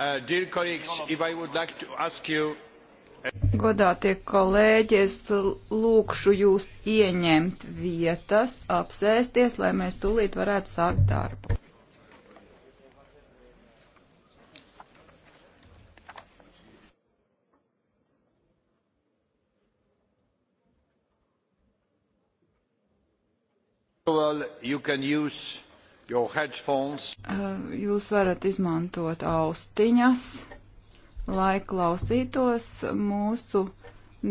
Uh, like you... Godātie kolēģi, es lūkšu jūs ieņemt vietas, apsēsties, lai mēs tūlīt varētu sākt darbu. Well, you can use Uh, jūs varat izmantot austiņas, lai klausītos mūsu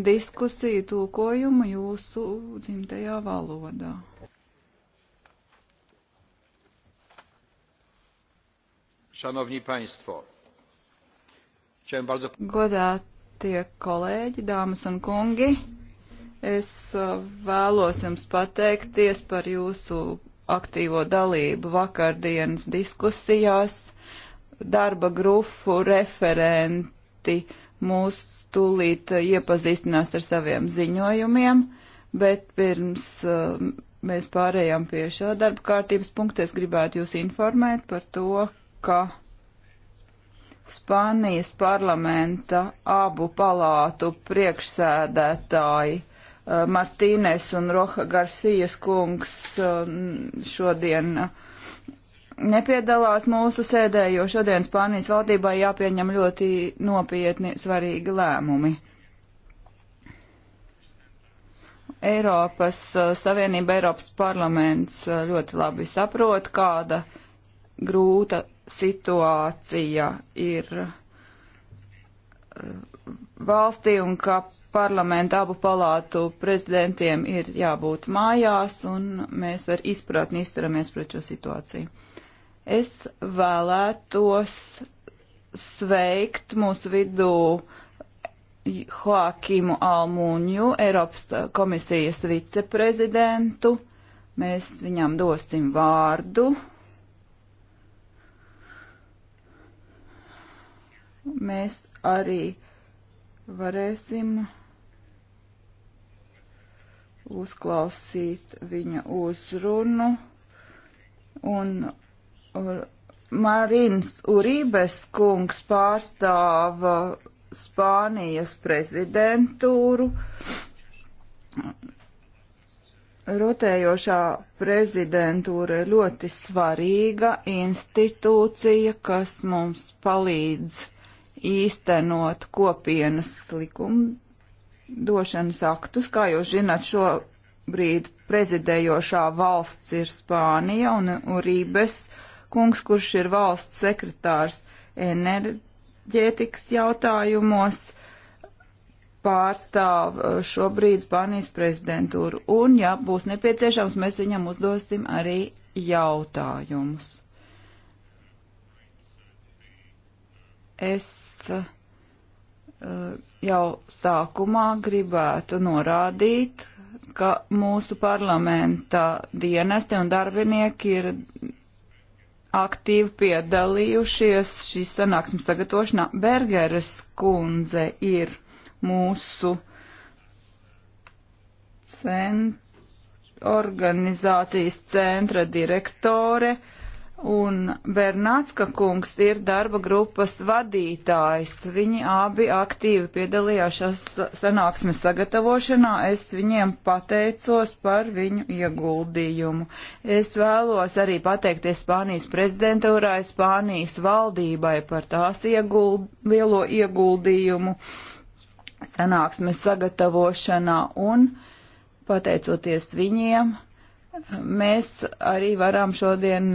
diskusiju tūkojumu jūsu dzimtajā valodā. Szanowni Państwo, chciałem bardzo... Godātie kolēģi, dāmas un kungi, es uh, vēlos jums pateikties par jūsu aktīvo dalību vakardienas diskusijās. Darba grupu referenti mūs tūlīt iepazīstinās ar saviem ziņojumiem, bet pirms uh, mēs pārējām pie šā darba kārtības punkta, es gribētu jūs informēt par to, ka Spānijas parlamenta abu palātu priekšsēdētāji Eh, Martīnes un Roha Garcijas kungs eh, šodien eh, nepiedalās mūsu sēdē, jo šodien Spānijas valdībai jāpieņem ļoti nopietni svarīgi lēmumi. Eiropas Savienība, Eiropas parlaments ļoti labi saprot, kāda grūta situācija ir valstī un ka parlamenta abu palātu prezidentiem ir jābūt mājās, un mēs ar izpratni izturamies pret šo situāciju. Es vēlētos sveikt mūsu vidū Joakimu Almuņu, Eiropas komisijas viceprezidentu. Mēs viņam dosim vārdu. Mēs arī varēsim uzklausīt viņa uzrunu. Un uh, Marins Uribes kungs pārstāva Spānijas prezidentūru. Rotējošā prezidentūra ir ļoti svarīga institūcija, kas mums palīdz īstenot kopienas likumu likumdošanas aktus. Kā jūs zināt, šobrīd prezidējošā valsts ir Spānija un, un Rības kungs, kurš ir valsts sekretārs enerģētikas jautājumos, pārstāv uh, šobrīd Spānijas prezidentūru. Un, ja būs nepieciešams, mēs viņam uzdosim arī jautājumus. Es uh, jau sākumā gribētu norādīt, ka mūsu parlamenta dienesti un darbinieki ir aktīvi piedalījušies šīs sanāksmes sagatavošanā. Bergeres kundze ir mūsu cent organizācijas centra direktore. Uh, un Bernācka kungs ir darba grupas vadītājs. Viņi abi aktīvi piedalījās šās sanāksmes sagatavošanā. Es viņiem pateicos par viņu ieguldījumu. Es vēlos arī pateikties Spānijas prezidentūrai, Spānijas valdībai par tās ieguld, lielo ieguldījumu sanāksmes sagatavošanā un pateicoties viņiem mēs arī varam šodien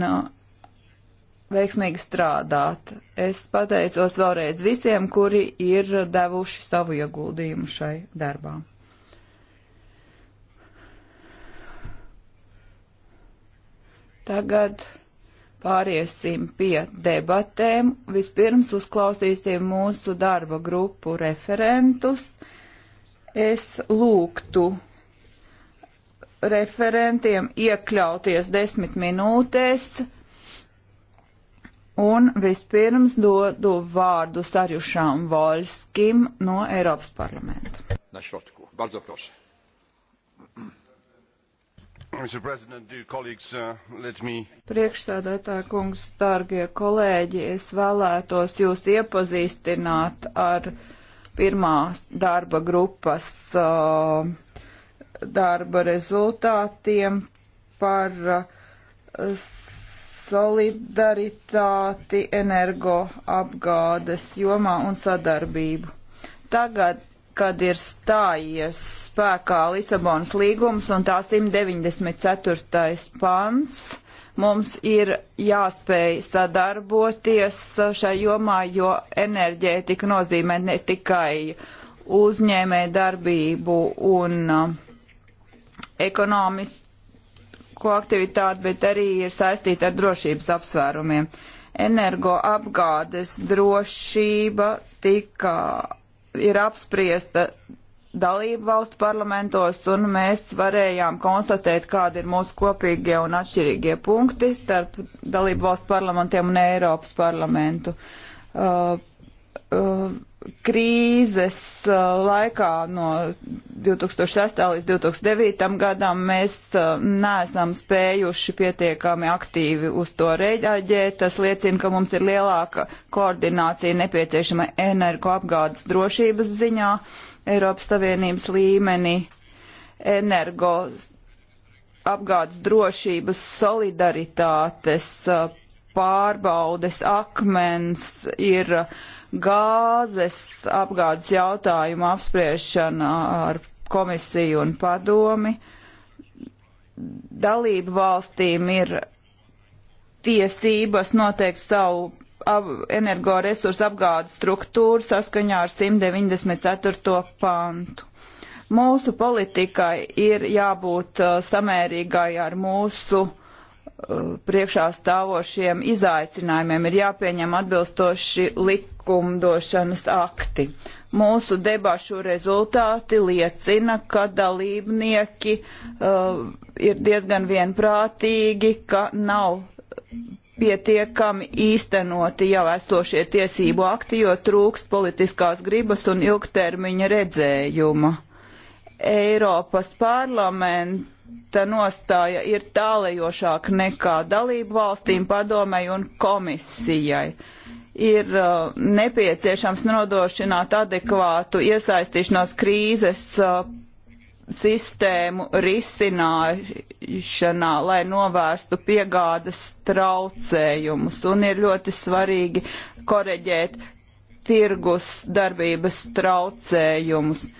veiksmīgi strādāt. Es pateicos vēlreiz visiem, kuri ir devuši savu ieguldījumu šai darbā. Tagad pāriesim pie debatēm. Vispirms uzklausīsim mūsu darba grupu referentus. Es lūgtu referentiem iekļauties desmit minūtēs Un vispirms dodu vārdu Sarjušām Voļskim no Eiropas parlamenta. Na środku. Bardzo proszę. Mr. President, dear colleagues, uh, let me... Priekšsēdētāja kungs, dārgie kolēģi, es vēlētos jūs iepazīstināt ar pirmās darba grupas uh, darba rezultātiem par uh, solidaritāti energoapgādes jomā un sadarbību. Tagad, kad ir stājies spēkā Lisabonas līgums un tā 194. pants, mums ir jāspēj sadarboties šai jomā, jo enerģētika nozīmē ne tikai uzņēmē darbību un uh, ekonomisku ekonomisko aktivitāti, bet arī ir saistīta ar drošības apsvērumiem. Energoapgādes drošība tika, ir apspriesta dalību valstu parlamentos, un mēs varējām konstatēt, kādi ir mūsu kopīgie un atšķirīgie punkti starp dalību valstu parlamentiem un Eiropas parlamentu. Uh, uh, krīzes uh, laikā no 2006. līdz 2009. gadam mēs uh, neesam spējuši pietiekami aktīvi uz to reaģēt. Tas liecina, ka mums ir lielāka koordinācija nepieciešama energoapgādes drošības ziņā Eiropas Savienības līmenī. Energo apgādes drošības solidaritātes uh, pārbaudes akmens ir uh, gāzes apgādes jautājumu apspriešana ar komisiju un padomi. Dalību valstīm ir tiesības noteikt savu ap, energoresursu apgādes struktūru saskaņā ar 194. pantu. Mūsu politikai ir jābūt uh, samērīgai ar mūsu uh, priekšā stāvošiem izaicinājumiem ir jāpieņem atbilstoši likumdošanas akti. Mūsu debašu rezultāti liecina, ka dalībnieki uh, ir diezgan vienprātīgi, ka nav pietiekami īstenoti jau esošie tiesību akti, jo trūkst politiskās gribas un ilgtermiņa redzējuma. Eiropas parlaments parlamenta nostāja ir tālajošāka nekā dalību valstīm, padomei un komisijai. Ir uh, nepieciešams nodrošināt adekvātu iesaistīšanos krīzes uh, sistēmu risināšanā, lai novērstu piegādes traucējumus. Un ir ļoti svarīgi koreģēt tirgus darbības traucējumus. Uh,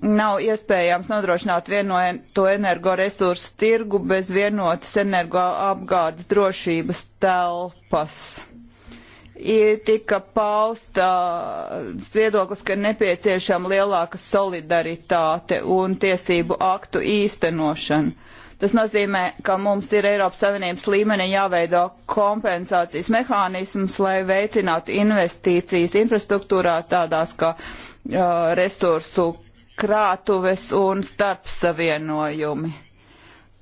nav iespējams nodrošināt vienoto energoresursu tirgu bez vienotas energoapgādes drošības telpas. Ir tika pausta viedoklis, ka nepieciešama lielāka solidaritāte un tiesību aktu īstenošana. Tas nozīmē, ka mums ir Eiropas Savienības līmenī jāveido kompensācijas mehānisms, lai veicinātu investīcijas infrastruktūrā tādās kā uh, resursu krātuves un starpsavienojumi.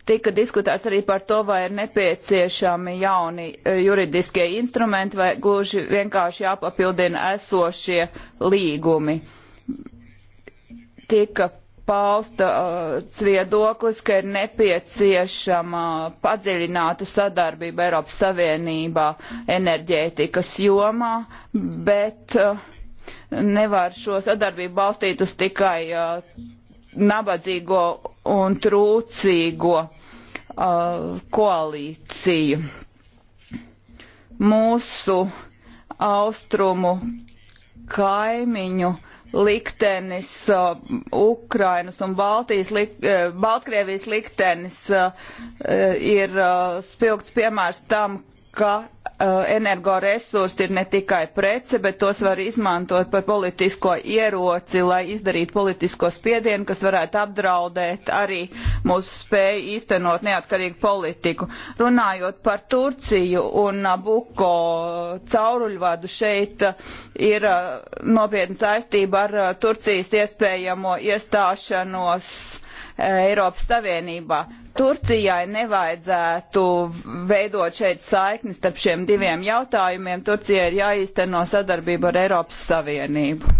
Tika diskutēts arī par to, vai ir nepieciešami jauni eh, juridiskie instrumenti vai gluži vienkārši jāpapildina esošie līgumi. Tika pausta uh, viedoklis, ka ir nepieciešama padziļināta sadarbība Eiropas Savienībā enerģētikas jomā, bet uh, nevar šo sadarbību balstīt uz tikai uh, nabadzīgo un trūcīgo uh, koalīciju. Mūsu austrumu kaimiņu liktenis, uh, Ukrainas un Baltijas, lik, uh, Baltkrievijas liktenis uh, ir spilgts piemērs tam, ka Eh, energoresursi ir ne tikai prece, bet tos var izmantot par politisko ieroci, lai izdarītu politisko spiedienu, kas varētu apdraudēt arī mūsu spēju īstenot neatkarīgu politiku. Runājot par Turciju un Nabuko cauruļvadu, šeit eh, ir eh, nopietna saistība ar Turcijas iespējamo iestāšanos Eiropas Savienībā. Turcijai nevajadzētu veidot šeit saiknis starp šiem diviem jautājumiem. Turcijai ir jāīsteno sadarbība ar Eiropas Savienību.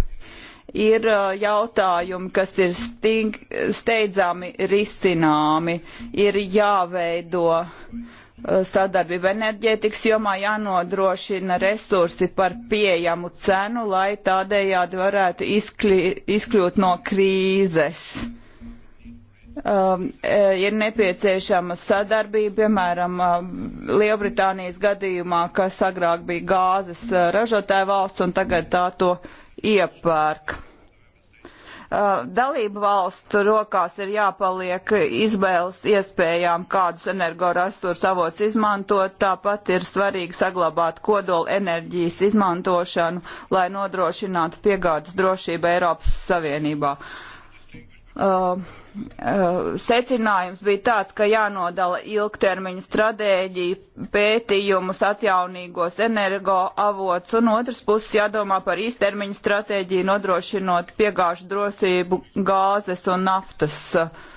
Ir uh, jautājumi, kas ir sting, steidzami risināmi, ir jāveido uh, sadarbība enerģētikas jomā, jānodrošina resursi par pieejamu cenu, lai tādējādi varētu izkļūt no krīzes. Mm um, e, ir nepieciešama sadarbība, piemēram, um, Lielbritānijas gadījumā, kas agrāk bija gāzes uh, ražotāja valsts un tagad tā to iepērk. Uh, dalību valstu rokās ir jāpaliek izvēles iespējām, kādus energoresursu avots izmantot. Tāpat ir svarīgi saglabāt kodola enerģijas izmantošanu, lai nodrošinātu piegādes drošību Eiropas Savienībā. Uh, Uh, uh, secinājums bija tāds, ka jānodala ilgtermiņa stratēģija, pētījumus, atjaunīgos energoavots, un otrs puses jādomā par īstermiņa stratēģiju, nodrošinot piegāžu drosību gāzes un naftas uh,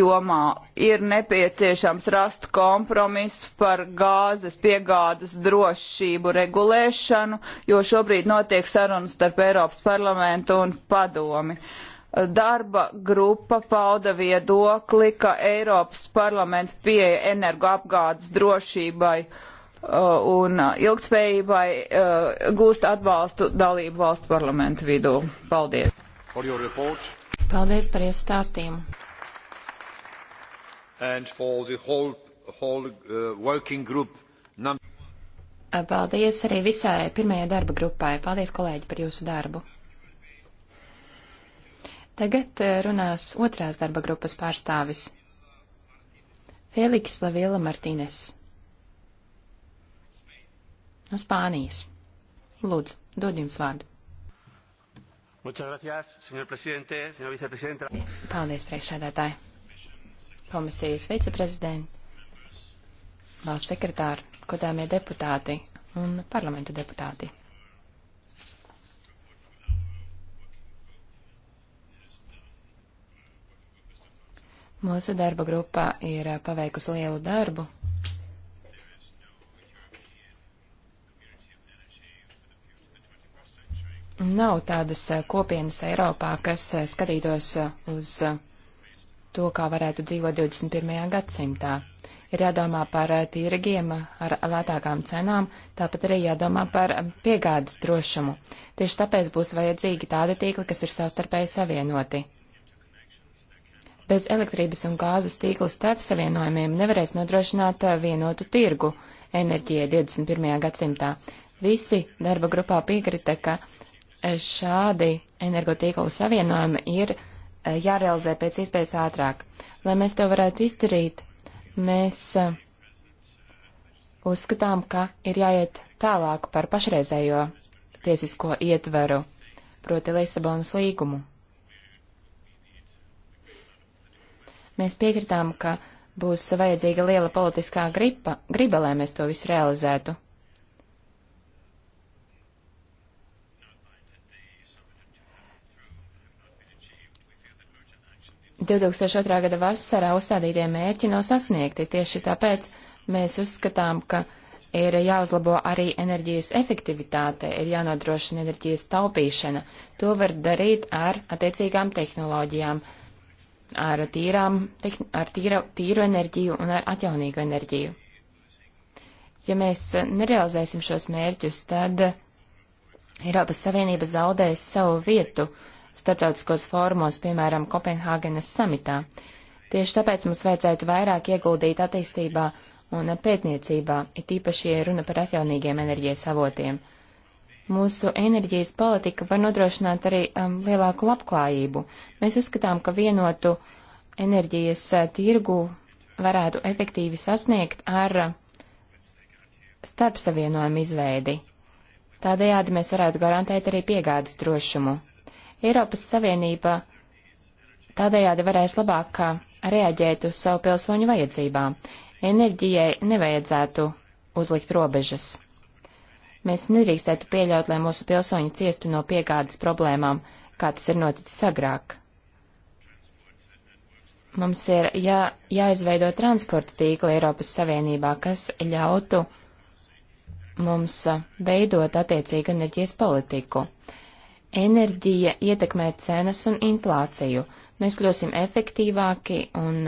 jomā. Ir nepieciešams rast kompromisu par gāzes piegādes drošību regulēšanu, jo šobrīd notiek sarunas starp Eiropas parlamentu un padomi. Uh, Darba grupa pauda viedokli, ka Eiropas parlamenta pieeja energoapgādes drošībai uh, un ilgtspējībai uh, gūst atbalstu dalību valstu parlamentu vidū. Paldies! Paldies par iestāstījumu! Whole, whole, uh, Paldies arī visai pirmajai darba grupai. Paldies, kolēģi, par jūsu darbu. Tagad eh, runās otrās darba grupas pārstāvis - Feliks Lavila Martīnes no Spānijas. Lūdzu, dod jums vārdu. Gracias, señor presidente, señor viceprezidenta. Paldies, priekšsēdētāji. Komisijas viceprezidenti, valsts sekretāri, kodāmie deputāti un parlamentu deputāti. Mūsu darba grupā ir paveikusi lielu darbu. Nav tādas kopienas Eiropā, kas skatītos uz to, kā varētu dzīvot 21. gadsimtā. Ir jādomā par tīrgiem ar lētākām cenām, tāpat arī jādomā par piegādes drošumu. Tieši tāpēc būs vajadzīgi tādi tīkli, kas ir savstarpēji savienoti. Bez elektrības un gāzes tīkla starp savienojumiem nevarēs nodrošināt uh, vienotu tirgu enerģijai 21. gadsimtā. Visi darba grupā piekrita, ka uh, šādi energotīklu savienojumi ir uh, jārealizē pēc iespējas ātrāk. Lai mēs to varētu izdarīt, mēs uzskatām, ka ir jāiet tālāk par pašreizējo tiesisko ietveru, proti Lisabonas līgumu. Mēs piekritām, ka būs vajadzīga liela politiskā gripa, griba, lai mēs to visu realizētu. ...2002. gada vasarā uzstādītie mērķi nav sasniegti. Tieši tāpēc mēs uzskatām, ka ir jāuzlabo arī enerģijas efektivitāte, ir jānodrošina enerģijas taupīšana. To var darīt ar attiecīgām tehnoloģijām. Uh, ar, tīrām, ar tīra, tīru enerģiju un ar atjaunīgu enerģiju. Ja mēs nerealizēsim šos mērķus, tad Eiropas Savienība zaudēs savu vietu starptautiskos fórumos, piemēram, Kopenhāgenes samitā. Tieši tāpēc mums vajadzētu vairāk ieguldīt attīstībā un pētniecībā, it īpaši, ja runa par atjaunīgiem enerģijas avotiem mūsu enerģijas politika var nodrošināt arī um, lielāku labklājību. Mēs uzskatām, ka vienotu enerģijas uh, tirgu varētu efektīvi sasniegt ar uh, starpsavienojumu izveidi. Tādējādi mēs varētu garantēt arī piegādes drošumu. Eiropas Savienība tādējādi varēs labāk uh, reaģēt uz savu pilsoņu vajadzībām. Enerģijai nevajadzētu uzlikt robežas. Mēs nedrīkstētu pieļaut, lai mūsu pilsoņi ciestu no piegādes problēmām, kā tas ir noticis agrāk. Mums ir jā, jāizveido transporta tīkli Eiropas Savienībā, kas ļautu mums veidot attiecīgu enerģijas politiku. Enerģija ietekmē cenas un inflāciju. Mēs kļūsim efektīvāki un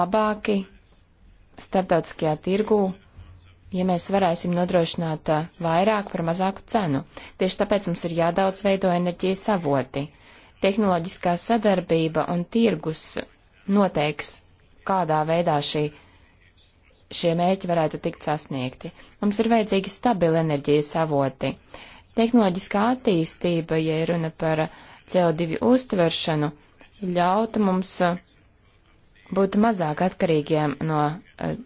labāki starptautiskajā tirgū, ja mēs varēsim nodrošināt eh, vairāk par mazāku cenu. Tieši tāpēc mums ir jādaudz veido enerģijas avoti. Tehnoloģiskā sadarbība un tirgus noteiks, kādā veidā šī, šie mērķi varētu tikt sasniegti. Mums ir vajadzīgi stabili enerģijas avoti. Tehnoloģiskā attīstība, ja runa par CO2 uztveršanu, ļauta mums eh, būt mazāk atkarīgiem no eh,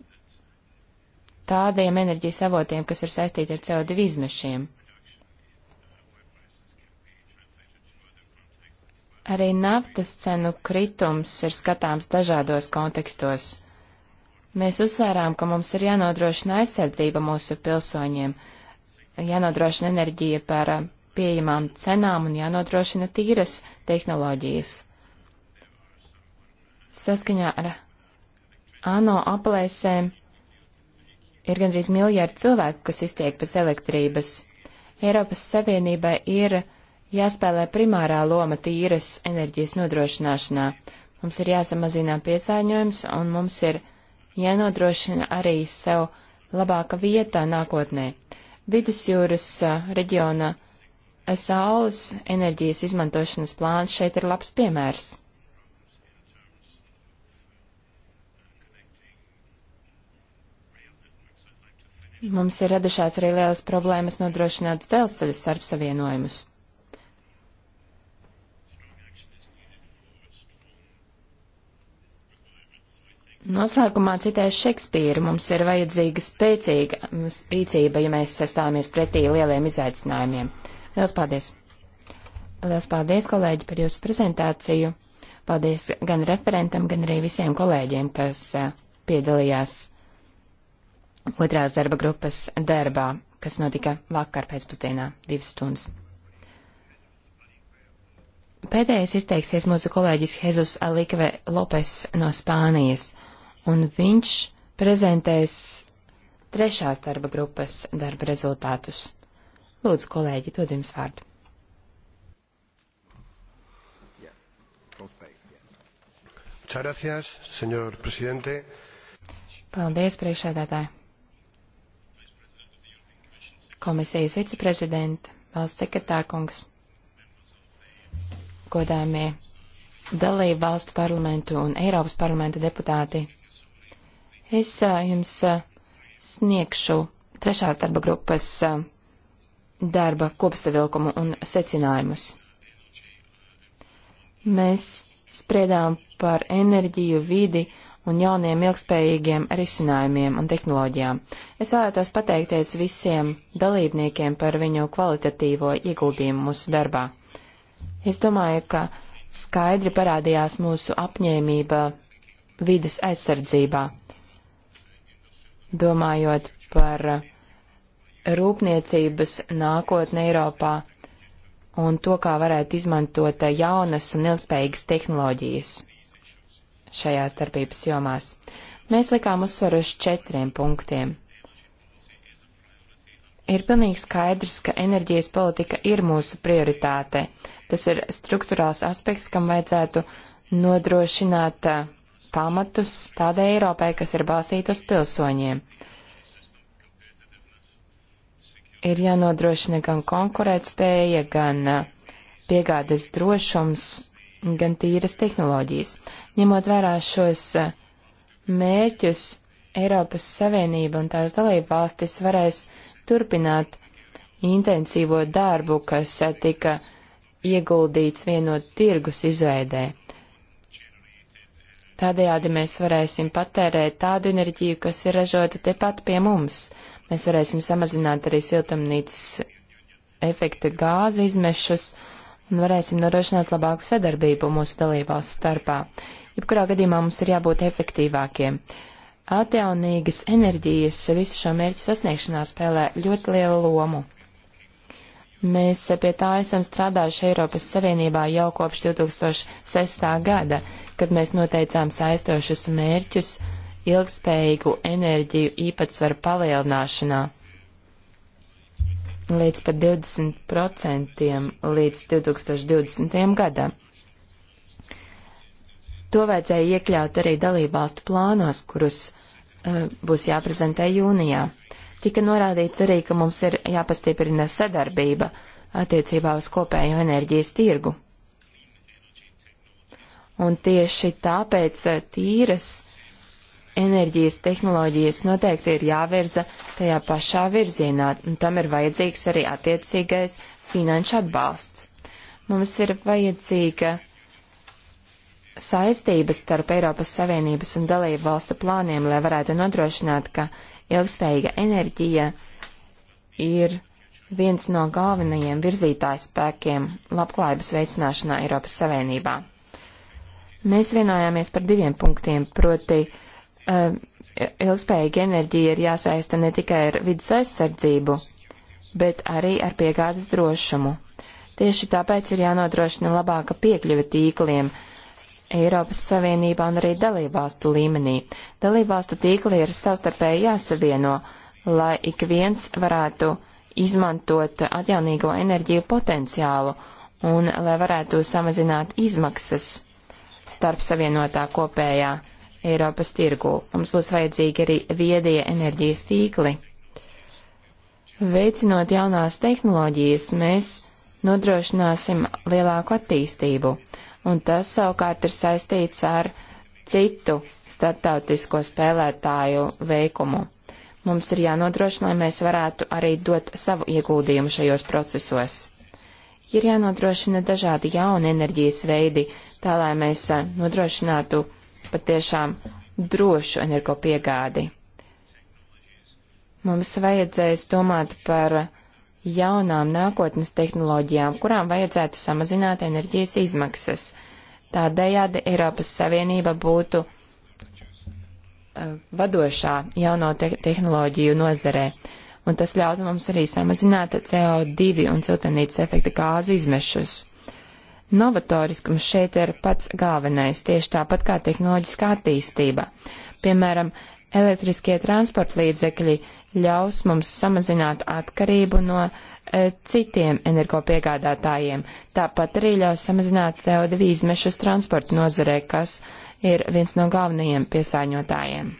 tādiem enerģijas avotiem, kas ir saistīti ar CO2 izmešiem. Arī naftas cenu kritums ir skatāms dažādos kontekstos. Mēs uzsvērām, ka mums ir jānodrošina aizsardzība mūsu pilsoņiem, jānodrošina enerģija par pieejamām cenām un jānodrošina tīras tehnoloģijas. Saskaņā ar ANO aplēsēm ir gandrīz miljārdi cilvēku, kas iztiek bez elektrības. Eiropas Savienībai ir jāspēlē primārā loma tīras enerģijas nodrošināšanā. Mums ir jāsamazinā piesāņojums un mums ir jānodrošina arī sev labāka vieta nākotnē. Vidusjūras reģiona saules enerģijas izmantošanas plāns šeit ir labs piemērs. Mums ir radušās arī lielas problēmas nodrošināt dzelzceļa starpsavienojumus. Noslēgumā citēs Šekspīru. Mums ir vajadzīga spēcīga rīcība, ja mēs sastāvamies pretī lieliem izaicinājumiem. Lielas paldies! Lielas paldies, kolēģi, par jūsu prezentāciju. Paldies gan referentam, gan arī visiem kolēģiem, kas eh, piedalījās otrās darba grupas darbā, kas notika vakar pēcpusdienā, divas stundas. Pēdējais izteiksies mūsu kolēģis Hezus Alikve Lopes no Spānijas, un viņš prezentēs trešās darba grupas darba rezultātus. Lūdzu, kolēģi, dod jums vārdu. Paldies, priekšsēdētāji! komisijas viceprezidenta, valsts sekretārkungs, godājumie dalību valstu parlamentu un Eiropas parlamenta deputāti. Es jums sniegšu trešās darba grupas darba kopsavilkumu un secinājumus. Mēs spriedām par enerģiju, vidi un jauniem ilgspējīgiem risinājumiem un tehnoloģijām. Es vēlētos pateikties visiem dalībniekiem par viņu kvalitatīvo ieguldījumu mūsu darbā. Es domāju, ka skaidri parādījās mūsu apņēmība vides aizsardzībā, domājot par rūpniecības nākotni Eiropā un to, kā varētu izmantot jaunas un ilgspējīgas tehnoloģijas šajās darbības jomās. Mēs likām uzsvaru uz četriem punktiem. Ir pilnīgi skaidrs, ka enerģijas politika ir mūsu prioritāte. Tas ir struktūrāls aspekts, kam vajadzētu nodrošināt eh, pamatus tādai Eiropai, kas ir balstīta uz pilsoņiem. Ir jānodrošina gan konkurētspēja, gan eh, piegādes drošums gan tīras tehnoloģijas. Ņemot vērā šos eh, mērķus, Eiropas Savienība un tās dalība valstis varēs turpināt intensīvo darbu, kas eh, tika ieguldīts vienot tirgus izveidē. Tādējādi mēs varēsim patērēt tādu enerģiju, kas ir ražota tepat pie mums. Mēs varēsim samazināt arī siltumnīcas efekta gāzu izmešus un varēsim norošināt labāku sadarbību mūsu dalībās starpā. Jebkurā gadījumā mums ir jābūt efektīvākiem. Atjaunīgas enerģijas visu šo mērķu sasniegšanā spēlē ļoti lielu lomu. Mēs pie tā esam strādājuši Eiropas Savienībā jau kopš 2006. gada, kad mēs noteicām saistošus mērķus ilgspējīgu enerģiju īpatsvaru palielināšanā līdz pat 20% līdz 2020. gadam. To vajadzēja iekļaut arī dalībvalstu plānos, kurus uh, būs jāprezentē jūnijā. Tika norādīts arī, ka mums ir jāpastiprina sadarbība attiecībā uz kopējo enerģijas tirgu. Un tieši tāpēc eh, tīras enerģijas tehnoloģijas noteikti ir jāvirza tajā pašā virzienā, un tam ir vajadzīgs arī attiecīgais finanšu atbalsts. Mums ir vajadzīga saistības starp Eiropas Savienības un dalību valstu plāniem, lai varētu nodrošināt, ka ilgspējīga enerģija ir viens no galvenajiem virzītājspēkiem labklājības veicināšanā Eiropas Savienībā. Mēs vienojāmies par diviem punktiem, proti Um, ilgspējīga enerģija ir jāsaista ne tikai ar vidas aizsardzību, bet arī ar piegādes drošumu. Tieši tāpēc ir jānodrošina labāka piekļuve tīkliem Eiropas Savienībā un arī dalībvalstu līmenī. Dalībvalstu tīkli ir savstarpēji jāsavieno, lai ik viens varētu izmantot atjaunīgo enerģiju potenciālu un lai varētu samazināt izmaksas starp savienotā kopējā Eiropas tirgu. Mums būs vajadzīgi arī viedie enerģijas tīkli. Veicinot jaunās tehnoloģijas, mēs nodrošināsim lielāku attīstību, un tas savukārt ir saistīts ar citu starptautisko spēlētāju veikumu. Mums ir jānodrošina, lai mēs varētu arī dot savu ieguldījumu šajos procesos. Ir jānodrošina dažādi jauni enerģijas veidi, tā lai mēs nodrošinātu patiešām drošu energo piegādi. Mums vajadzēs domāt par jaunām nākotnes tehnoloģijām, kurām vajadzētu samazināt enerģijas izmaksas. Tādējādi Eiropas Savienība būtu eh, vadošā jauno te tehnoloģiju nozarē, un tas ļautu mums arī samazināt CO2 un siltenītes efekta gāzu izmešus. Novatoriskums šeit ir pats galvenais, tieši tāpat kā tehnoloģiskā attīstība. Piemēram, elektriskie transportlīdzekļi ļaus mums samazināt atkarību no e, citiem energopiegādātājiem. Tāpat arī ļaus samazināt CO2 izmešus transporta nozarē, kas ir viens no galvenajiem piesāņotājiem.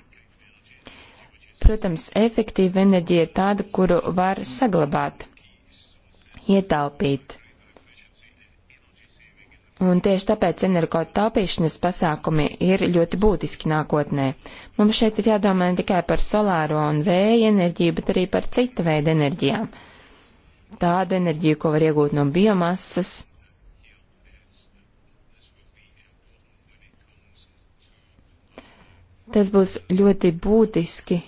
Protams, efektīva enerģija ir tāda, kuru var saglabāt, ietaupīt. Un tieši tāpēc energotaupīšanas pasākumi ir ļoti būtiski nākotnē. Mums šeit ir jādomā ne tikai par solāro un vēja enerģiju, bet arī par cita veida enerģijām. Tādu enerģiju, ko var iegūt no biomasas. Tas būs ļoti būtiski,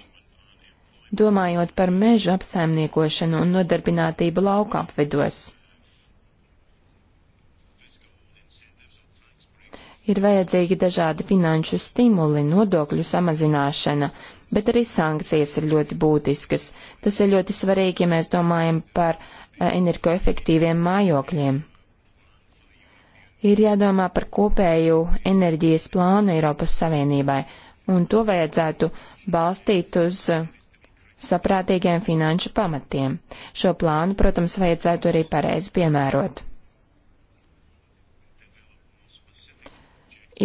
domājot par mežu apsaimniekošanu un nodarbinātību lauka apvidos. Ir vajadzīgi dažādi finanšu stimuli, nodokļu samazināšana, bet arī sankcijas ir ļoti būtiskas. Tas ir ļoti svarīgi, ja mēs domājam par eh, energoefektīviem mājokļiem. Ir jādomā par kopēju enerģijas plānu Eiropas Savienībai, un to vajadzētu balstīt uz eh, saprātīgiem finanšu pamatiem. Šo plānu, protams, vajadzētu arī pareizi piemērot.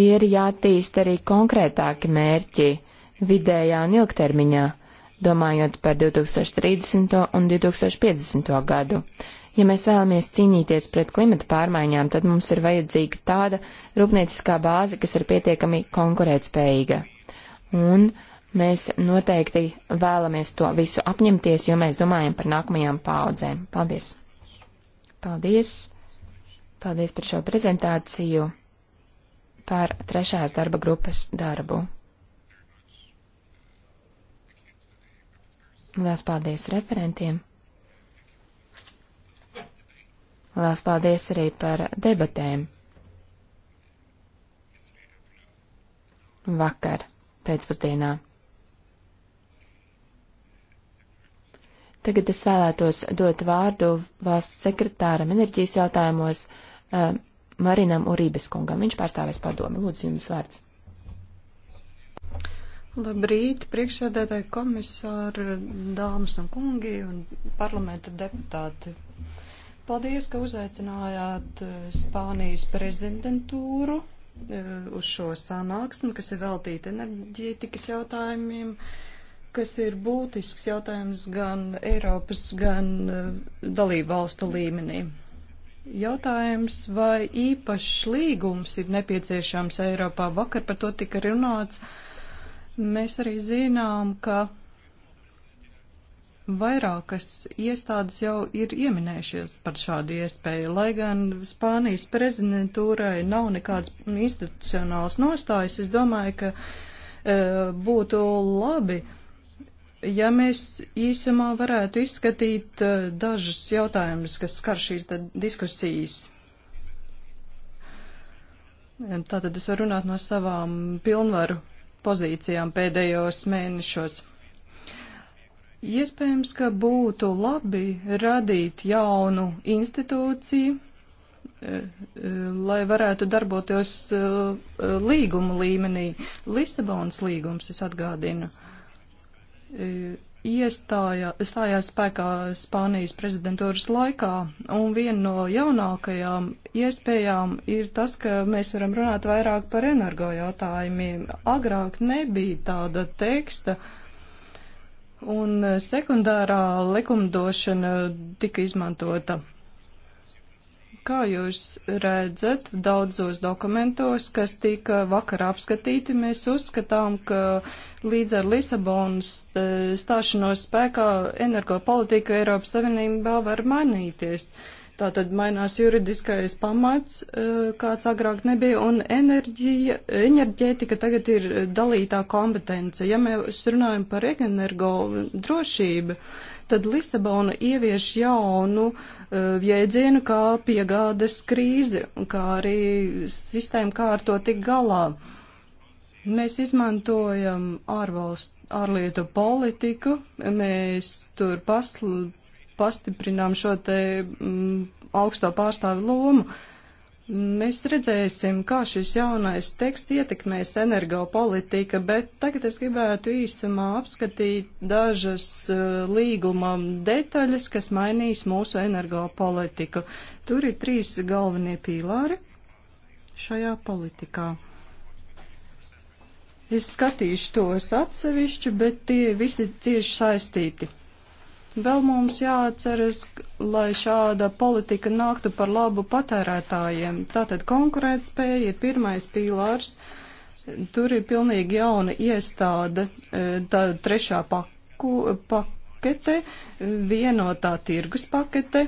ir jātīst arī konkrētāki mērķi vidējā un ilgtermiņā, domājot par 2030. un 2050. gadu. Ja mēs vēlamies cīnīties pret klimatu pārmaiņām, tad mums ir vajadzīga tāda rūpnieciskā bāze, kas ir pietiekami konkurētspējīga. Un mēs noteikti vēlamies to visu apņemties, jo mēs domājam par nākamajām paudzēm. Paldies! Paldies! Paldies par šo prezentāciju! par trešās darba grupas darbu. Lielas paldies referentiem. Lielas paldies arī par debatēm. Vakar pēcpusdienā. Tagad es vēlētos dot vārdu valsts sekretāram enerģijas jautājumos um, Marinam Urības kungam. Viņš pārstāvēs padomi. Lūdzu, jums vārds. Labrīt, priekšsēdētāji komisāri, dāmas un kungi un parlamenta deputāti. Paldies, ka uzaicinājāt eh, Spānijas prezidentūru eh, uz šo sanāksmi, kas ir veltīta enerģētikas jautājumiem, kas ir būtisks jautājums gan Eiropas, gan eh, dalību valstu līmenī. Jautājums, vai īpašs līgums ir nepieciešams Eiropā? Vakar par to tika runāts. Mēs arī zinām, ka vairākas iestādes jau ir ieminējušies par šādu iespēju, lai gan Spānijas prezidentūrai nav nekādas institucionālas nostājas. Es domāju, ka e, būtu labi. E, Ja mēs īsumā varētu izskatīt eh, dažus jautājumus, kas skar šīs diskusijas. Tātad es varu runāt no savām pilnvaru pozīcijām pēdējos mēnešos. Iespējams, ka būtu labi radīt jaunu institūciju, eh, eh, lai varētu darboties līguma līmenī. Lisabonas līgums, es atgādinu, E, iestāja, stājās spēkā Spānijas prezidentūras laikā, un viena no jaunākajām iespējām ir tas, ka mēs varam runāt vairāk par energo jautājumiem. Agrāk nebija tāda teksta, un sekundārā likumdošana tika izmantota Kā jūs redzat, daudzos dokumentos, kas tika vakar apskatīti, mēs uzskatām, ka līdz ar Lisabonas e, stāšanos spēkā energopolitika Eiropas Savienībā var mainīties. Tātad mainās juridiskais pamats, e, kāds agrāk nebija, un enerģija, enerģētika tagad ir dalītā kompetence. Ja mēs runājam par energo drošību, tad Lisabona ievieš jaunu uh, E, jēdzienu kā piegādes krīze un kā arī sistēma, kā ar to tik galā. Mēs izmantojam ārvalstu, ārlietu politiku, mēs tur pasl, pastiprinām šo te mm, augsto pārstāvi lomu. Uh, Mēs redzēsim, kā šis jaunais teksts ietekmēs energopolitika, bet tagad es gribētu īsumā apskatīt dažas eh, līguma detaļas, kas mainīs mūsu energopolitiku. Tur ir trīs galvenie pīlāri šajā politikā. Es skatīšu tos atsevišķi, bet tie visi cieši saistīti. Vēl mums jāatceras, lai šāda politika nāktu par labu patērētājiem. Tātad konkurētspēja ir pirmais pīlārs, tur ir pilnīgi jauna iestāde, e, tā trešā paku, pakete, vienotā tirgus pakete,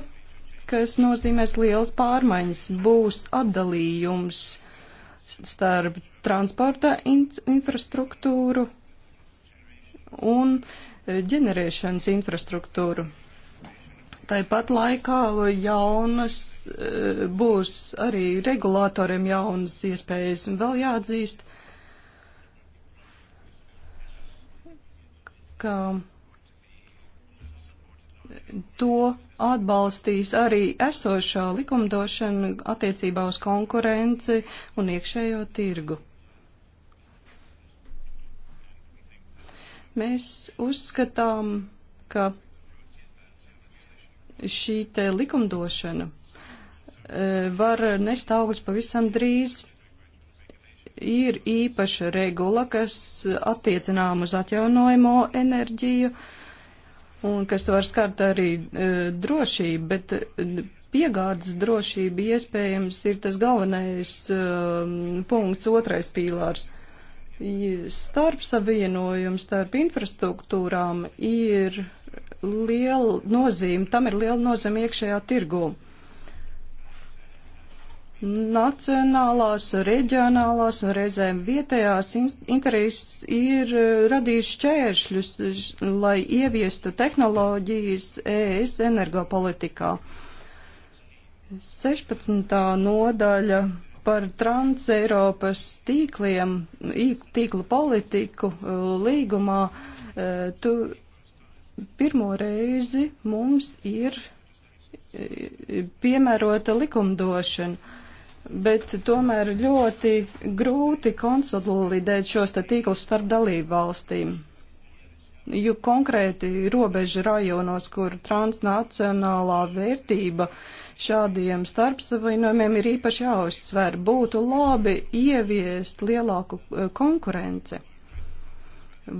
kas nozīmēs liels pārmaiņas, būs atdalījums starp transporta in infrastruktūru un uh, ģenerēšanas infrastruktūru. Tāpat laikā jaunas eh, būs arī regulātoriem jaunas iespējas un vēl jāatzīst, ka to atbalstīs arī esošā likumdošana attiecībā uz konkurenci un iekšējo tirgu. Mēs uzskatām, ka šī te likumdošana e, var nest augļus pavisam drīz. Ir īpaša regula, kas attiecinām uz atjaunojamo enerģiju un kas var skart arī e, drošību, bet e, piegādes drošība iespējams ir tas galvenais punkts, otrais pīlārs starp savienojums starp infrastruktūrām ir liela nozīme, tam ir liela nozīme iekšējā tirgū. Nacionālās, reģionālās un reizēm vietējās intereses ir eh, radījuši šķēršļus, lai ieviestu tehnoloģijas ES energopolitikā. 16. nodaļa par Trans-Eiropas tīkliem, tīklu politiku e, līgumā, e, tu pirmo reizi mums ir e, piemērota likumdošana, bet tomēr ļoti grūti konsolidēt šos tīklus starp dalību valstīm. Jo konkrēti robežu rajonos, kur transnacionālā vērtība uh, Šādiem starpsavienojumiem ir īpaši jāuzsver. Būtu labi ieviest lielāku eh, konkurenci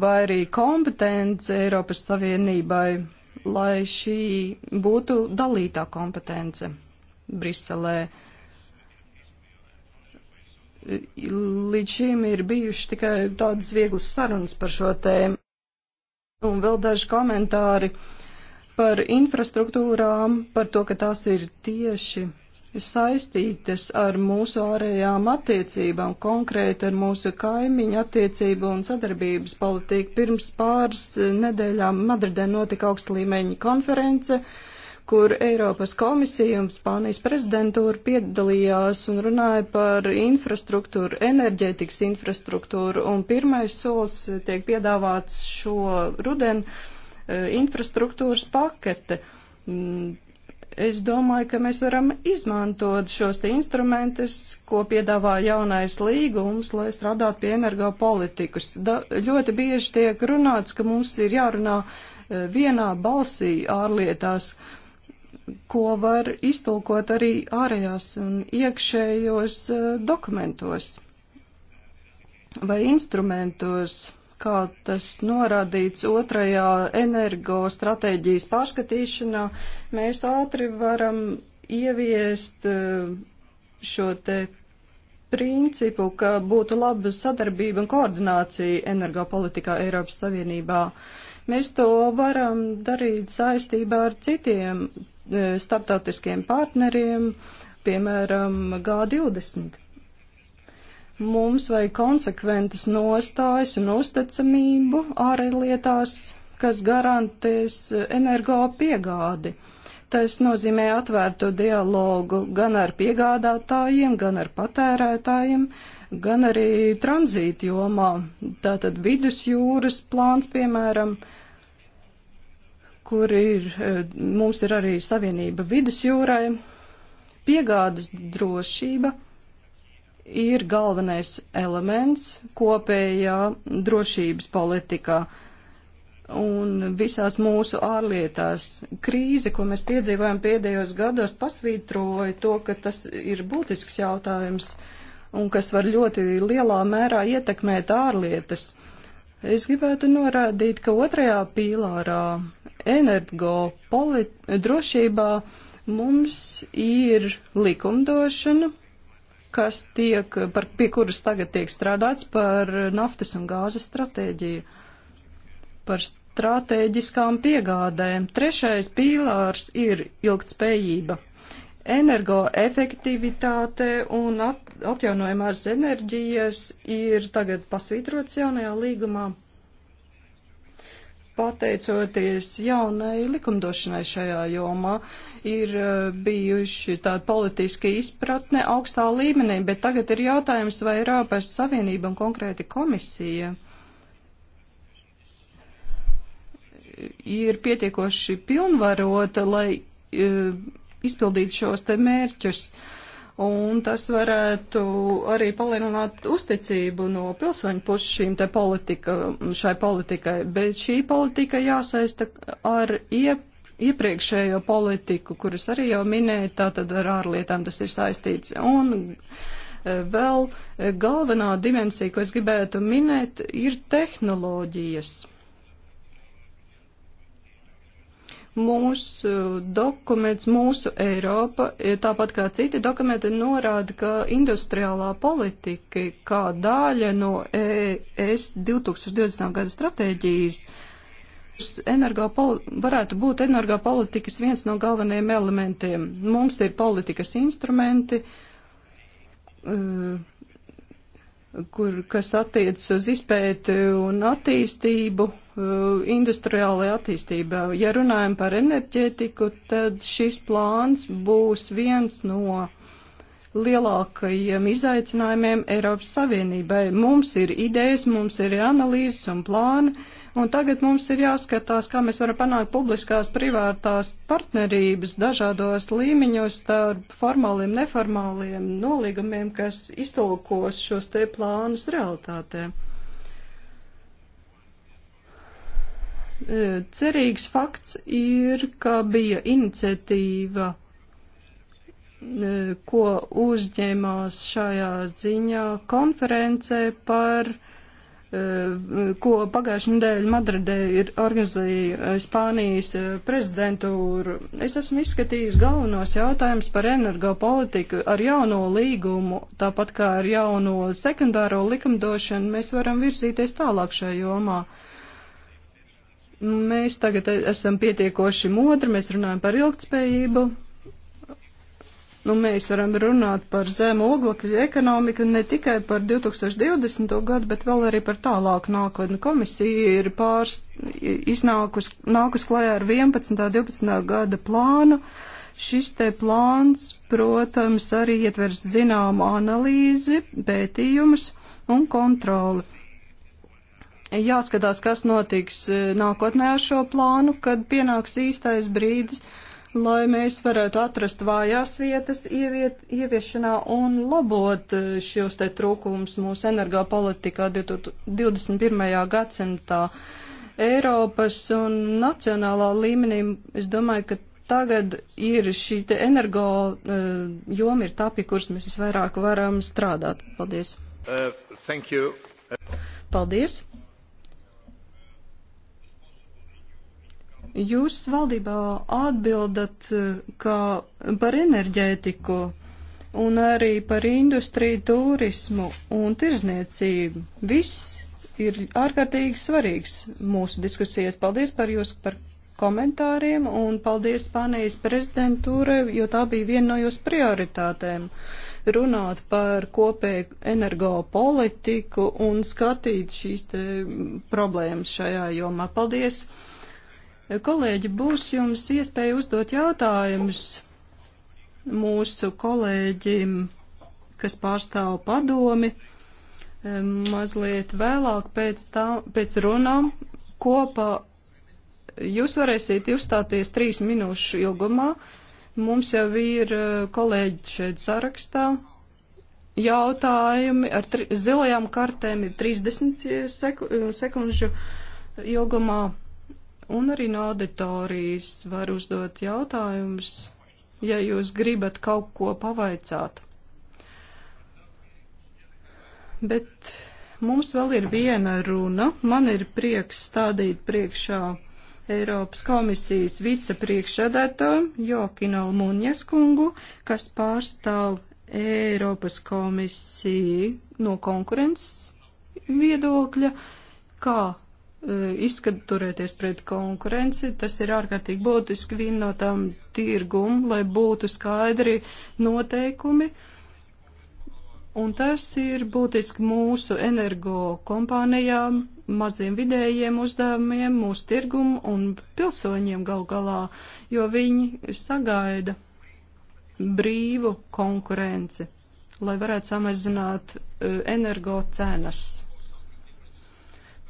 vai arī kompetence Eiropas Savienībai, lai šī būtu dalītā kompetence Briselē līdz šim ir bijuši tikai tādas vieglas sarunas par šo tēmu. Un vēl daži komentāri par infrastruktūrām, par to, ka tās ir tieši saistītas ar mūsu ārējām attiecībām, konkrēti ar mūsu kaimiņu attiecību un sadarbības politiku. Pirms pāris nedēļām Madridē notika augsta līmeņa konference, kur Eiropas komisija un Spānijas prezidentūra piedalījās un runāja par infrastruktūru, enerģētikas infrastruktūru, un pirmais solis tiek piedāvāts šo rudenu E, infrastruktūras pakete. Mm, es domāju, ka mēs varam izmantot šos te instrumentus, ko piedāvā jaunais līgums, lai strādātu pie energopolitikas. Da, ļoti bieži tiek runāts, ka mums ir jārunā e, vienā balsī ārlietās, ko var iztulkot arī ārējās un iekšējos e, dokumentos vai instrumentos kā tas norādīts otrajā energostratēģijas pārskatīšanā, mēs ātri varam ieviest eh, šo te principu, ka būtu laba sadarbība un koordinācija energopolitikā Eiropas Savienībā. Mēs to varam darīt saistībā ar citiem eh, starptautiskiem partneriem, piemēram, G20. Mums vajag konsekventas nostājas un uzticamību ārlietās, kas garantēs energo piegādi. Tas nozīmē atvērtu dialogu gan ar piegādātājiem, gan ar patērētājiem, gan arī tranzīta jomā. Tātad vidusjūras plāns, piemēram, kur ir, eh, mums ir arī savienība vidusjūrai, piegādas drošība ir galvenais elements kopējā drošības politikā un visās mūsu ārlietās. Krīze, ko mēs piedzīvojam pēdējos gados, pasvītroja to, ka tas ir būtisks jautājums un kas var ļoti lielā mērā ietekmēt ārlietas. Es gribētu norādīt, ka otrajā pīlārā energo drošībā mums ir likumdošana, kas tiek, par, pie kuras tagad tiek strādāts par naftas un gāzes stratēģiju, par stratēģiskām piegādēm. Trešais pīlārs ir ilgtspējība, energoefektivitāte un at, atjaunojamās enerģijas ir tagad pasvītrots jaunajā līgumā pateicoties jaunai likumdošanai šajā jomā, ir eh, bijuši tāda politiska izpratne augstā līmenī, bet tagad ir jautājums, vai Eiropas Savienība un konkrēti komisija ir pietiekoši pilnvarota, lai eh, izpildītu šos te mērķus. Uh, un tas varētu arī palielināt uzticību no pilsoņu puses šīm te politika, šai politikai, bet šī politika jāsaista ar iep, iepriekšējo politiku, kuras arī jau minēja, tātad ar ārlietām tas ir saistīts. Un e, vēl e, galvenā dimensija, ko es gribētu minēt, ir tehnoloģijas Mūsu uh, dokuments, mūsu Eiropa, tāpat kā citi dokumenti, norāda, ka industriālā politika kā daļa no e ES 2020. gada stratēģijas varētu būt energopolitikas viens no galvenajiem elementiem. Mums ir politikas instrumenti, uh, kur, kas attiecas uz izpēti un attīstību Uh, industriālajai attīstībai. Ja runājam par enerģētiku, tad šis plāns būs viens no lielākajiem izaicinājumiem Eiropas Savienībai. Mums ir idejas, mums ir analīzes un plāni, un tagad mums ir jāskatās, kā mēs varam panākt publiskās privātās partnerības dažādos līmeņos starp formāliem, neformāliem nolīgumiem, kas iztulkos šos te plānus realitātē. E, cerīgs fakts ir, ka bija iniciatīva, e, ko uzņēmās šajā ziņā konferencē par e, ko pagājušajā nedēļā Madridē ir organizēja Spānijas prezidentūra. Es esmu izskatījis galvenos jautājumus par energopolitiku ar jauno līgumu, tāpat kā ar jauno sekundāro likumdošanu. Mēs varam virzīties tālāk šajā jomā. Uh, Mēs tagad esam pietiekoši modri, mēs runājam par ilgtspējību, Nu, mēs varam runāt par zemu oglekļu ekonomiku ne tikai par 2020. gadu, bet vēl arī par tālāku nākotni. Komisija ir pārs, iznākus, nākus klajā ar 11. un 12. gada plānu. Šis te plāns, protams, arī ietvers zināmu analīzi, pētījumus un kontroli jāskatās, kas notiks e, nākotnē ar šo plānu, kad pienāks īstais brīdis, lai mēs varētu atrast vājās vietas ieviet, ieviešanā un labot e, šos te trūkums mūsu energopolitikā 21. gadsimtā. Eiropas un nacionālā līmenī, es domāju, ka tagad ir šī te energo e, joma ir tā, pie kuras mēs visvairāk varam strādāt. Paldies. Uh, thank you. Paldies. Jūs valdībā atbildat eh, kā par enerģētiku un arī par industriju, turismu un tirzniecību. Viss ir ārkārtīgi svarīgs mūsu diskusijas. Paldies par jūsu par komentāriem un paldies Spānijas prezidentūrai, jo tā bija viena no jūsu prioritātēm runāt par kopēju energopolitiku un skatīt šīs problēmas šajā jomā. Paldies! Kolēģi, būs jums iespēja uzdot jautājumus mūsu kolēģim, kas pārstāv padomi, mazliet vēlāk pēc, tā, pēc runām kopā. Jūs varēsiet uzstāties trīs minūšu ilgumā. Mums jau ir eh, kolēģi šeit sarakstā jautājumi ar zilajām kartēm ir 30 eh, seku eh, sekundžu ilgumā un arī no auditorijas var uzdot jautājumus, ja jūs gribat kaut ko pavaicāt. Bet mums vēl ir viena runa. Man ir prieks stādīt priekšā Eiropas komisijas vicepriekšsēdētāju Jokinu Almuņas kungu, kas pārstāv Eiropas komisiju no konkurences viedokļa, kā E, izskatu turēties pret konkurenci. Tas ir ārkārtīgi būtiski vienotam tirgum, lai būtu skaidri noteikumi. Un tas ir būtiski mūsu energo kompānijām, maziem vidējiem uzdevumiem, mūsu tirgumu un pilsoņiem gal galā, jo viņi sagaida brīvu konkurenci, lai varētu samazināt e, energo cenas.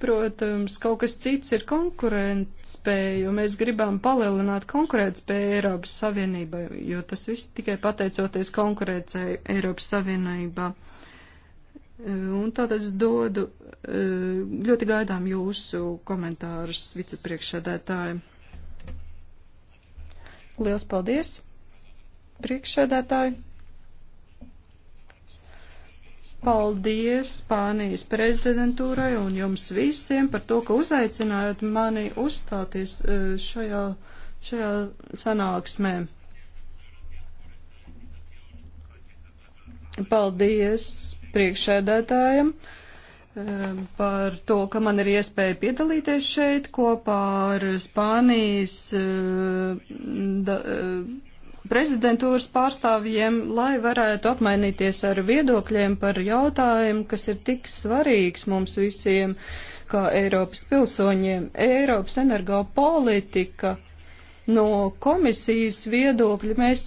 Protams, kaut kas cits ir konkurētspēja, jo mēs gribam palielināt konkurētspēju Eiropas Savienībai, jo tas viss tikai pateicoties konkurētspēju Eiropas Savienībā. Un tātad es dodu eh, ļoti gaidām jūsu komentārus vicepriekšsēdētāji. Liels paldies, priekšsēdētāji! Paldies Spānijas prezidentūrai un jums visiem par to, ka uzaicinājāt mani uzstāties e, šajā, šajā sanāksmē. Paldies priekšēdētājiem e, par to, ka man ir iespēja piedalīties šeit kopā ar Spānijas e, da, prezidentūras pārstāvjiem, lai varētu apmainīties ar viedokļiem par jautājumu, kas ir tik svarīgs mums visiem, kā Eiropas pilsoņiem. Eiropas energopolitika no komisijas viedokļa mēs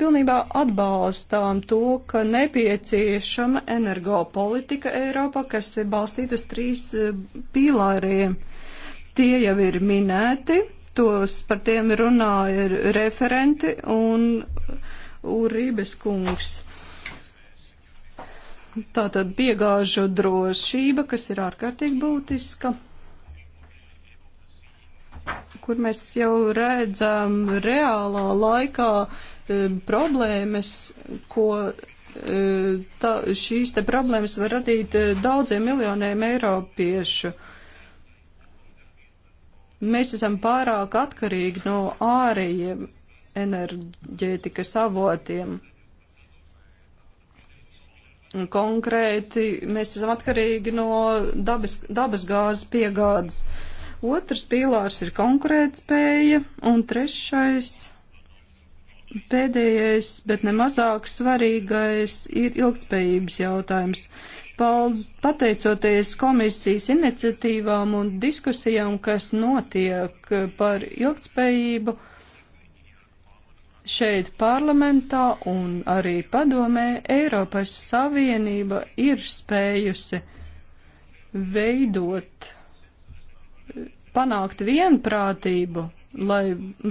pilnībā atbalstām to, ka nepieciešama energopolitika Eiropā, kas ir balstīta uz trīs eh, pīlāriem. Tie jau ir minēti tos par tiem runāja referenti un Urības kungs. Tātad piegāžu drošība, kas ir ārkārtīgi būtiska, kur mēs jau redzam reālā laikā e, problēmas, ko e, tā, šīs te problēmas var radīt e, daudziem miljoniem eiropiešu. Mēs esam pārāk atkarīgi no ārējiem enerģētikas avotiem. Konkrēti, mēs esam atkarīgi no dabas, dabas gāzes piegādes. Otrs pīlārs ir konkurētspēja, un trešais, pēdējais, bet nemazāk svarīgais, ir ilgtspējības jautājums pateicoties komisijas iniciatīvām un diskusijām, kas notiek par ilgtspējību šeit parlamentā un arī padomē, Eiropas Savienība ir spējusi veidot, panākt vienprātību, lai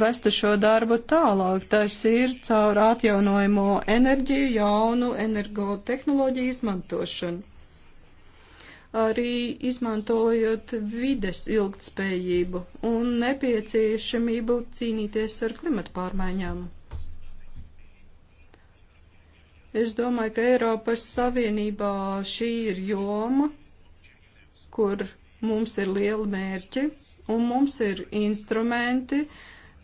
vestu šo darbu tālāk. Tas ir caur atjaunojamo enerģiju, jaunu energotehnoloģiju izmantošanu arī izmantojot vides ilgtspējību un nepieciešamību cīnīties ar klimatu pārmaiņām. Es domāju, ka Eiropas Savienībā šī ir joma, kur mums ir liela mērķi un mums ir instrumenti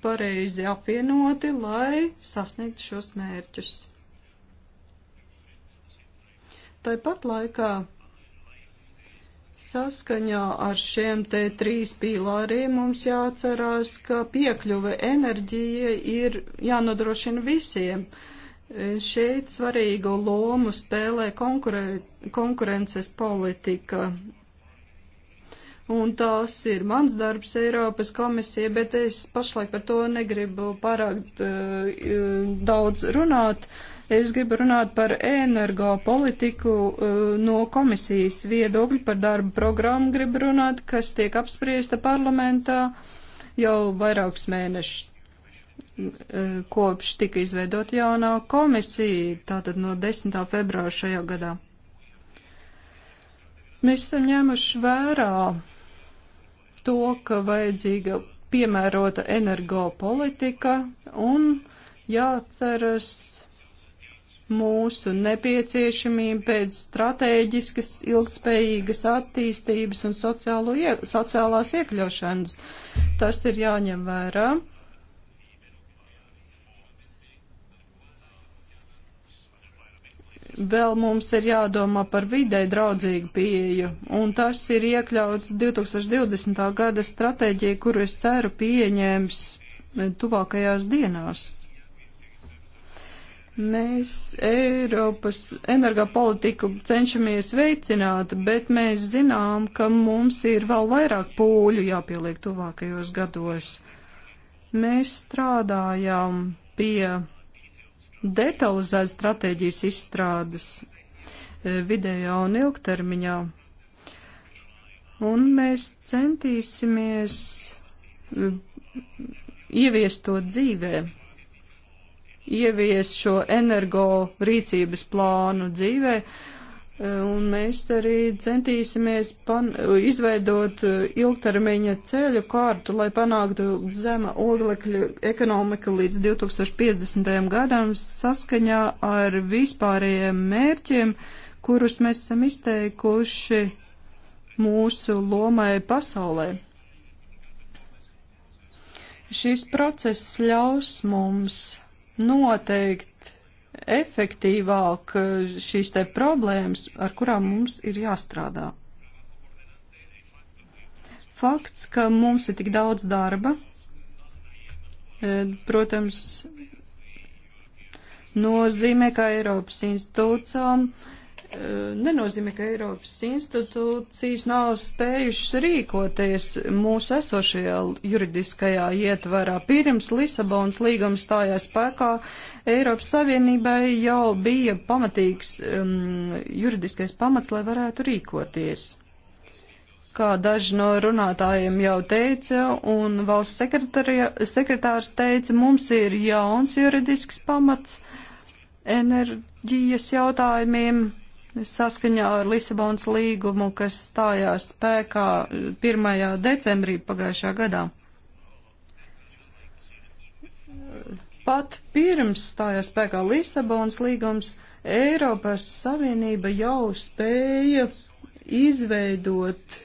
pareizi apvienoti, lai sasniegtu šos mērķus. Tāpat laikā Saskaņā ar šiem te trīs pīlāriem mums jāatcerās, ka piekļuve enerģija ir jānodrošina visiem. Šeit svarīgu lomu spēlē konkure, konkurences politika. Un tās ir mans darbs Eiropas komisija, bet es pašlaik par to negribu pārāk uh, daudz runāt. Uh, Es gribu runāt par energopolitiku eh, no komisijas viedokļa par darba programmu, gribu runāt, kas tiek apspriesta parlamentā jau vairākus mēnešus eh, kopš tika izveidota jaunā komisija, tātad no 10. februāra šajā gadā. Mēs esam ņēmuši vērā to, ka vajadzīga piemērota energopolitika un jāceras mūsu nepieciešamību pēc stratēģiskas, ilgtspējīgas attīstības un sociālo, ie, sociālās iekļaušanas. Tas ir jāņem vērā. Vēl mums ir jādomā par vidē draudzīgu pieeju, un tas ir iekļauts 2020. gada stratēģija, kuru es ceru pieņēms tuvākajās dienās. Mēs Eiropas energopolitiku cenšamies veicināt, bet mēs zinām, ka mums ir vēl vairāk pūļu jāpieliek tuvākajos gados. Mēs strādājam pie detalizētas stratēģijas izstrādes e, vidējā un ilgtermiņā. Un mēs centīsimies e, ieviest to dzīvē ievies šo energo rīcības plānu dzīvē, un mēs arī centīsimies pan, izveidot uh, ilgtermiņa ceļu kārtu, lai panāktu zema oglekļa ekonomika līdz 2050. gadam saskaņā ar vispārējiem mērķiem, kurus mēs esam izteikuši mūsu lomai pasaulē šis process ļaus mums noteikt efektīvāk eh, šīs te problēmas, ar kurām mums ir jāstrādā. Fakts, ka mums ir tik daudz darba, eh, protams, nozīmē, ka Eiropas institūcijām uh, Eh, nenozīmē, ka Eiropas institūcijas nav spējušas rīkoties mūsu esošajā juridiskajā ietvarā. Pirms Lisabonas līgums stājās spēkā, Eiropas Savienībai jau bija pamatīgs um, juridiskais pamats, lai varētu rīkoties. Kā daži no runātājiem jau teica, un valsts sekretārs teica, mums ir jauns juridisks pamats enerģijas jautājumiem, saskaņā ar Lisabonas līgumu, kas stājās spēkā 1. decembrī pagājušā gadā. Pat pirms stājās spēkā Lisabonas līgums, Eiropas Savienība jau spēja izveidot e,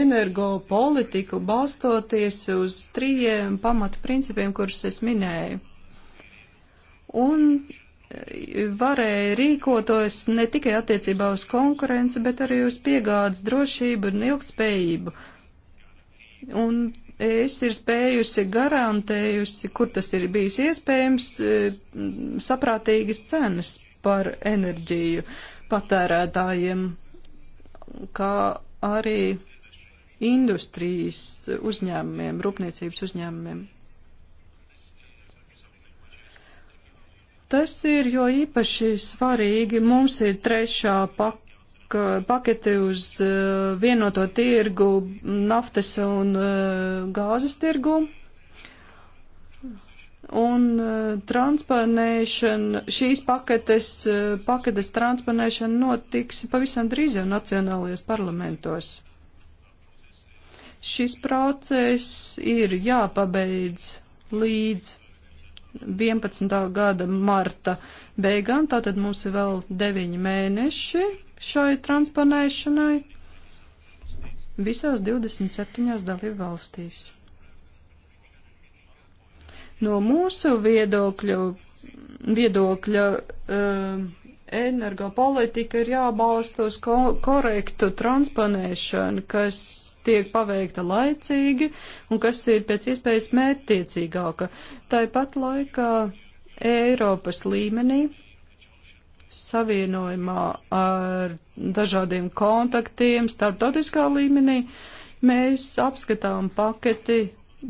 energopolitiku balstoties uz trījiem pamatprincipiem, kurus es minēju. Un varēja rīkotos ne tikai attiecībā uz konkurenci, bet arī uz piegādes drošību un ilgspējību. Un es ir spējusi garantējusi, kur tas ir bijis iespējams, e, saprātīgas cenas par enerģiju patērētājiem, kā arī industrijas uzņēmumiem, rūpniecības uzņēmumiem. Tas ir jo īpaši svarīgi. Mums ir trešā pakāpe paketi uz uh, vienoto tirgu, naftas un uh, gāzes tirgu. Un uh, transponēšana, šīs paketes, paketes transponēšana notiks pavisam drīz jau nacionālajos parlamentos. Šis process ir jāpabeidz līdz 11. gada marta beigām, tātad mums ir vēl 9 mēneši šai transponēšanai visās 27 dalību valstīs. No mūsu viedokļu, viedokļa uh, energopolitika ir jābalsta uz ko korektu transponēšanu, kas tiek paveikta laicīgi un kas ir pēc iespējas mērtiecīgāka. Tāpat laikā Eiropas līmenī savienojumā ar dažādiem kontaktiem starptautiskā līmenī mēs apskatām paketi,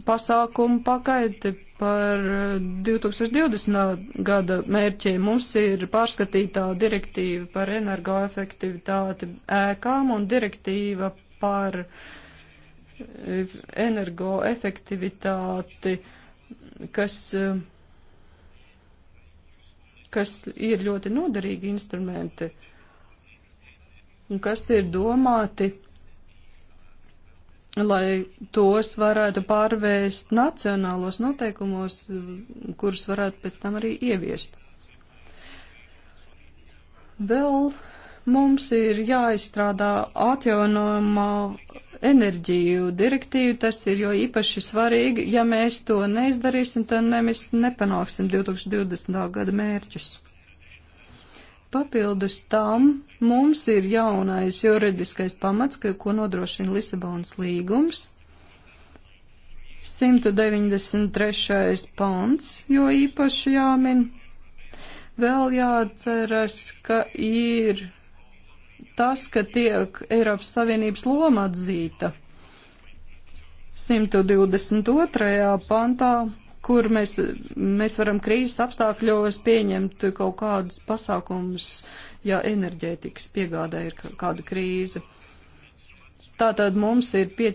pasākumu paketi Par 2020. Eh, gada mērķiem mums ir pārskatītā direktīva par energoefektivitāti ēkām un direktīva par eh, energoefektivitāti, kas, eh, kas ir ļoti noderīgi instrumenti un kas ir domāti lai tos varētu pārvērst nacionālos noteikumos, kurus varētu pēc tam arī ieviest. Vēl mums ir jāizstrādā atjaunojumā enerģiju direktīvu, tas ir jo īpaši svarīgi, ja mēs to neizdarīsim, tad nemis nepanāksim 2020. gada mērķus. Papildus tam mums ir jaunais juridiskais pamats, ko nodrošina Lisabonas līgums. 193. pants, jo īpaši jāmin. Vēl jāatceras, ka ir tas, ka tiek Eiropas Savienības loma atzīta. 122. pantā kur mēs, mēs varam krīzes apstākļos pieņemt kaut kādus pasākumus, ja enerģētikas piegādē ir kāda krīze. Tātad mums ir pie,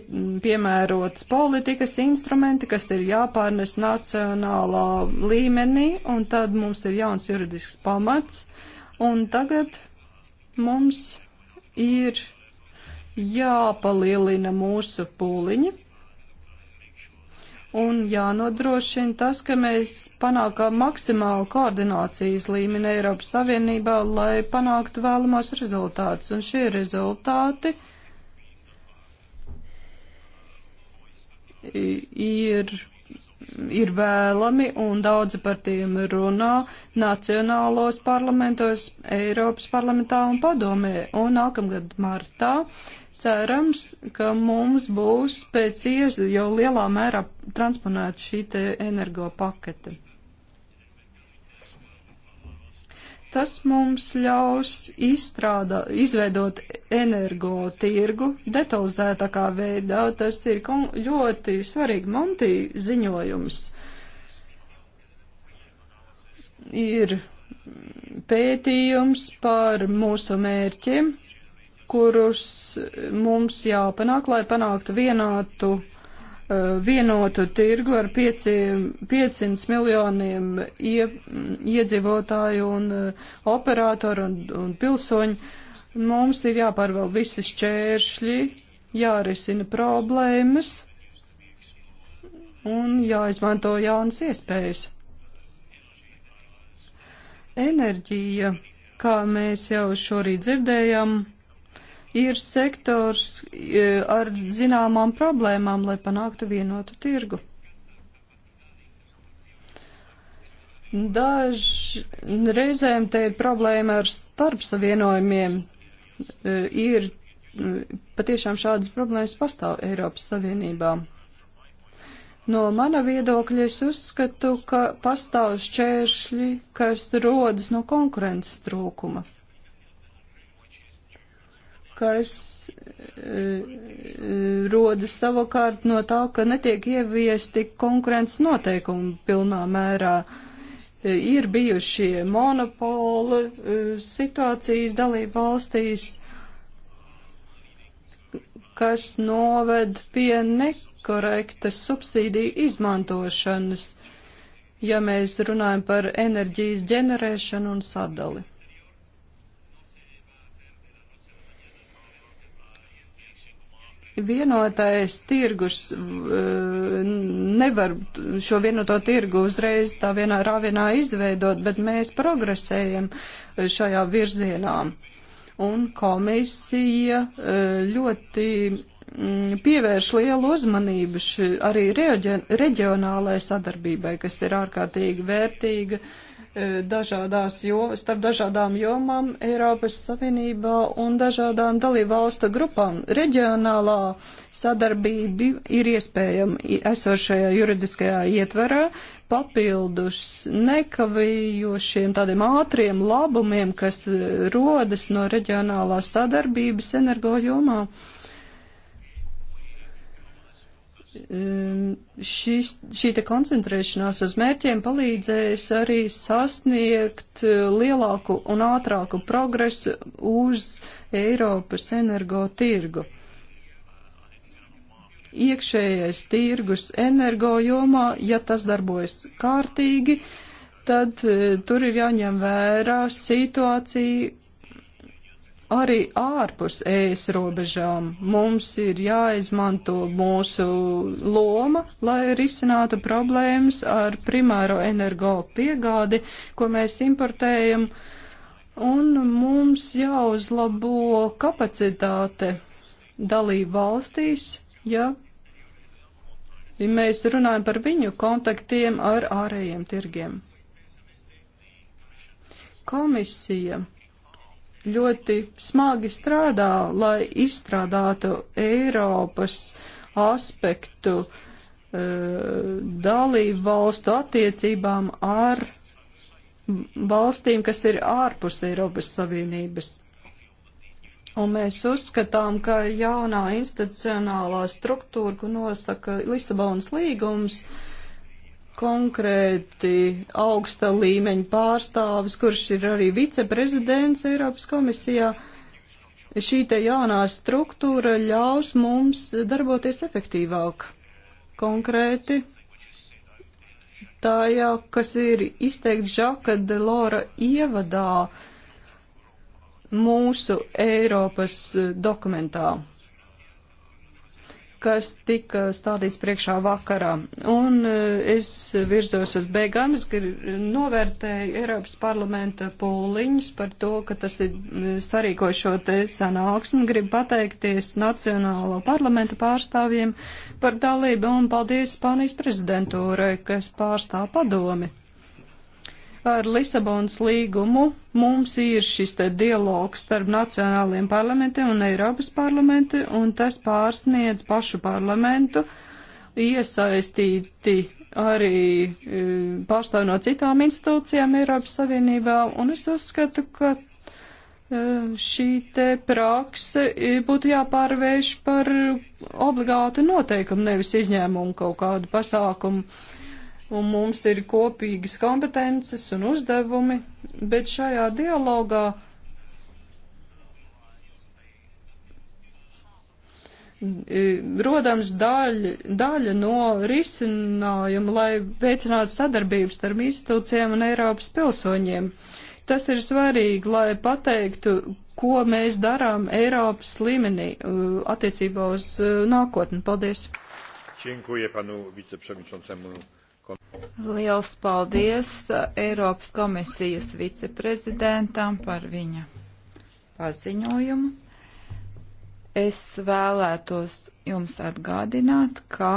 piemērots politikas instrumenti, kas ir jāpārnes nacionālā līmenī, un tad mums ir jauns juridisks pamats, un tagad mums ir jāpalielina mūsu pūliņi, un jānodrošina tas, ka mēs panākam maksimālu koordinācijas līmeni Eiropas Savienībā, lai panāktu vēlamos rezultātus. Un šie rezultāti ir, ir vēlami un daudzi par tiem runā nacionālos parlamentos, Eiropas parlamentā un padomē. Un nākamgad martā cerams, ka mums būs pēc iezļu jau lielā mērā transponēta šī te energo pakete. Tas mums ļaus izstrādā, izveidot energo tirgu detalizētākā veidā. Tas ir ļoti svarīgi Monti ziņojums. Ir pētījums par mūsu mērķiem, kurus mums jāpanāk, lai panāktu vienātu, eh, vienotu tirgu ar 500 pieci, miljoniem ie, iedzīvotāju un eh, operātoru un, un pilsoņu. Mums ir jāpārvēl visi šķēršļi, jārisina problēmas un jāizmanto jaunas iespējas. Enerģija, kā mēs jau šorīt dzirdējām, ir sektors e, ar zināmām problēmām, lai panāktu vienotu tirgu. Dažreizēm te ir problēma ar starpsavienojumiem. E, ir patiešām šādas problēmas pastāv Eiropas Savienībā. No mana viedokļa es uzskatu, ka pastāv šķēršļi, kas rodas no konkurences trūkuma kas e, e, rodas savukārt no tā, ka netiek ieviesti konkurences noteikumi pilnā mērā. E, ir bijušie monopola situācijas dalība valstīs, kas noved pie nekorektas subsīdiju izmantošanas, ja mēs runājam par enerģijas ģenerēšanu un sadali. vienotais tirgus eh, nevar šo vienoto tirgu uzreiz tā vienā rāvienā izveidot, bet mēs progresējam eh, šajā virzienā. Un komisija eh, ļoti mm, pievērš lielu uzmanību arī reģionālajai sadarbībai, kas ir ārkārtīgi vērtīga E, dažādās jomas, starp dažādām jomām Eiropas Savienībā un dažādām dalībvalstu grupām. Reģionālā sadarbība ir iespējama esošajā juridiskajā ietverā papildus nekavējošiem tādiem ātriem labumiem, kas e, rodas no reģionālās sadarbības energo jomā. Uh, Ehm, šis, šī koncentrēšanās uz mērķiem palīdzēs arī sasniegt eh, lielāku un ātrāku progresu uz Eiropas energotirgu. Iekšējais tirgus energojomā, ja tas darbojas kārtīgi, tad eh, tur ir jāņem vērā situācija, arī ārpus ēs robežām mums ir jāizmanto mūsu loma, lai risinātu problēmas ar primāro energo piegādi, ko mēs importējam, un mums jāuzlabo kapacitāte dalību valstīs, ja mēs runājam par viņu kontaktiem ar ārējiem tirgiem. Komisija ļoti smagi strādā, lai izstrādātu Eiropas aspektu e, dalību valstu attiecībām ar valstīm, kas ir ārpus Eiropas Savienības. Un mēs uzskatām, ka jaunā institucionālā struktūra, ko nosaka Lisabonas līgums, uh, konkrēti augsta līmeņa pārstāvis, kurš ir arī viceprezidents Eiropas komisijā. Šī te jaunā struktūra ļaus mums darboties efektīvāk. Konkrēti, tā jau, kas ir izteikts Žaka de Lora ievadā mūsu Eiropas dokumentā kas tika stādīts priekšā vakarā. Un eh, es virzos uz beigām, es novērtēju Eiropas parlamenta pūliņus par to, ka tas ir eh, sarīkošo te sanāksmi. Gribu pateikties Nacionālo parlamentu pārstāvjiem par dalību un paldies Spānijas prezidentūrai, kas pārstāv padomi. Ar Lisabonas līgumu mums ir šis te dialogs starp nacionāliem parlamentiem un Eiropas parlamentu, un tas pārsniedz pašu parlamentu iesaistīti arī e, pārstāv no citām institūcijām Eiropas Savienībā, un es uzskatu, ka e, šī te prakse e, būtu jāpārvērš par obligātu noteikumu, nevis izņēmumu kaut kādu pasākumu. Uh, un mums ir kopīgas kompetences un uzdevumi, bet šajā dialogā rodams daļa, daļa no risinājuma, lai veicinātu sadarbības starp institūcijiem un Eiropas pilsoņiem. Tas ir svarīgi, lai pateiktu, ko mēs darām Eiropas līmenī attiecībā uz nākotni. Paldies! Dziękuję panu wiceprzewodniczącemu Liels paldies uh, Eiropas komisijas viceprezidentam par viņa paziņojumu. Es vēlētos jums atgādināt, ka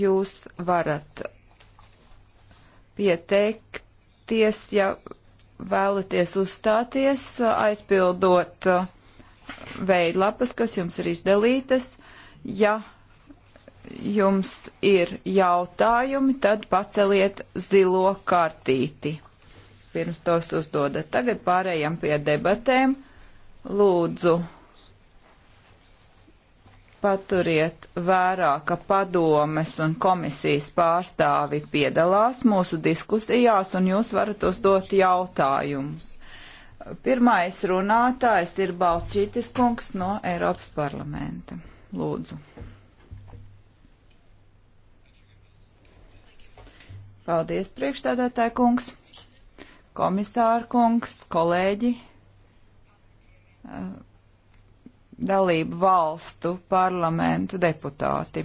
jūs varat pieteikties, ja vēlaties uzstāties, uh, aizpildot uh, veidlapas, kas jums ir izdalītas. Ja jums ir jautājumi, tad paceliet zilo kartīti. Pirms tos uzdodat. Tagad pārējām pie debatēm. Lūdzu, paturiet vērā, ka padomes un komisijas pārstāvi piedalās mūsu diskusijās un jūs varat uzdot jautājumus. Pirmais runātājs ir Balčītis kungs no Eiropas parlamenta. Lūdzu. Paldies, priekšstādātāja kungs, komisāra kungs, kolēģi, eh, dalību valstu parlamentu deputāti.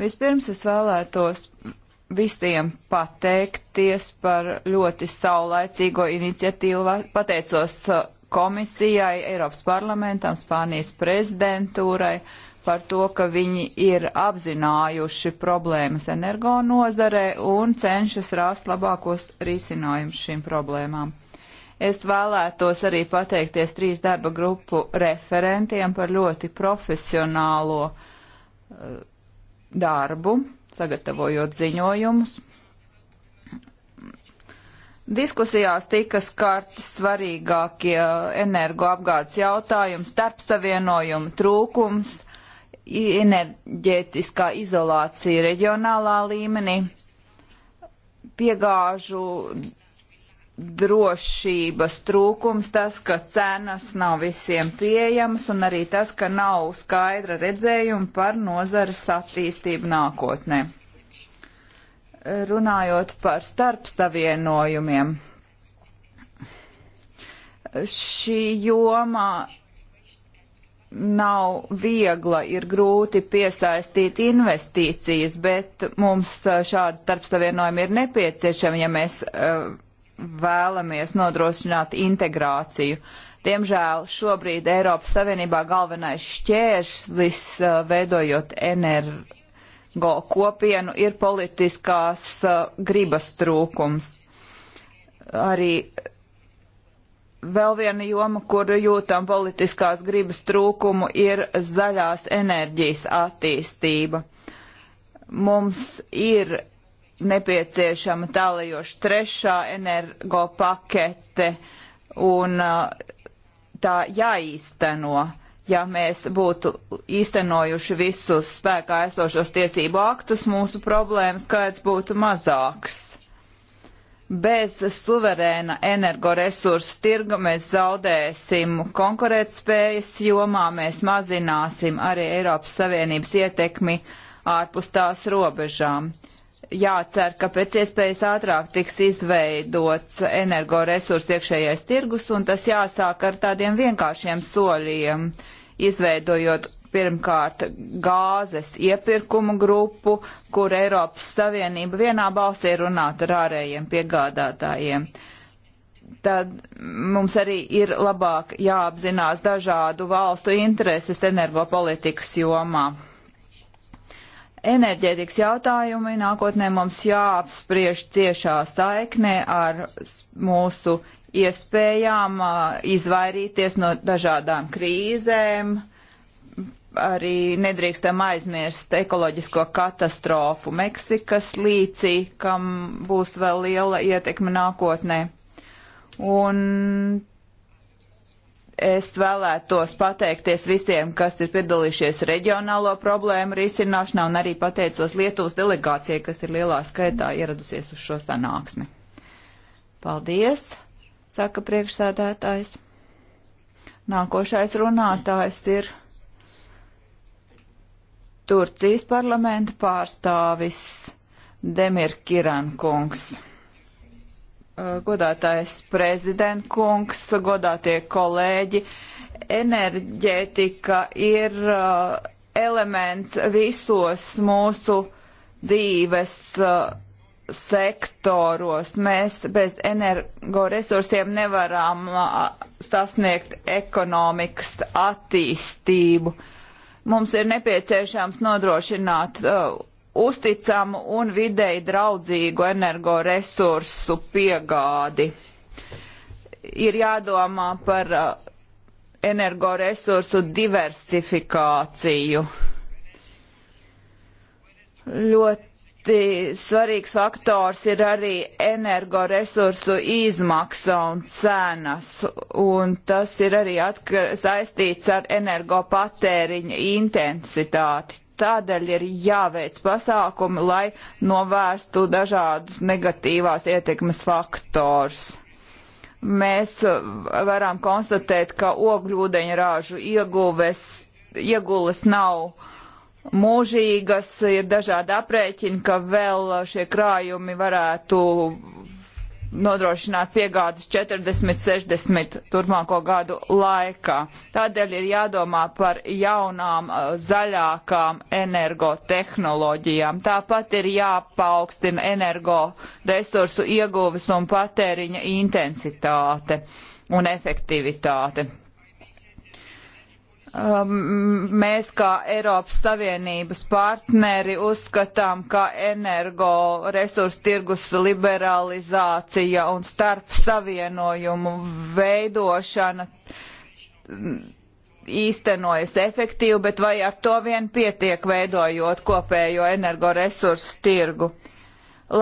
Vispirms es vēlētos visiem pateikties par ļoti saulēcīgo iniciatīvu. Pateicos eh, komisijai, Eiropas parlamentam, Spānijas prezidentūrai par to, ka viņi ir apzinājuši problēmas energonozarē un cenšas rast labākos risinājumus šīm problēmām. Es vēlētos arī pateikties trīs darba grupu referentiem par ļoti profesionālo uh, darbu, sagatavojot ziņojumus. Diskusijās tika skarti svarīgākie energoapgādes jautājumi, starpsavienojuma trūkums, enerģētiskā izolācija reģionālā līmenī, piegāžu drošības trūkums, tas, ka cenas nav visiem pieejamas un arī tas, ka nav skaidra redzējuma par nozares attīstību nākotnē. Runājot par starpsavienojumiem, šī joma nav viegla, ir grūti piesaistīt investīcijas, bet mums šādi starpsavienojumi ir nepieciešami, ja mēs uh, vēlamies nodrošināt integrāciju. Diemžēl šobrīd Eiropas Savienībā galvenais šķēršlis uh, veidojot energo kopienu ir politiskās uh, gribas trūkums. Arī Vēl viena joma, kur jūtam politiskās gribas trūkumu, ir zaļās enerģijas attīstība. Mums ir nepieciešama tālajoša trešā energo pakete un uh, tā jāīsteno. Ja mēs būtu īstenojuši visus spēkā esošos tiesību aktus, mūsu problēmas skaits būtu mazāks Bez suverēna energoresursu tirga mēs zaudēsim konkurētspējas jomā, mēs mazināsim arī Eiropas Savienības ietekmi ārpus tās robežām. Jācer, ka pēc iespējas ātrāk tiks izveidots energoresursu iekšējais tirgus, un tas jāsāk ar tādiem vienkāršiem soļiem izveidojot pirmkārt gāzes iepirkumu grupu, kur Eiropas Savienība vienā balsī runātu ar ārējiem piegādātājiem. Tad mums arī ir labāk jāapzinās dažādu valstu intereses energopolitikas jomā enerģētikas jautājumi nākotnē mums jāapspriež tiešā saiknē ar mūsu iespējām uh, izvairīties no dažādām krīzēm. Arī nedrīkstam aizmirst ekoloģisko katastrofu Meksikas līcī, kam būs vēl liela ietekme nākotnē. Un Es vēlētos pateikties visiem, kas ir piedalījušies reģionālo problēmu risināšanā, un arī pateicos Lietuvas delegācijai, kas ir lielā skaitā ieradusies uz šo sanāksmi. Paldies, saka priekšsēdētājs. Nākošais runātājs ir Turcijas parlamenta pārstāvis Demir Kirankungs godātais prezidentkungs, godātie kolēģi, enerģētika ir uh, elements visos mūsu dzīves uh, sektoros. Mēs bez energoresursiem nevaram uh, sasniegt ekonomikas attīstību. Mums ir nepieciešams nodrošināt uh, uzticamu un videi draudzīgu energoresursu piegādi. Ir jādomā par uh, energoresursu diversifikāciju. Ļoti svarīgs faktors ir arī energoresursu izmaksa un cenas, un tas ir arī saistīts ar energopatēriņa intensitāti. Tādēļ ir jāveic pasākumi, lai novērstu dažādus negatīvās ietekmes faktors. Mēs uh, varam konstatēt, ka ogļūdeņrāžu ieguves, ieguves nav mūžīgas, ir dažādi aprēķini, ka vēl šie krājumi varētu nodrošināt piegādes 40, 60 turpmāko gadu laikā. Tādēļ ir jādomā par jaunām eh, zaļākām energotehnoloģijām. Tāpat ir jāpaukstina energo resursu ieguves un patēriņa intensitāte un efektivitāte. Um, mēs kā Eiropas Savienības partneri uzskatām, ka energoresursu tirgus liberalizācija un starp savienojumu veidošana mm, īstenojas efektīvi, bet vai ar to vien pietiek veidojot kopējo energoresursu tirgu?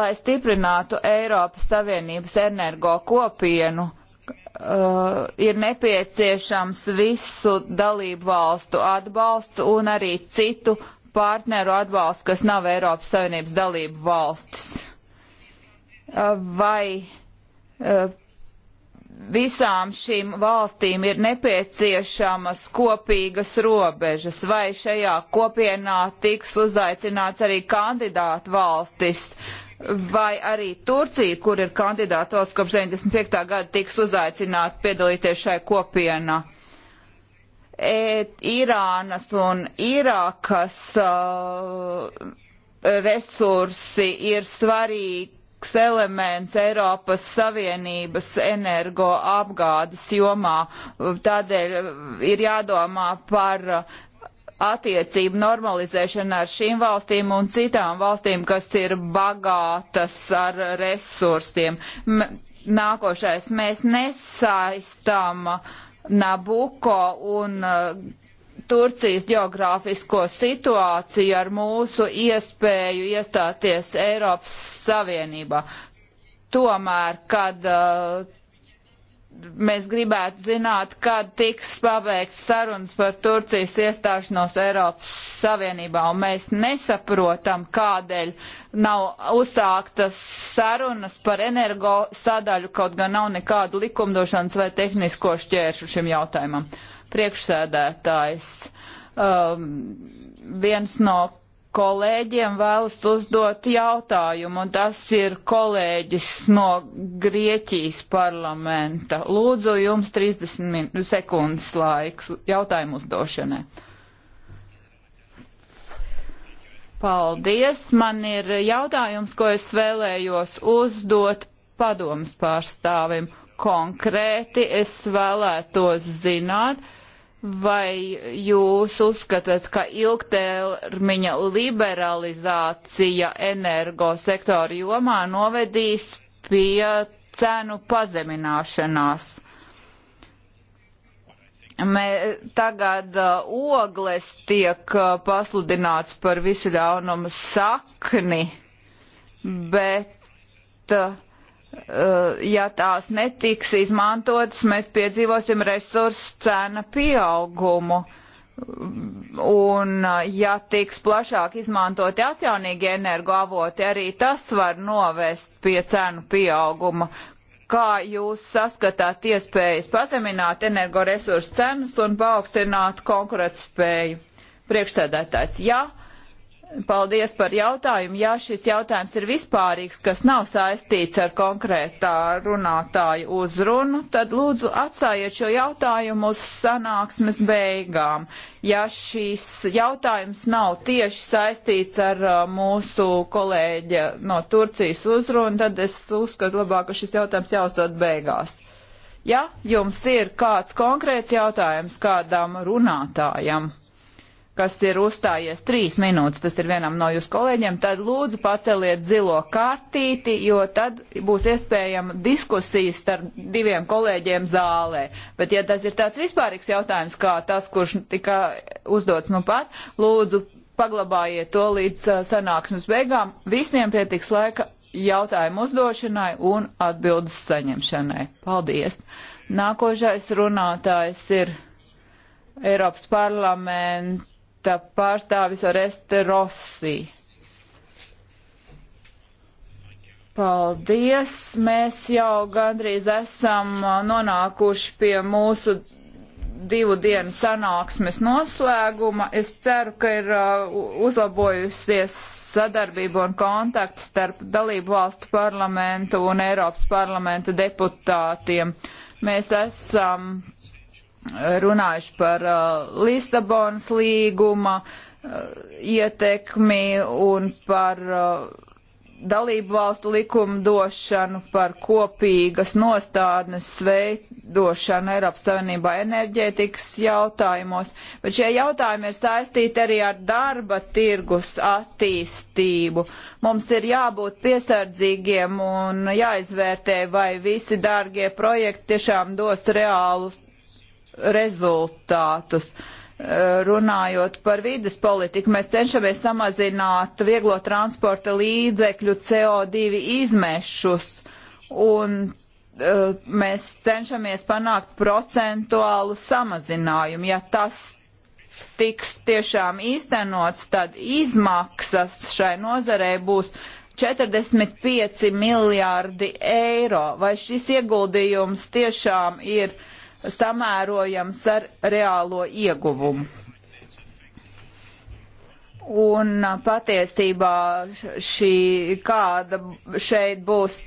Lai stiprinātu Eiropas Savienības energo kopienu, uh, ir nepieciešams visu dalību valstu atbalsts un arī citu partneru atbalsts, kas nav Eiropas Savienības dalību valstis. Uh, vai uh, visām šīm valstīm ir nepieciešamas kopīgas robežas, vai šajā kopienā tiks uzaicināts arī kandidātu valstis? Uh, vai arī Turcija, kur ir kandidāta valsts kopš 95. gada, tiks uzaicināta piedalīties šai kopienā. E, Irānas un Irākas uh, resursi ir svarīgs elements Eiropas Savienības energoapgādes jomā. Tādēļ ir jādomā par attiecību normalizēšana ar šīm valstīm un citām valstīm, kas ir bagātas ar resursiem. M nākošais, mēs nesaistām Nabuko un uh, Turcijas geogrāfisko situāciju ar mūsu iespēju iestāties Eiropas Savienībā. Tomēr, kad uh, mēs gribētu zināt, kad tiks pabeigts sarunas par Turcijas iestāšanos Eiropas Savienībā, un mēs nesaprotam, kādēļ nav uzsāktas sarunas par energo sadaļu, kaut gan nav nekādu likumdošanas vai tehnisko šķēršu šim jautājumam. Priekšsēdētājs. Um, viens no kolēģiem vēlas uzdot jautājumu, un tas ir kolēģis no Grieķijas parlamenta. Lūdzu, jums 30 sekundes laiks jautājumu uzdošanai. Paldies, man ir jautājums, ko es vēlējos uzdot padomas pārstāvim. Konkrēti es vēlētos zināt, uh, Vai jūs uzskatāt, ka ilgtermiņa liberalizācija energosektora jomā novedīs pie cenu pazemināšanās? Mē, tagad uh, ogles tiek uh, pasludināts par visu ļaunumu sakni, bet uh, Eh, ja tās netiks izmantotas, mēs piedzīvosim resursu cena pieaugumu. Un eh, ja tiks plašāk izmantoti atjaunīgi energoavoti, arī tas var novest pie cenu pieauguma. Kā jūs saskatāt iespējas pazemināt energoresursu cenas un paaugstināt konkurētspēju? Priekšsēdētājs, jā. Ja? Paldies par jautājumu. Jā, šis jautājums ir vispārīgs, kas nav saistīts ar konkrētā runātāju uzrunu, tad lūdzu atstājiet šo jautājumu uz sanāksmes beigām. Ja šis jautājums nav tieši saistīts ar uh, mūsu kolēģa no Turcijas uzrunu, tad es uzskatu labāk, ka šis jautājums jāuzdod beigās. Ja jums ir kāds konkrēts jautājums kādam runātājam, kas ir uzstājies trīs minūtes, tas ir vienam no jūsu kolēģiem, tad lūdzu paceliet zilo kartīti, jo tad būs iespējama diskusijas starp diviem kolēģiem zālē. Bet ja tas ir tāds vispārīgs jautājums, kā tas, kurš tika uzdots nu pat, lūdzu paglabājiet to līdz uh, sanāksmes beigām. Visiem pietiks laika jautājumu uzdošanai un atbildes saņemšanai. Paldies! Nākošais runātājs ir Eiropas parlamenta parlamenta pārstāvis Oreste Rossi. Paldies! Mēs jau gandrīz esam uh, nonākuši pie mūsu divu dienu sanāksmes noslēguma. Es ceru, ka ir uh, uzlabojusies sadarbība un kontakts starp dalību valstu parlamentu un Eiropas parlamenta deputātiem. Mēs esam runājuši par uh, Lisabonas līguma uh, ietekmi un par uh, dalību valstu likumdošanu, par kopīgas nostādnes veidošanu Eiropas Savienībā enerģētikas jautājumos, bet šie jautājumi ir saistīti arī ar darba tirgus attīstību. Mums ir jābūt piesardzīgiem un jāizvērtē, vai visi dārgie projekti tiešām dos reālus rezultātus. Runājot par vides politiku, mēs cenšamies samazināt vieglo transporta līdzekļu CO2 izmešus, un e, mēs cenšamies panākt procentuālu samazinājumu. Ja tas tiks tiešām īstenots, tad izmaksas šai nozarei būs 45 miljārdi eiro. Vai šis ieguldījums tiešām ir uh, samērojams ar reālo ieguvumu. Un patiesībā šī kāda šeit būs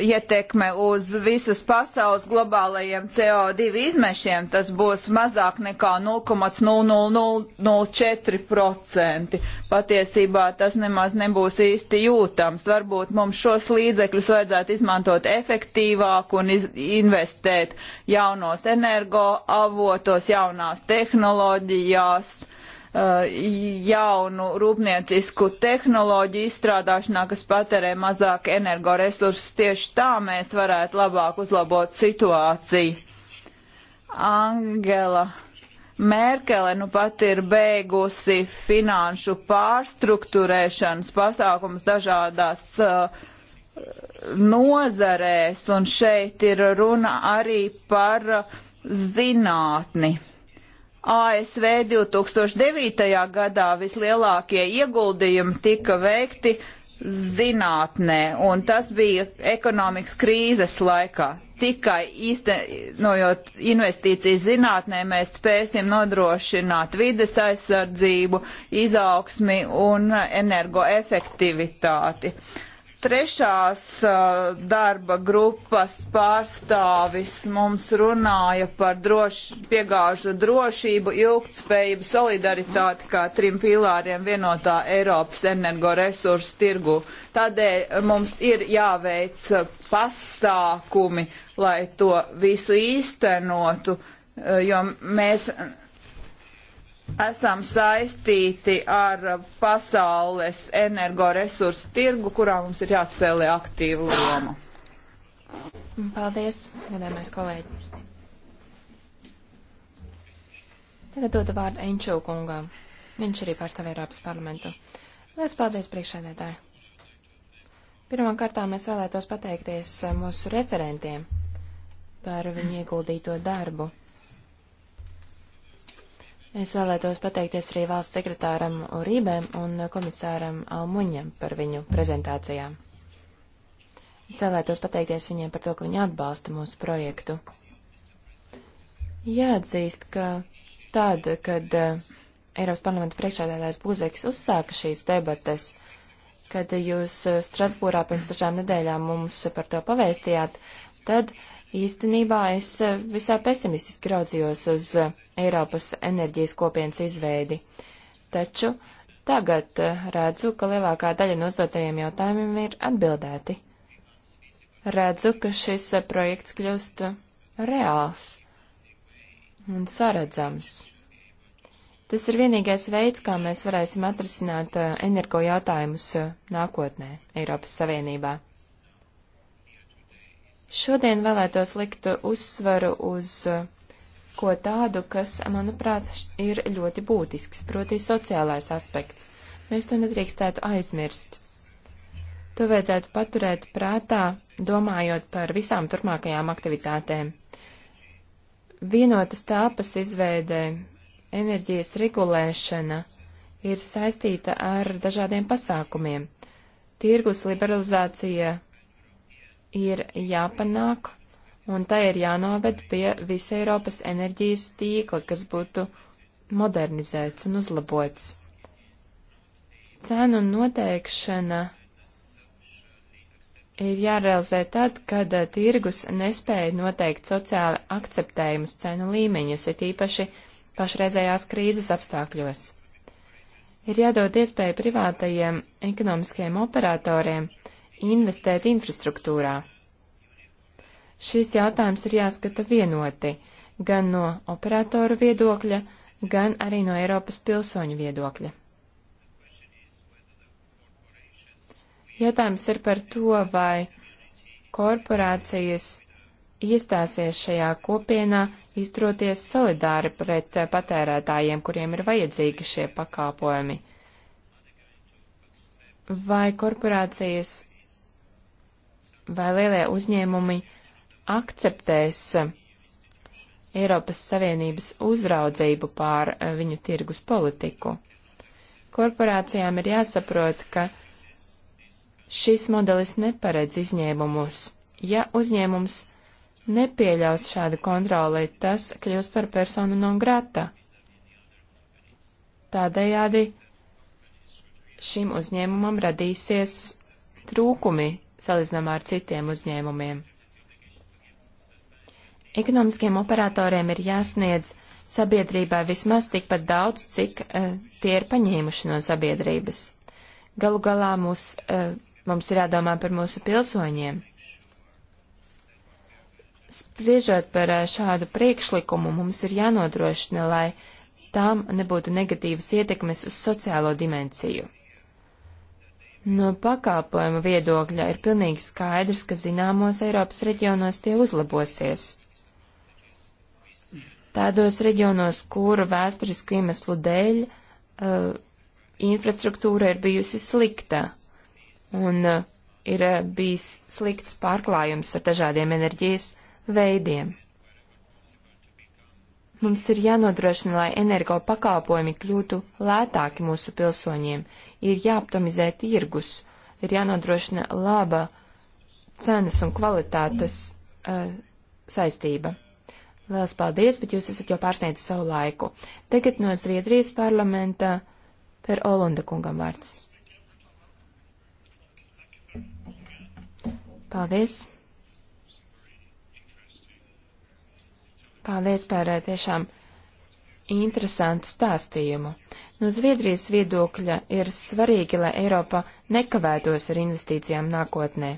ietekme uz visas pasaules globālajiem CO2 izmešiem, tas būs mazāk nekā 0,0004%. Patiesībā tas nemaz nebūs īsti jūtams. Varbūt mums šos līdzekļus vajadzētu izmantot efektīvāk un iz investēt jaunos energoavotos, jaunās tehnoloģijās. Uh, Uh, jaunu rūpniecisku tehnoloģiju izstrādāšanā, kas patērē mazāk energoresursus. Tieši tā mēs varētu labāk uzlabot situāciju. Angela Merkele nu pat ir beigusi finanšu pārstruktūrēšanas pasākums dažādās uh, nozarēs, un šeit ir runa arī par zinātni. ASV 2009. gadā vislielākie ieguldījumi tika veikti zinātnē, un tas bija ekonomikas krīzes laikā. Tikai īstenojot investīcijas zinātnē, mēs spēsim nodrošināt vides aizsardzību, izaugsmi un energoefektivitāti. Uh, Trešās darba grupas pārstāvis mums runāja par droš, piegāžu drošību, ilgtspējību, solidaritāti kā trim pīlāriem vienotā Eiropas energoresursu tirgu. Tādēļ mums ir jāveic pasākumi, lai to visu īstenotu, jo mēs esam saistīti ar pasaules energoresursu tirgu, kurā mums ir jāspēlē aktīva loma. Paldies, gadējamais kolēģi. Tagad dodu vārdu Enču kungam. Viņš arī pārstāv Eiropas parlamentu. Lielas paldies priekšsēdētāji. Pirmām kārtām es vēlētos pateikties mūsu referentiem par viņu ieguldīto darbu. Es vēlētos pateikties arī valsts sekretāram Urībēm un komisāram Almuņam par viņu prezentācijām. Es vēlētos pateikties viņiem par to, ka viņi atbalsta mūsu projektu. Jāatzīst, ka tad, kad eh, Eiropas parlamenta priekšādātājs Buzeks uzsāka šīs debates, kad jūs eh, Strasbūrā pirms dažām nedēļām mums par to pavēstījāt, tad uh, Īstenībā es eh, visai pesimistiski raudzījos uz eh, Eiropas enerģijas kopienas izveidi, taču tagad eh, redzu, ka lielākā daļa no uzdotajiem jautājumiem ir atbildēti. Redzu, ka šis projekts kļūst reāls un saredzams. Tas ir vienīgais veids, kā mēs varēsim atrisināt energo jautājumus nākotnē Eiropas Savienībā. Šodien vēlētos likt uzsvaru uz uh, ko tādu, kas, manuprāt, ir ļoti būtisks, proti sociālais aspekts. Mēs to nedrīkstētu aizmirst. To vajadzētu paturēt prātā, domājot par visām turpmākajām aktivitātēm. Vienotas telpas izveidē, enerģijas regulēšana ir saistīta ar dažādiem pasākumiem. Tirgus liberalizācija, ir jāpanāk, un tai ir jānoved pie visa Eiropas enerģijas tīkla, kas būtu modernizēts un uzlabots. Cēnu noteikšana ir jārealizē tad, kad eh, tirgus nespēja noteikt sociāli akceptējumus cenu līmeņus, ir īpaši pašreizējās krīzes apstākļos. Ir jādod iespēja privātajiem ekonomiskajiem operatoriem investēt infrastruktūrā. Šis jautājums ir jāskata vienoti, gan no operatoru viedokļa, gan arī no Eiropas pilsoņu viedokļa. Jautājums ir par to, vai korporācijas iestāsies šajā kopienā, izturoties solidāri pret patērētājiem, kuriem ir vajadzīgi šie pakalpojumi. Vai korporācijas vai lielie uzņēmumi akceptēs eh, Eiropas Savienības uzraudzību pār eh, viņu tirgus politiku. Korporācijām ir jāsaprot, ka šis modelis neparedz izņēmumus. Ja uzņēmums nepieļaus šādu kontroli, tas kļūs par personu non grata. Tādējādi šim uzņēmumam radīsies trūkumi salīdzinām ar citiem uzņēmumiem. Ekonomiskiem operatoriem ir jāsniedz sabiedrībai vismaz tikpat daudz, cik uh, tie ir paņēmuši no sabiedrības. Galu galā mūs, uh, mums ir jādomā par mūsu pilsoņiem. Spriežot par uh, šādu priekšlikumu, mums ir jānodrošina, lai tām nebūtu negatīvas ietekmes uz sociālo dimensiju. No pakāpojuma viedokļa ir pilnīgi skaidrs, ka zināmos Eiropas reģionos tie uzlabosies. Tādos reģionos, kuru vēsturisku iemeslu dēļ uh, infrastruktūra ir bijusi slikta un uh, ir uh, bijis slikts pārklājums ar dažādiem enerģijas veidiem. Mums ir jānodrošina, lai energo pakalpojumi kļūtu lētāki mūsu pilsoņiem, ir jāoptimizē tirgus, ir jānodrošina laba cenas un kvalitātes uh, saistība. Lielas paldies, bet jūs esat jau pārsniedzis savu laiku. Tagad no Zviedrijas parlamenta per Olunda kungam vārds. Paldies! Paldies par tiešām interesantu stāstījumu. No Zviedrijas viedokļa ir svarīgi, lai Eiropa nekavētos ar investīcijām nākotnē.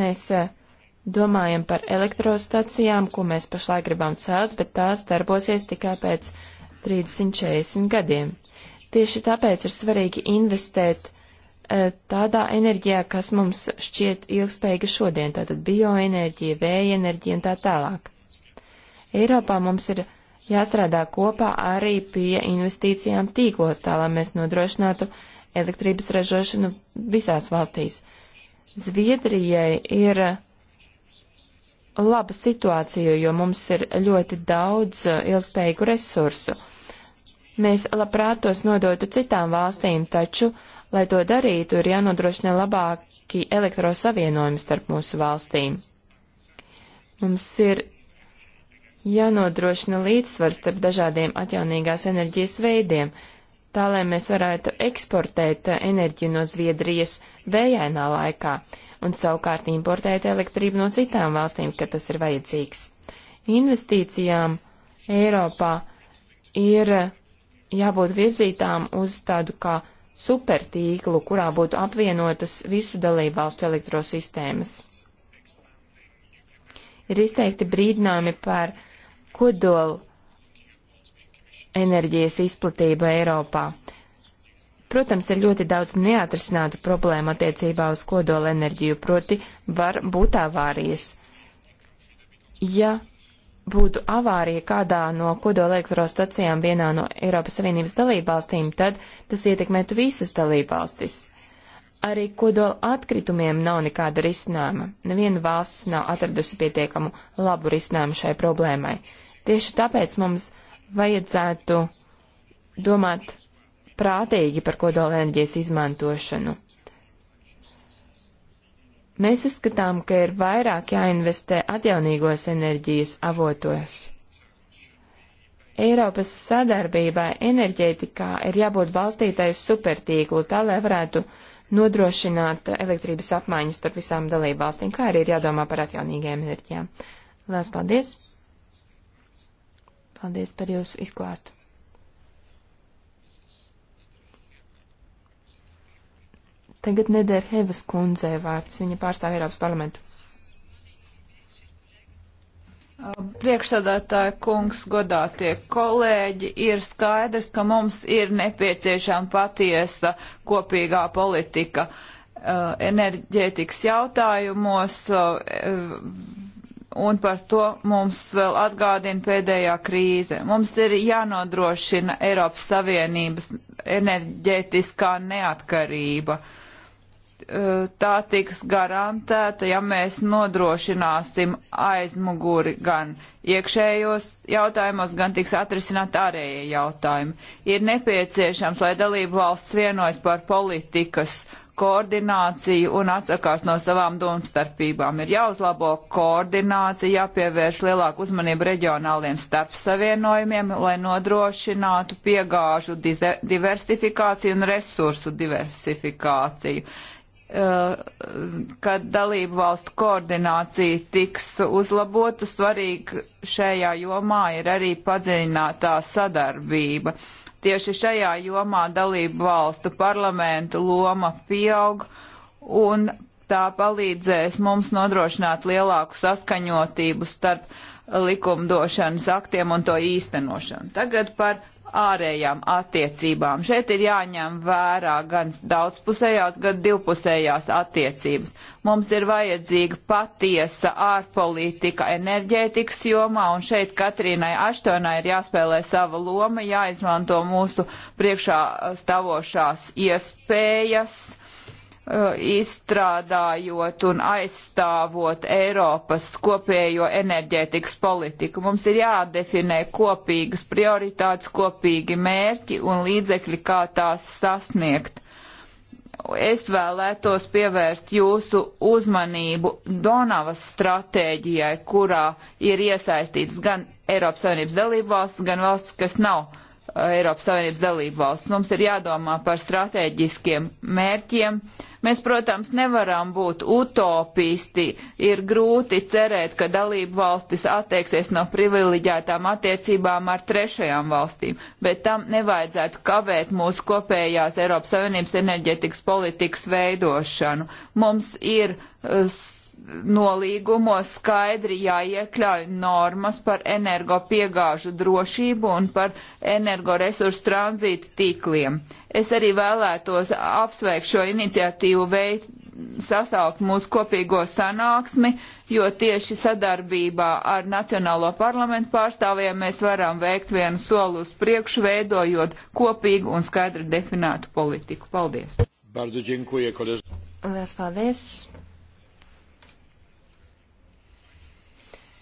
Mēs eh, domājam par elektrostacijām, ko mēs pašlaik gribam celt, bet tās darbosies tikai pēc 30-40 gadiem. Tieši tāpēc ir svarīgi investēt eh, tādā enerģijā, kas mums šķiet ilgspējīga šodien, tātad bioenerģija, vēja enerģija un tā tālāk. Eiropā mums ir jāstrādā kopā arī pie investīcijām tīklos, tā lai mēs nodrošinātu elektrības ražošanu visās valstīs. Zviedrijai ir laba situācija, jo mums ir ļoti daudz uh, ilgspējīgu resursu. Mēs labprāt tos nodotu citām valstīm, taču, lai to darītu, ir jānodrošina labāki elektrosavienojumi starp mūsu valstīm. Mums ir jānodrošina līdzsvars starp dažādiem atjaunīgās enerģijas veidiem, tā lai mēs varētu eksportēt enerģiju no Zviedrijas vējainā laikā un savukārt importēt elektrību no citām valstīm, kad tas ir vajadzīgs. Investīcijām Eiropā ir jābūt virzītām uz tādu kā supertīklu, kurā būtu apvienotas visu dalību valstu elektrosistēmas. Ir izteikti brīdinājumi par uh, kodolu enerģijas izplatība Eiropā. Protams, ir ļoti daudz neatrisinātu problēmu attiecībā uz kodola enerģiju, proti var būt avārijas. Ja būtu avārija kādā no kodola elektrostacijām vienā no Eiropas Savienības dalībvalstīm, tad tas ietekmētu visas dalībvalstis. Arī kodola atkritumiem nav nekāda risinājuma. Neviena valsts nav atradusi pietiekamu labu risinājumu šai problēmai. Tieši tāpēc mums vajadzētu domāt prātīgi par kodola enerģijas izmantošanu. Mēs uzskatām, ka ir vairāk jāinvestē atjaunīgos enerģijas avotos. Eiropas sadarbībai enerģētikā ir jābūt balstītai uz supertīklu, tā lai varētu uh, nodrošināt elektrības apmaiņas starp visām dalībvalstīm, kā arī ir jādomā par atjaunīgajām enerģijām. Lielas paldies! Paldies par jūsu izklāstu! Tagad neder Hevas kundzei vārds, viņa pārstāv Eiropas parlamentu. Priekšsādātāja kungs, godātie kolēģi, ir skaidrs, ka mums ir nepieciešama patiesa kopīgā politika eh, enerģētikas jautājumos, eh, un par to mums vēl atgādina pēdējā krīze. Mums ir jānodrošina Eiropas Savienības enerģētiskā neatkarība. Uh, tā tiks garantēta, ja mēs nodrošināsim aizmuguri gan iekšējos jautājumos, gan tiks atrisināt ārējie jautājumi. Ir nepieciešams, lai dalību valsts vienojas par politikas koordināciju un atsakās no savām domstarpībām. Ir jāuzlabo koordinācija, jāpievērš lielāku uzmanību reģionāliem starpsavienojumiem, lai nodrošinātu piegāžu diversifikāciju un resursu diversifikāciju Uh, kad dalību valstu koordinācija tiks uzlabota, svarīgi šajā jomā ir arī padziļinātā sadarbība. Tieši šajā jomā dalību valstu parlamentu loma pieaug un tā palīdzēs mums nodrošināt lielāku saskaņotību starp likumdošanas aktiem un to īstenošanu. Tagad par ārējām attiecībām. Šeit ir jāņem vērā gan daudzpusējās, gan divpusējās attiecības. Mums ir vajadzīga patiesa ārpolitika enerģētikas jomā, un šeit Katrīnai Aštonai ir jāspēlē sava loma, jāizmanto mūsu priekšā stavošās iespējas Uh, izstrādājot un aizstāvot Eiropas kopējo enerģētikas politiku. Mums ir jādefinē kopīgas prioritātes, kopīgi mērķi un līdzekļi, kā tās sasniegt. Es vēlētos pievērst jūsu uzmanību Donavas stratēģijai, kurā ir iesaistīts gan Eiropas Savienības dalībvalsts, gan valsts, kas nav Eiropas Savienības dalību valsts. Mums ir jādomā par strateģiskiem mērķiem. Mēs, protams, nevaram būt utopisti. Ir grūti cerēt, ka dalību valstis attieksies no privileģētām attiecībām ar trešajām valstīm, bet tam nevajadzētu kavēt mūsu kopējās Eiropas Savienības enerģetikas politikas veidošanu. Mums ir uh, nolīgumos skaidri jāiekļauj normas par energopiegāžu drošību un par energoresursu tranzītu tīkliem. Es arī vēlētos apsveikt šo iniciatīvu veikt sasaukt mūsu kopīgo sanāksmi, jo tieši sadarbībā ar Nacionālo parlamentu pārstāvjiem mēs varam veikt vienu soli uz priekšu, veidojot kopīgu un skaidri definētu politiku. Paldies! Liels paldies!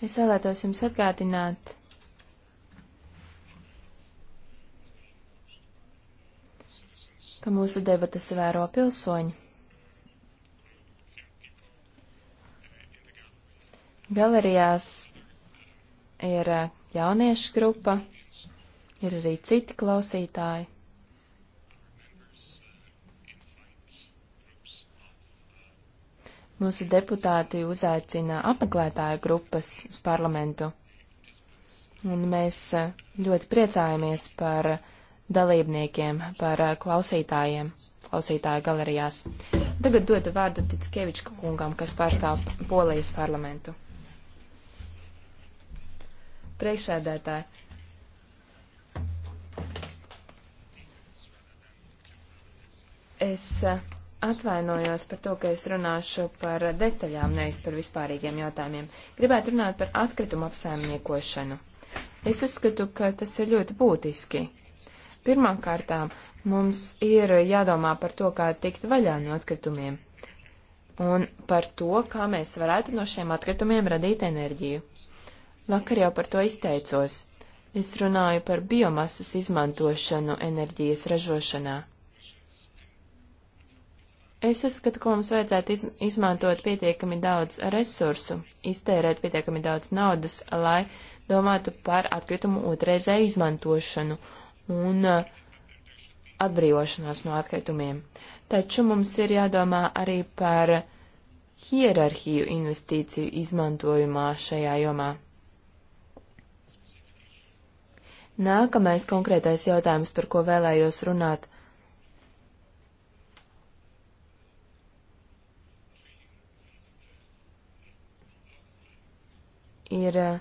Es vēlētos jums atgādināt, ka mūsu debatas vēro pilsoņi. Galerijās ir eh, jauniešu grupa, ir arī citi klausītāji. Mūsu deputāti uzaicina apmeklētāju grupas uz parlamentu. Un mēs eh, ļoti priecājamies par dalībniekiem, par eh, klausītājiem, klausītāju galerijās. Tagad dodu vārdu Titskeviča kungam, kas pārstāv Polijas parlamentu. Priekšsēdētāji. Es eh, Atvainojos par to, ka es runāšu par detaļām, nevis par vispārīgiem jautājumiem. Gribētu runāt par atkritumu apsaimniekošanu. Es uzskatu, ka tas ir ļoti būtiski. Pirmkārtām mums ir jādomā par to, kā tikt vaļā no atkritumiem un par to, kā mēs varētu no šiem atkritumiem radīt enerģiju. Vakar jau par to izteicos. Es runāju par biomasas izmantošanu enerģijas ražošanā. Es uzskatu, ka mums vajadzētu iz, izmantot pietiekami daudz resursu, iztērēt pietiekami daudz naudas, lai domātu par atkritumu otrreizēju izmantošanu un uh, atbrīvošanos no atkritumiem. Taču mums ir jādomā arī par hierarhiju investīciju izmantojumā šajā jomā. Nākamais konkrētais jautājums, par ko vēlējos runāt, ir eh,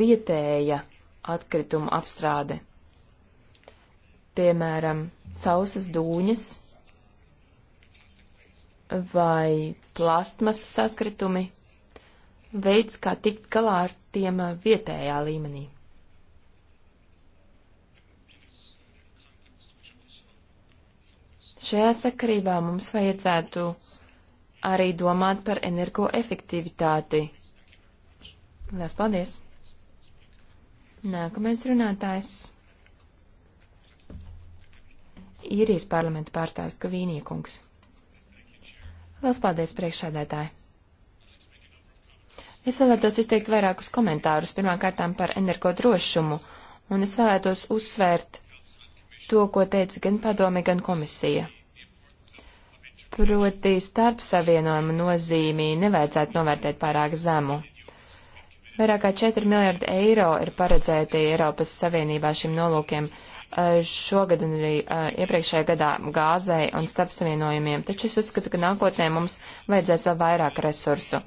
vietēja atkrituma apstrāde. Piemēram, sausas dūņas vai plastmasas atkritumi - veids, kā tikt galā ar tiem eh, vietējā līmenī. Šajā sakarībā mums vajadzētu arī domāt par energoefektivitāti Lielas paldies! Nākamais runātājs - īrijas parlamenta pārstāvis Kavīniekungs. Lielas paldies, priekšsēdētāji! Es vēlētos izteikt vairākus komentārus, pirmkārtām par energodrošumu, un es vēlētos uzsvērt to, ko teica gan padome, gan komisija. Proti, starpsavienojuma nozīmī nevajadzētu novērtēt pārāk zemu. Vairāk kā 4 miljardi eiro ir paredzēti Eiropas Savienībā šim nolūkiem eh, šogad un arī eh, iepriekšējā gadā gāzei un starpsavienojumiem, taču es uzskatu, ka nākotnē mums vajadzēs vēl vairāk resursu.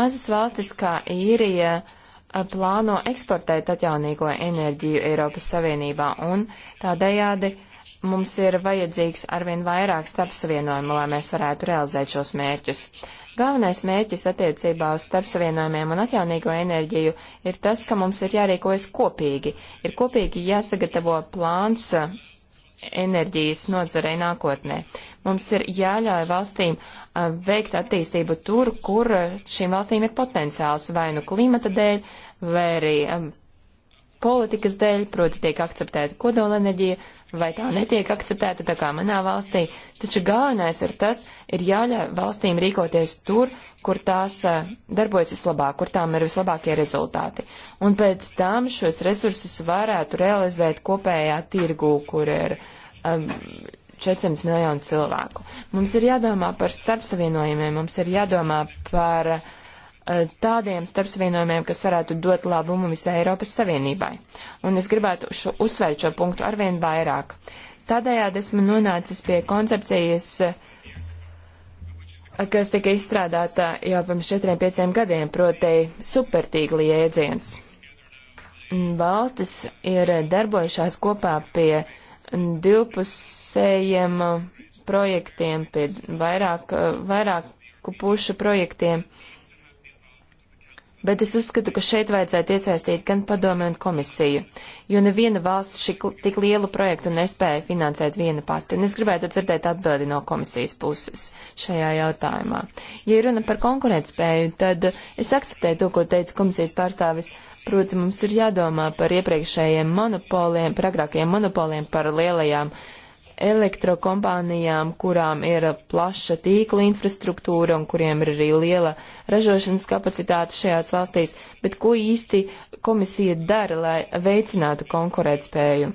Mazas valstis kā īrija eh, plāno eksportēt atjaunīgo enerģiju Eiropas Savienībā un tādējādi mums ir vajadzīgs arvien vairāk starpsavienojumu, lai mēs varētu realizēt šos mērķus. Galvenais mērķis attiecībā uz starpsavienojumiem un atjaunīgo enerģiju ir tas, ka mums ir jārīkojas kopīgi. Ir kopīgi jāsagatavo plāns uh, enerģijas nozarei nākotnē. Mums ir jāļauj valstīm uh, veikt attīstību tur, kur uh, šīm valstīm ir potenciāls vai nu klimata dēļ, vai arī um, politikas dēļ, proti tiek akceptēta kodolenerģija, vai tā netiek akceptēta tā kā manā valstī, taču galvenais ir tas, ir jāļauj valstīm rīkoties tur, kur tās eh, darbojas vislabāk, kur tām ir vislabākie rezultāti. Un pēc tam šos resursus varētu realizēt kopējā tirgū, kur ir um, 400 miljonu cilvēku. Mums ir jādomā par starpsavienojumiem, mums ir jādomā par uh, Eh, tādiem starpsavienojumiem, kas varētu dot labumu visai Eiropas Savienībai. Un es gribētu šo, uzsvērt šo punktu arvien vairāk. Tādējādi esmu nonācis pie koncepcijas, eh, kas tika izstrādāta jau pirms 4-5 gadiem, proti supertīgli jēdziens. Mm, valstis ir darbojušās kopā pie divpusējiem eh, projektiem, pie vairāk, vairāku pušu projektiem. Uh, bet es uzskatu, ka šeit vajadzētu iesaistīt gan padomi un komisiju, jo neviena valsts šik, tik lielu projektu nespēja finansēt viena pati, un es gribētu dzirdēt atbildi no komisijas puses šajā jautājumā. Ja runa par konkurētspēju, tad es akceptēju to, ko teica komisijas pārstāvis. Protams, mums ir jādomā par iepriekšējiem monopoliem, par agrākajiem monopoliem, par lielajām uh, elektrokompānijām, kurām ir plaša tīkla infrastruktūra un kuriem ir arī liela ražošanas kapacitāte šajās valstīs, bet ko īsti komisija dara, lai veicinātu konkurētspēju?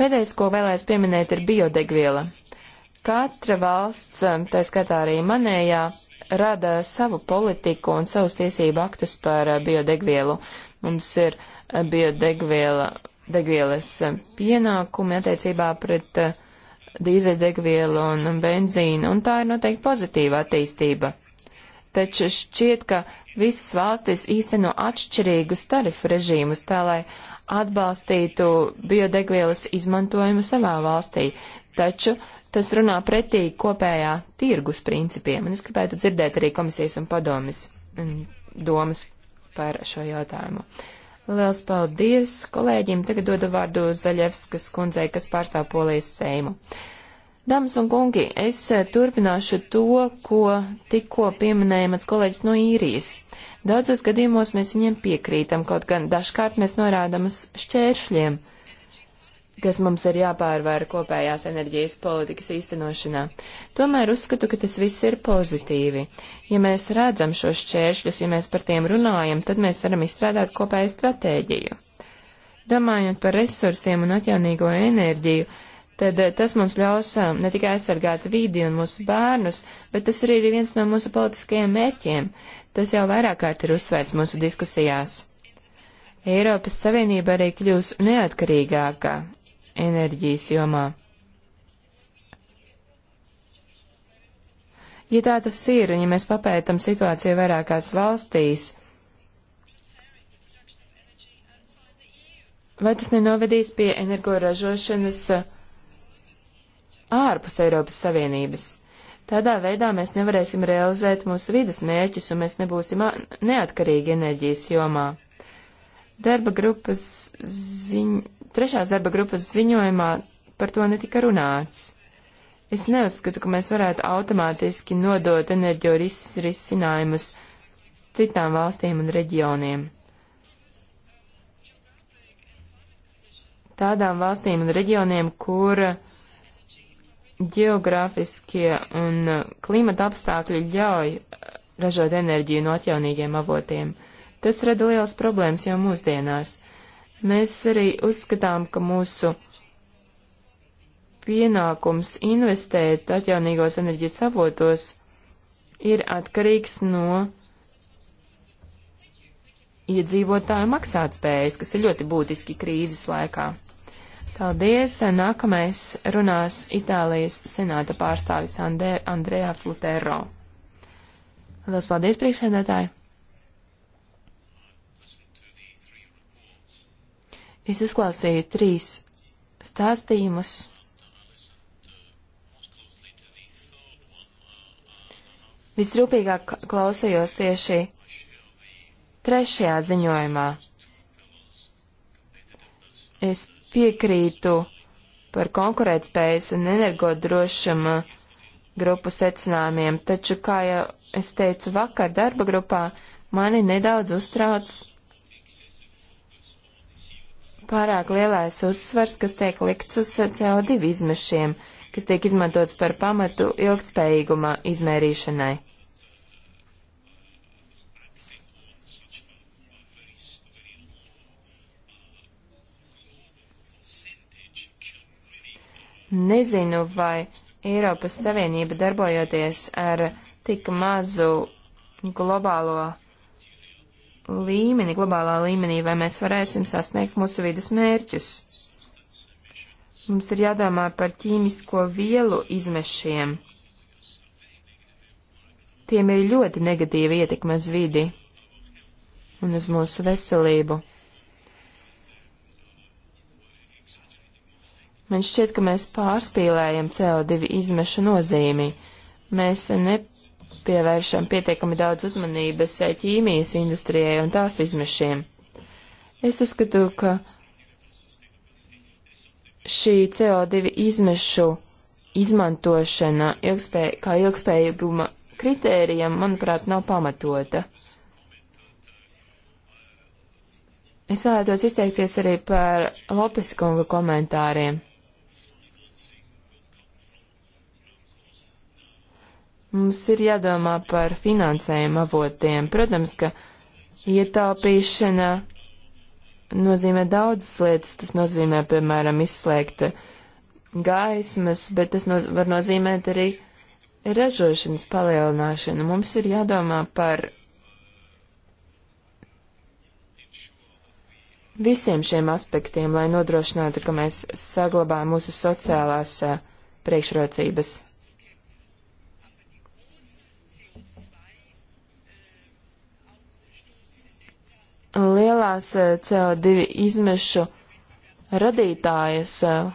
Pēdējais, ko vēlēs pieminēt, ir biodegviela. Katra valsts, tā skatā arī manējā, rada savu politiku un savus tiesību aktus par biodegvielu. Mums ir biodegviela degvielas eh, pienākumi attiecībā pret eh, dīzeļdegvielu un benzīnu, un tā ir noteikti pozitīva attīstība. Taču šķiet, ka visas valstis īsteno atšķirīgus tarifu režīmus, tā lai atbalstītu biodegvielas izmantojumu savā valstī, taču tas runā pretī kopējā tirgus principiem, un es gribētu dzirdēt arī komisijas un padomis mm, domas par šo jautājumu. Uh, Liels paldies kolēģim. Tagad dodu vārdu Zaļevskas kundzei, kas pārstāv polijas seimu. Dāmas un kungi, es eh, turpināšu to, ko tikko pieminēja mans kolēģis no īrijas. Daudzos gadījumos mēs viņiem piekrītam, kaut gan dažkārt mēs norādam uz šķēršļiem. Uh, kas mums ir jāpārvēra kopējās enerģijas politikas īstenošanā. Tomēr uzskatu, ka tas viss ir pozitīvi. Ja mēs redzam šos šķēršļus, ja mēs par tiem runājam, tad mēs varam izstrādāt kopēju stratēģiju. Domājot par resursiem un atjaunīgo enerģiju, tad eh, tas mums ļaus eh, ne tikai aizsargāt vidi un mūsu bērnus, bet tas arī ir viens no mūsu politiskajiem mērķiem. Tas jau vairāk kārt ir uzsvērts mūsu diskusijās. Eiropas Savienība arī kļūs neatkarīgāka enerģijas jomā. Ja tā tas ir, un ja mēs papētam situāciju vairākās valstīs, vai tas nenovedīs pie energoražošanas uh, ārpus Eiropas Savienības? Tādā veidā mēs nevarēsim realizēt mūsu vidas mērķus, un mēs nebūsim neatkarīgi enerģijas jomā. Darba grupas ziņ trešās darba grupas ziņojumā par to netika runāts. Es neuzskatu, ka mēs varētu automātiski nodot enerģiju ris risinājumus citām valstīm un reģioniem. Tādām valstīm un reģioniem, kur geogrāfiskie un klimata apstākļi ļauj ražot enerģiju no atjaunīgiem avotiem. Tas rada liels problēmas jau mūsdienās. Mēs arī uzskatām, ka mūsu pienākums investēt atjaunīgos enerģijas avotos ir atkarīgs no iedzīvotāju maksātspējas, kas ir ļoti būtiski krīzes laikā. Paldies! Nākamais runās Itālijas senāta pārstāvis Andē, Andrejā Flutero. Lielas paldies, priekšsēdētāji! Es uzklausīju trīs stāstījumus. Visrūpīgāk klausījos tieši trešajā ziņojumā. Es piekrītu par konkurētspējas un energodrošuma grupu secinājumiem, taču, kā jau es teicu vakar darba grupā, mani nedaudz uztrauc pārāk lielais uzsvars, kas tiek likts uz CO2 izmešiem, kas tiek izmantots par pamatu ilgtspējīguma izmērīšanai. Nezinu, vai Eiropas Savienība darbojoties ar tik mazu globālo līmeni, globālā līmenī, vai mēs varēsim sasniegt mūsu vidas mērķus. Mums ir jādomā par ķīmisko vielu izmešiem. Tiem ir ļoti negatīva ietekme uz vidi un uz mūsu veselību. Man šķiet, ka mēs pārspīlējam CO2 izmešu nozīmi. Mēs ne pievēršam pietiekami daudz uzmanības eh, ķīmijas industrijai un tās izmešiem. Es uzskatu, ka šī CO2 izmešu izmantošana ilgspēj, kā ilgspējīguma kritērijam, manuprāt, nav pamatota. Es vēlētos izteikties arī par Lopeskunga komentāriem. Mums ir jādomā par finansējuma avotiem. Protams, ka ietaupīšana nozīmē daudzas lietas. Tas nozīmē, piemēram, izslēgt gaismas, bet tas noz var nozīmēt arī ražošanas palielināšanu. Mums ir jādomā par visiem šiem aspektiem, lai nodrošinātu, ka mēs saglabājam mūsu sociālās eh, priekšrocības. lielās eh, CO2 izmešu radītājas eh,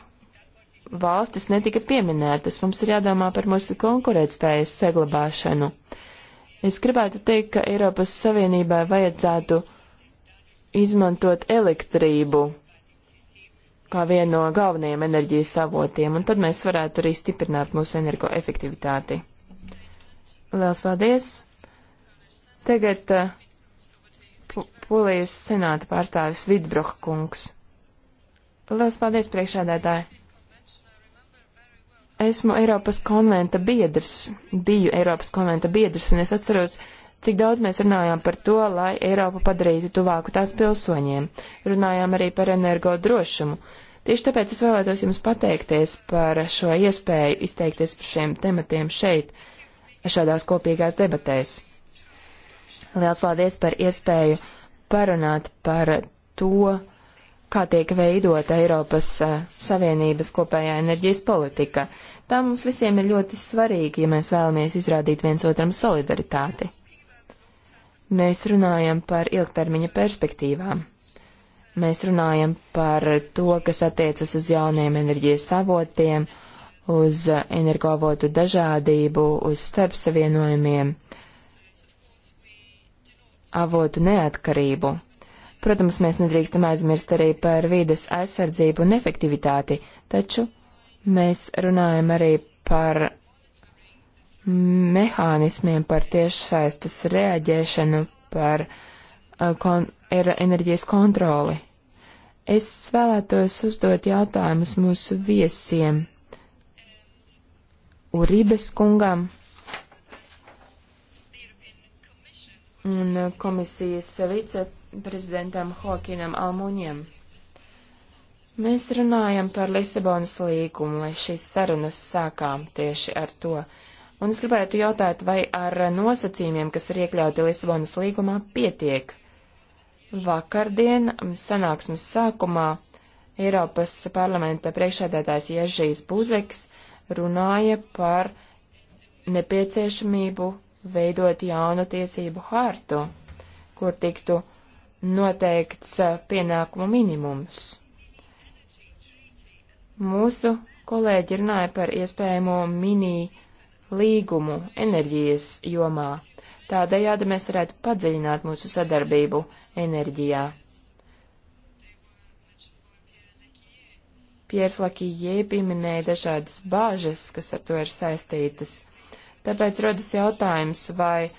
valstis netika pieminētas. Mums ir jādomā par mūsu konkurētspējas saglabāšanu. Es gribētu teikt, ka Eiropas Savienībai vajadzētu izmantot elektrību kā vienu no galvenajiem enerģijas avotiem, un tad mēs varētu arī stiprināt mūsu energoefektivitāti. Lielas paldies! Tagad uh, Polijas senāta pārstāvis Vidbroha kungs. Lielas paldies, priekšādētāji! Esmu Eiropas konventa biedrs, biju Eiropas konventa biedrs, un es atceros, cik daudz mēs runājām par to, lai Eiropu padarītu tuvāku tās pilsoņiem. Runājām arī par energo drošumu. Tieši tāpēc es vēlētos jums pateikties par šo iespēju izteikties par šiem tematiem šeit, šādās kopīgās debatēs. Liels paldies par iespēju parunāt par to, kā tiek veidota Eiropas eh, Savienības kopējā enerģijas politika. Tā mums visiem ir ļoti svarīga, ja mēs vēlamies izrādīt viens otram solidaritāti. Mēs runājam par ilgtermiņa perspektīvām. Mēs runājam par to, kas attiecas uz jauniem enerģijas avotiem, uz energoavotu dažādību, uz starpsavienojumiem. savienojumiem avotu neatkarību. Protams, mēs nedrīkstam aizmirst arī par vīdes aizsardzību un efektivitāti, taču mēs runājam arī par mehānismiem, par tiešsaistes reaģēšanu, par uh, kon er, enerģijas kontroli. Es vēlētos uzdot jautājumus mūsu viesiem. Uribes kungam un komisijas viceprezidentam Hokinam Almuņiem. Mēs runājam par Lisabonas līgumu, lai šīs sarunas sākām tieši ar to. Un es gribētu jautāt, vai ar nosacījumiem, kas ir iekļauti Lisabonas līgumā, pietiek? Vakardien sanāksmes sākumā Eiropas parlamenta priekšēdētājs Ježijs Buzeks runāja par nepieciešamību veidot jaunu tiesību hartu, kur tiktu noteikts eh, pienākumu minimums. Mūsu kolēģi runāja par iespējamo mini līgumu enerģijas jomā. Tādējādi mēs varētu padziļināt mūsu sadarbību enerģijā. Piers Lakijē pieminēja dažādas bāžas, kas ar to ir saistītas. Tāpēc rodas jautājums, vai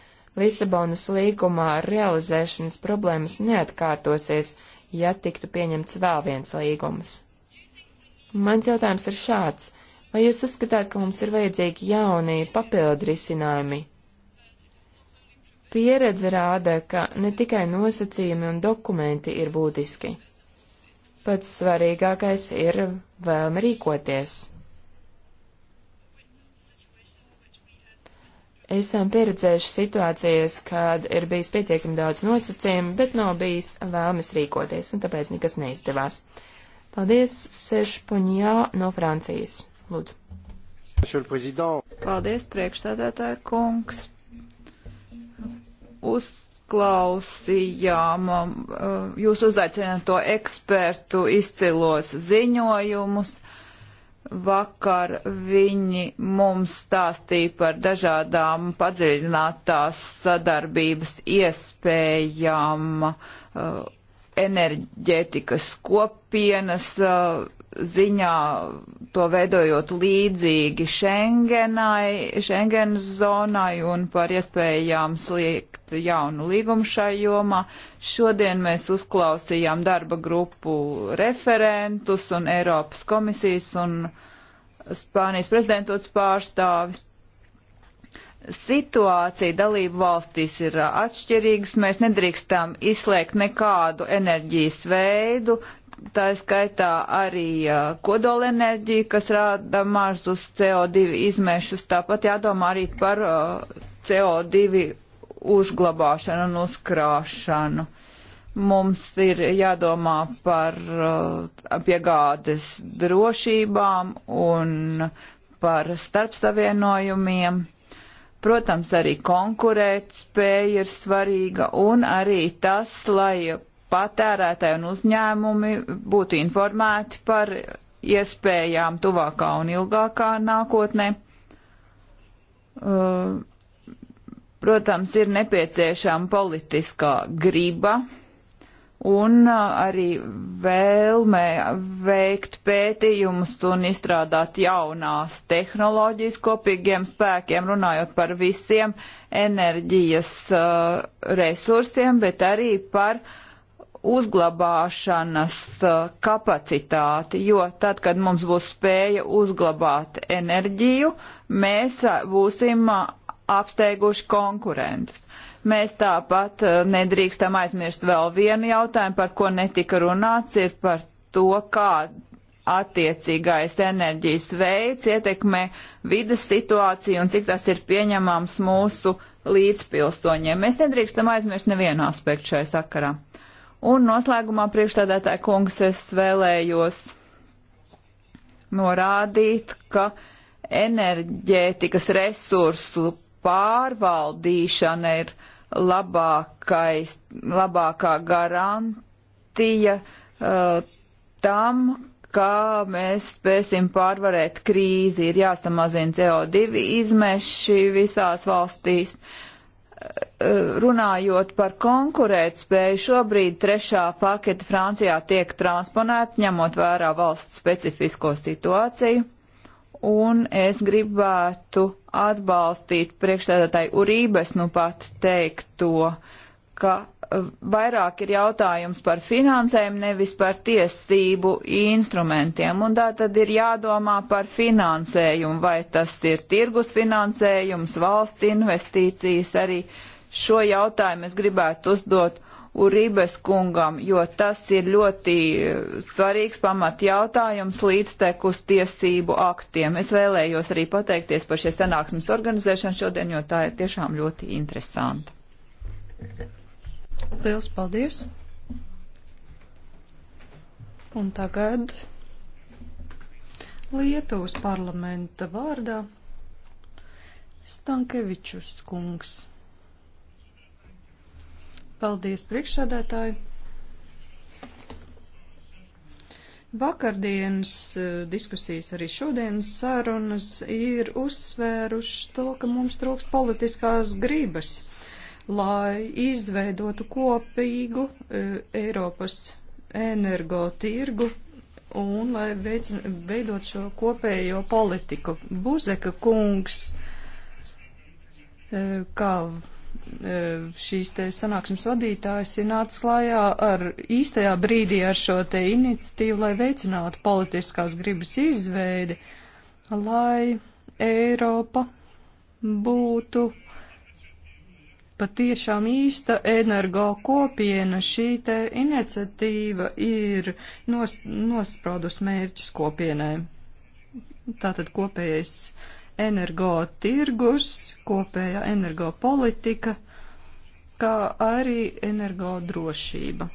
Lisabonas līgumā realizēšanas problēmas neatkārtosies, ja tiktu pieņemts vēl viens līgums. Mans jautājums ir šāds. Vai jūs uzskatāt, ka mums ir vajadzīgi jauni papildu risinājumi? Pieredze rāda, ka ne tikai nosacījumi un dokumenti ir būtiski. Pats svarīgākais ir vēlme rīkoties. Esam pieredzējuši situācijas, kad ir bijis pietiekami daudz nosacījumu, bet nav bijis vēlmes rīkoties, un tāpēc nekas neizdevās. Paldies, Sešpuņjā no Francijas. Lūdzu. Paldies, priekšstādātāja kungs. Uzklausījām um, uh, jūs uzaicināto ekspertu izcilos ziņojumus Vakar viņi mums stāstīja par dažādām padziļinātās sadarbības iespējām, uh, enerģētikas kopienas uh, ziņā to veidojot līdzīgi Schengenai, Schengenas zonai un par iespējām sliegt jaunu līgumu šai jomā. Šodien mēs uzklausījām darba grupu referentus un Eiropas komisijas un Spānijas prezidentots pārstāvis. Situācija dalību valstīs ir atšķirīgas, mēs nedrīkstam izslēgt nekādu enerģijas veidu, tā skaitā arī kodolenerģija, kas rāda mazus CO2 izmešus. Tāpat jādomā arī par CO2 uzglabāšanu un uzkrāšanu. Mums ir jādomā par piegādes drošībām un par starpsavienojumiem. Protams, arī konkurētspēja ir svarīga un arī tas, lai patērētāji un uzņēmumi būtu informēti par iespējām tuvākā un ilgākā nākotnē. Uh, protams, ir nepieciešama politiskā griba un uh, arī vēlme veikt pētījumus un izstrādāt jaunās tehnoloģijas kopīgiem spēkiem, runājot par visiem enerģijas uh, resursiem, bet arī par uh, uzglabāšanas uh, kapacitāti, jo tad, kad mums būs spēja uzglabāt enerģiju, mēs uh, būsim uh, apsteiguši konkurentus. Mēs tāpat nedrīkstam aizmirst vēl vienu jautājumu, par ko netika runāts, ir par to, kā attiecīgais enerģijas veids ietekmē vidas situāciju un cik tas ir pieņemams mūsu līdzpilstoņiem. Mēs nedrīkstam aizmirst nevienu aspektu šai sakarā. Uh, Un noslēgumā priekšstādātāja kungs es vēlējos norādīt, ka enerģētikas resursu pārvaldīšana ir labākais, labākā garantija uh, tam, kā mēs spēsim pārvarēt krīzi. Ir jāsamazina CO2 izmeši visās valstīs. Uh, runājot par konkurētspēju, šobrīd trešā paketa Francijā tiek transponēta, ņemot vērā valsts specifisko situāciju. Un es gribētu atbalstīt priekšstādātāju Urības nu pat teikto, ka vairāk ir jautājums par finansēm, nevis par tiesību instrumentiem. Un tā tad ir jādomā par finansējumu, vai tas ir tirgus finansējums, valsts investīcijas. Arī šo jautājumu es gribētu uzdot Uribes kungam, jo tas ir ļoti svarīgs pamat jautājums līdztekus tiesību aktiem. Es vēlējos arī pateikties par šie sanāksmes organizēšanu šodien, jo tā ir tiešām ļoti interesanta. Thank you. Liels paldies! Un tagad Lietuvas parlamenta vārdā Stankevičus kungs. Paldies priekšsādātāji! Vakardienas eh, diskusijas, arī šodienas sarunas ir uzsvērušas to, ka mums trūkst politiskās gribas lai izveidotu kopīgu e, Eiropas energotirgu un lai veidot šo kopējo politiku. Buzeka kungs, e, kā e, šīs te sanāksmes vadītājs ir nācis klājā ar īstajā brīdī ar šo te iniciatīvu, lai veicinātu politiskās gribas izveidi, lai Eiropa būtu patiešām īsta energo kopiena. Šī te iniciatīva ir nos, nospraudus mērķus kopienai. Tātad kopējais energo tirgus, kopējā energo politika, kā arī energo drošība.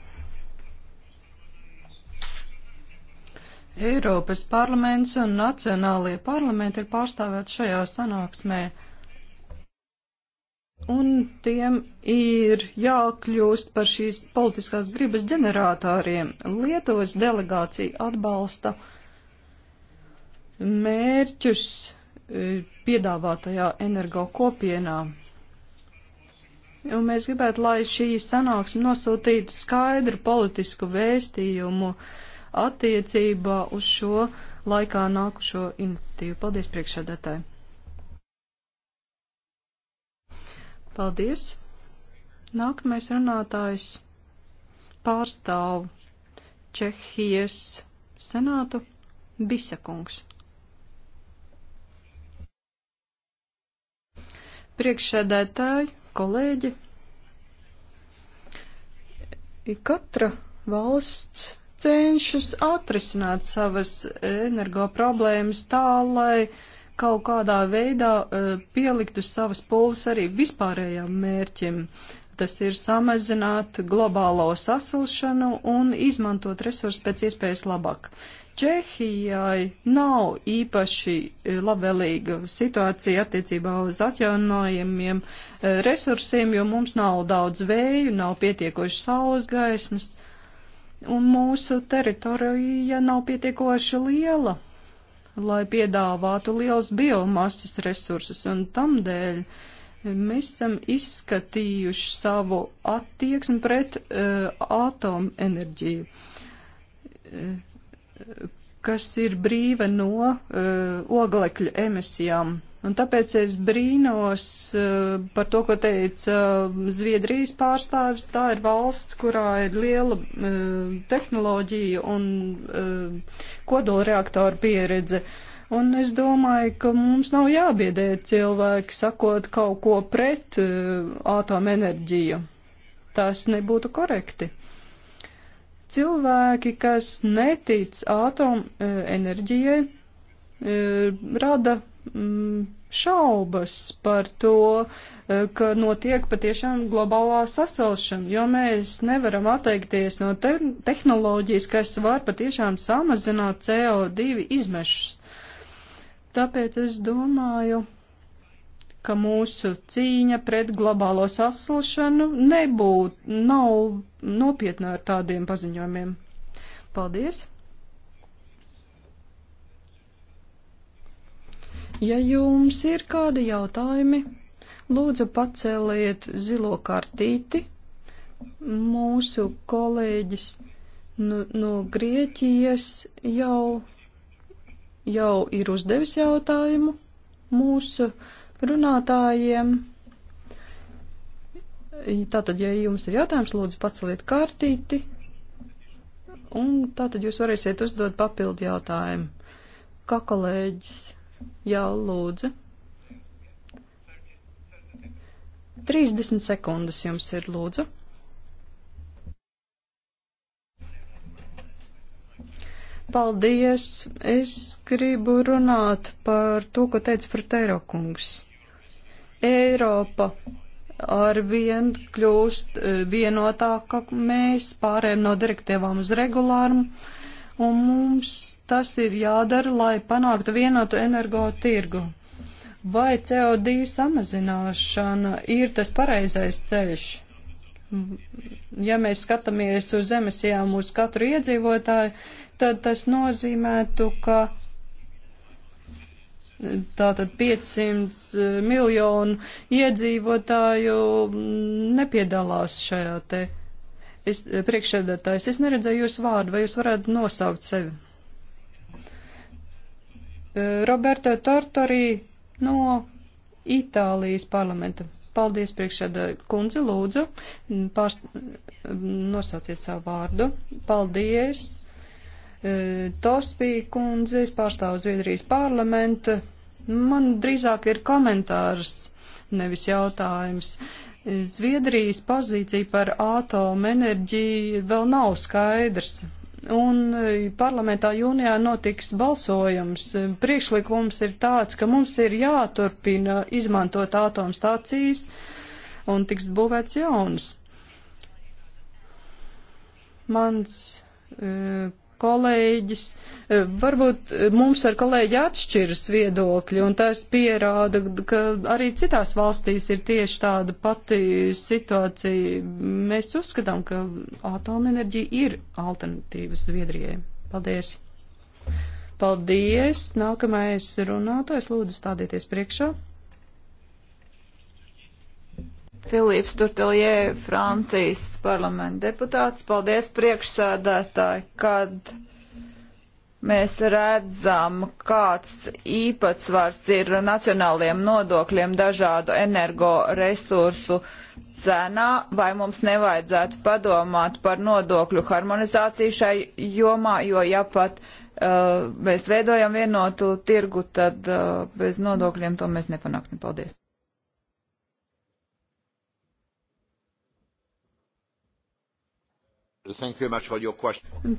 Eiropas parlaments un nacionālie parlamenti ir pārstāvēti šajā sanāksmē un tiem ir jākļūst par šīs politiskās gribas ģenerātāriem. Lietuvas delegācija atbalsta mērķus eh, piedāvātajā energo kopienā. Un mēs gribētu, lai šī sanāksme nosūtītu skaidru politisku vēstījumu attiecībā uz šo laikā nākušo iniciatīvu. Paldies priekšsēdētāji! Paldies! Nākamais runātājs pārstāv Čehijas senātu Bisakungs. Priekšsēdētāji, kolēģi, katra valsts cenšas atrisināt savas energo problēmas tā, lai uh, kaut kādā veidā e, pieliktu savas pūles arī vispārējām mērķim. Tas ir samazināt globālo sasilšanu un izmantot resursus pēc iespējas labāk. Čehijai nav īpaši e, labvēlīga situācija attiecībā uz atjaunojumiem e, resursiem, jo mums nav daudz vēju, nav pietiekoši saules gaismas, un mūsu teritorija nav pietiekoši liela lai piedāvātu liels biomasas resursus, un tam dēļ mēs esam izskatījuši savu attieksmi pret uh, atomenerģiju, uh, kas ir brīva no uh, oglekļa emisijām. Uh, Un tāpēc es brīnos eh, par to, ko teica eh, Zviedrijas pārstāvis. Tā ir valsts, kurā ir liela eh, tehnoloģija un kodolreaktoru pieredze. Un es domāju, ka mums nav jābiedē cilvēki sakot kaut ko pret atomenerģiju. Tas nebūtu korekti. Cilvēki, kas netic atomenerģijai, rada Mm, šaubas par to, eh, ka notiek patiešām globālā sasilšana, jo mēs nevaram atteikties no te tehnoloģijas, kas var patiešām samazināt CO2 izmešus. Tāpēc es domāju, ka mūsu cīņa pret globālo sasilšanu nebūtu, nav nopietna ar tādiem paziņojumiem. Paldies! Ja jums ir kādi jautājumi, lūdzu paceliet zilo kartīti. Mūsu kolēģis no, nu, no Grieķijas jau, jau ir uzdevis jautājumu mūsu runātājiem. Tātad, ja jums ir jautājums, lūdzu paceliet kartīti, un tātad jūs varēsiet uzdot papildu jautājumu. Kā kolēģis Jā, lūdzu. 30 sekundes jums ir lūdzu. Paldies! Es gribu runāt par to, ko teica Fratēro kungs. Eiropa arvien kļūst eh, vienotāka, mēs pārējām no direktīvām uz regulārumu un mums tas ir jādara, lai panāktu vienotu energotirgu. Vai CO2 samazināšana ir tas pareizais ceļš? Ja mēs skatāmies uz emisijām uz katru iedzīvotāju, tad tas nozīmētu, ka tātad 500 miljonu iedzīvotāju nepiedalās šajā te Es, priekšsēdētājs, es neredzēju jūsu vārdu, vai jūs varētu nosaukt sevi? Eh, Roberto Tortori no Itālijas parlamenta. Paldies, priekšsēdētāji. Kundze, lūdzu, mm, pārst... Mm, nosauciet savu vārdu. Paldies. Eh, Tospī kundze, es pārstāvu Zviedrijas parlamentu. Man drīzāk ir komentārs, nevis jautājums. Uh, Zviedrijas pozīcija par atomenerģiju vēl nav skaidrs. Un eh, parlamentā jūnijā notiks balsojums. Priekšlikums ir tāds, ka mums ir jāturpina izmantot atomstācijas un tiks būvēts jauns. Mans eh, kolēģis. E, varbūt e, mums ar kolēģi atšķiras viedokļi, un tas pierāda, ka arī citās valstīs ir tieši tāda pati situācija. Mēs uzskatām, ka atomenerģija ir alternatīva Zviedrijai. Paldies! Paldies! Nākamais runātājs lūdzu stādieties priekšā. Filips Turtelie, Francijas parlamenta deputāts. Paldies priekšsēdētāji, kad mēs redzam, kāds īpatsvars ir nacionāliem nodokļiem dažādu energoresursu cenā, vai mums nevajadzētu padomāt par nodokļu harmonizāciju šai jomā, jo ja pat uh, mēs veidojam vienotu tirgu, tad uh, bez nodokļiem to mēs nepanāksim. Paldies!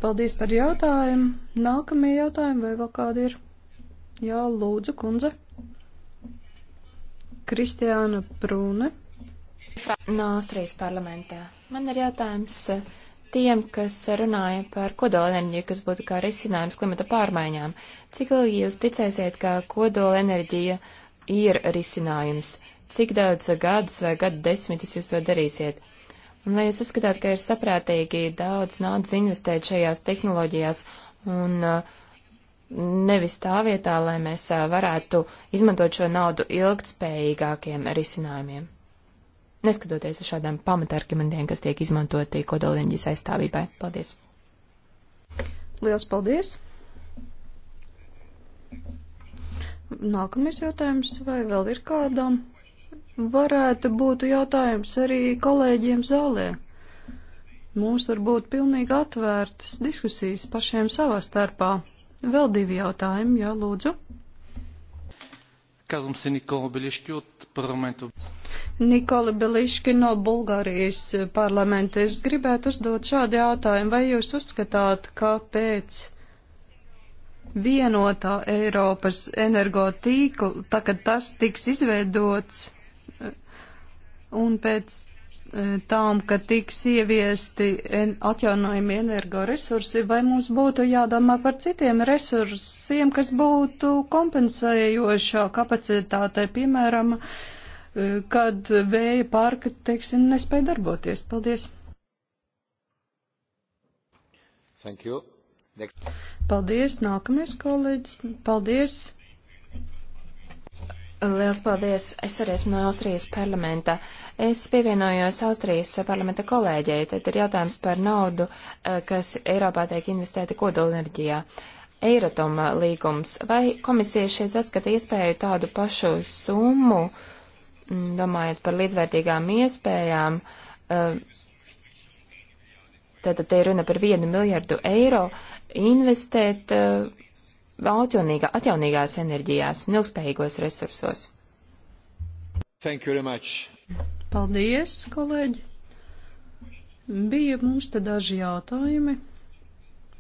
Paldies par jautājumu. Nākamie jautājumi vai vēl kādi ir? Jā, lūdzu, kundze. Kristiāna Prūne. No Austrijas parlamentā. Man ir jautājums eh, tiem, kas runāja par kodolenerģiju, kas būtu kā risinājums klimata pārmaiņām. Cik ilgi jūs ticēsiet, ka kodolenerģija ir risinājums? Cik daudz gadus vai gadu desmitus jūs to darīsiet? Un vai jūs uzskatāt, ka ir saprātīgi daudz naudas investēt šajās tehnoloģijās un uh, nevis tā vietā, lai mēs uh, varētu izmantot šo naudu ilgtspējīgākiem risinājumiem? Neskatoties uz šādām pamatargumentiem, kas tiek izmantoti kodolenerģijas aizstāvībai. Paldies! Liels paldies! Nākamais jautājums, vai vēl ir kādam? varētu būt jautājums arī kolēģiem zālē. Mums var būt pilnīgi atvērtas diskusijas pašiem savā starpā. Vēl divi jautājumi, jā, lūdzu. Казвам се Никола Белишки от парламента. Nikola Beliški no Bulgārijas parlamenta. Es gribētu uzdot šādu jautājumu. Vai jūs uzskatāt, ka pēc vienotā Eiropas energotīkla, tagad tas tiks izveidots, un pēc e, tām, ka tiks ieviesti atjaunojumi energoresursi, vai mums būtu jādomā par citiem resursiem, kas būtu kompensējošā kapacitātei, piemēram, e, kad vēja pārka, teiksim, nespēja darboties. Paldies! Thank you. Next. Paldies, nākamais kolēģis. Paldies! Liels paldies! Es arī esmu no Austrijas parlamenta. Uh, Es pievienojos Austrijas parlamenta kolēģei, tad ir jautājums par naudu, eh, kas Eiropā tiek investēta kodolenerģijā. Eiratoma līgums. Vai komisija šeit saskata iespēju tādu pašu summu, mm, domājot par līdzvērtīgām iespējām? Tātad eh, te ir runa par vienu miljardu eiro investēt eh, atjaunīgās enerģijās un ilgspējīgos resursos. Thank you very much. Paldies, kolēģi! Bija mums te daži jautājumi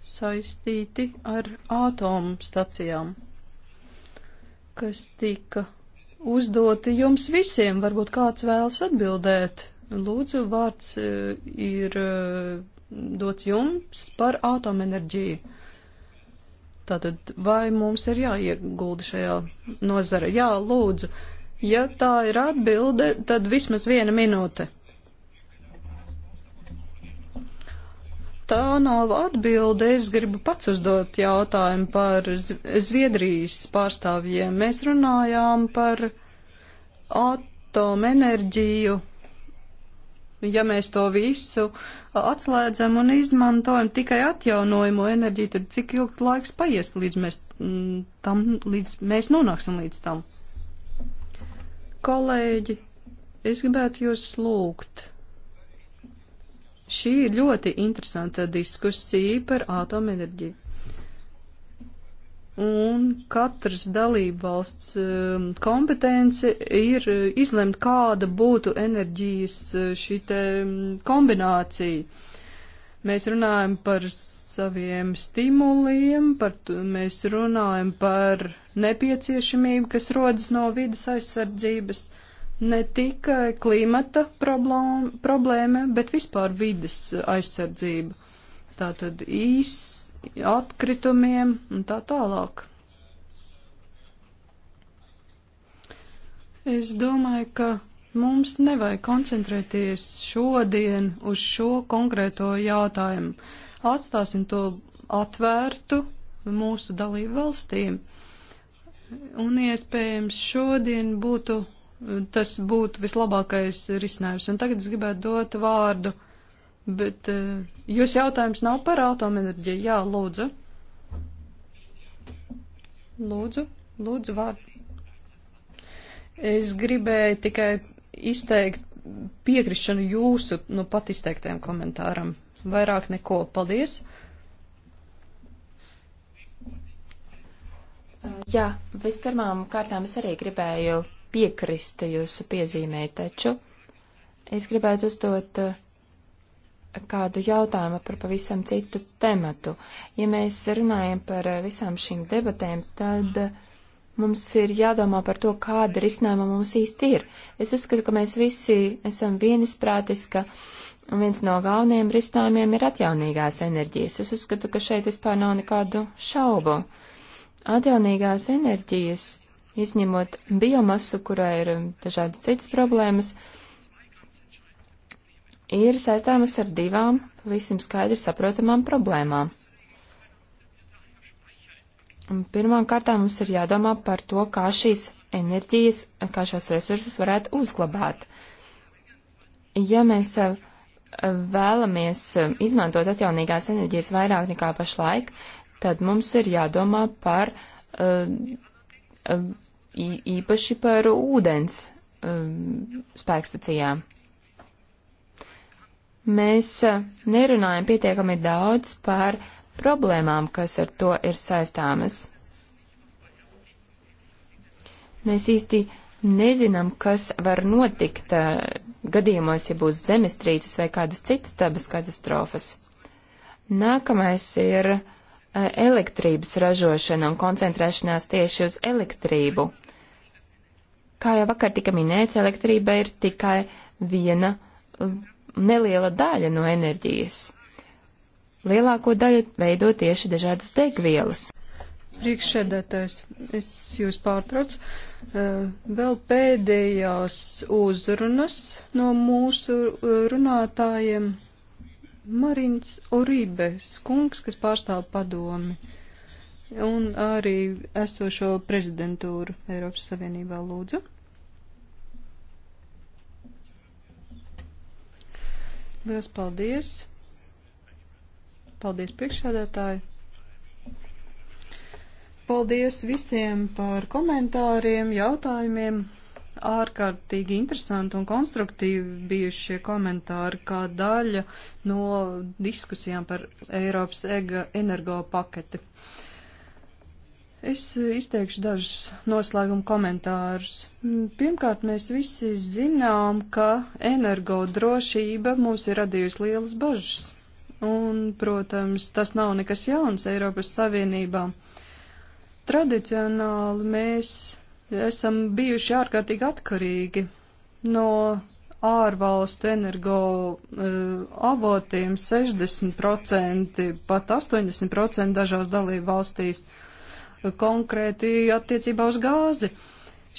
saistīti ar ātomu stacijām, kas tika uzdoti jums visiem. Varbūt kāds vēlas atbildēt. Lūdzu, vārds eh, ir eh, dots jums par ātomenerģiju. Tātad, vai mums ir jāiegulda šajā nozara? Jā, lūdzu. Uh, Ja tā ir atbilde, tad vismaz viena minūte. Tā nav atbilde. Es gribu pats uzdot jautājumu par Zviedrijas pārstāvjiem. Mēs runājām par atomenerģiju. Ja mēs to visu atslēdzam un izmantojam tikai atjaunojamo enerģiju, tad cik ilgi laiks paies, līdz mēs, mm, tam, līdz mēs nonāksim līdz tam? Kolēģi, es gribētu jūs lūgt. Šī ir ļoti interesanta diskusija par atomenerģiju. Un katras dalība valsts um, kompetence ir uh, izlemt, kāda būtu enerģijas uh, šī um, kombinācija. Mēs runājam par saviem stimuliem, par to mēs runājam par nepieciešamību, kas rodas no vidas aizsardzības, ne tikai klimata problēma, problēma bet vispār vidas aizsardzība. Tātad īs atkritumiem un tā tālāk. Es domāju, ka mums nevajag koncentrēties šodien uz šo konkrēto jautājumu. Atstāsim to atvērtu mūsu dalību valstīm. Un iespējams šodien būtu, tas būtu vislabākais risinājums. Un tagad es gribētu dot vārdu, bet eh, jūs jautājums nav par atomenerģiju. Jā, lūdzu. Lūdzu, lūdzu vārdu. Es gribēju tikai izteikt piekrišanu jūsu, nu pat izteiktajam komentāram. Vairāk neko. Paldies! Jā, vispirmām kārtām es arī gribēju piekrist jūsu piezīmē, taču es gribētu uzdot eh, kādu jautājumu par pavisam citu tematu. Ja mēs runājam par eh, visām šīm debatēm, tad mums ir jādomā par to, kāda risinājuma mums īsti ir. Es uzskatu, ka mēs visi esam vienisprātis, ka Un viens no galvenajiem risinājumiem ir atjaunīgās enerģijas. Es uzskatu, ka šeit vispār nav nekādu šaubu. Atjaunīgās enerģijas, izņemot biomasu, kurā ir dažādas citas problēmas, ir saistāmas ar divām visam skaidri saprotamām problēmām. Pirmām kārtām mums ir jādomā par to, kā šīs enerģijas, kā šos resursus varētu uzglabāt. Ja mēs uh, vēlamies um, izmantot atjaunīgās enerģijas vairāk nekā pašlaik, tad mums ir jādomā par um, um, īpaši par ūdens spēkstacijām. Mēs uh, nerunājam pietiekami daudz par problēmām, kas ar to ir saistāmas. Mēs īsti nezinām, kas var notikt uh, gadījumos, ja būs zemestrīces vai kādas citas dabas katastrofas. Nākamais ir e, elektrības ražošana un koncentrēšanās tieši uz elektrību. Kā jau vakar tika minēts, elektrība ir tikai viena e, neliela daļa no enerģijas. Lielāko daļu veido tieši dažādas degvielas. Priekšsēdētājs, es jūs pārtraucu. Eh, vēl pēdējās uzrunas no mūsu eh, runātājiem Marins Oribe skunks, kas pārstāv padomi un arī esošo prezidentūru Eiropas Savienībā lūdzu. Lielas paldies! Paldies priekšādātāji! Paldies visiem par komentāriem, jautājumiem. Ārkārtīgi interesanti un konstruktīvi bija šie komentāri kā daļa no diskusijām par Eiropas energo paketi. Es izteikšu dažus noslēguma komentārus. Pirmkārt, mēs visi zinām, ka energodrošība mums ir radījusi lielas bažas. Un, protams, tas nav nekas jauns Eiropas Savienībā. Tradicionāli mēs esam bijuši ārkārtīgi atkarīgi no ārvalstu energo uh, avotiem 60%, pat 80% dažās dalību valstīs, eh, konkrēti attiecībā uz gāzi.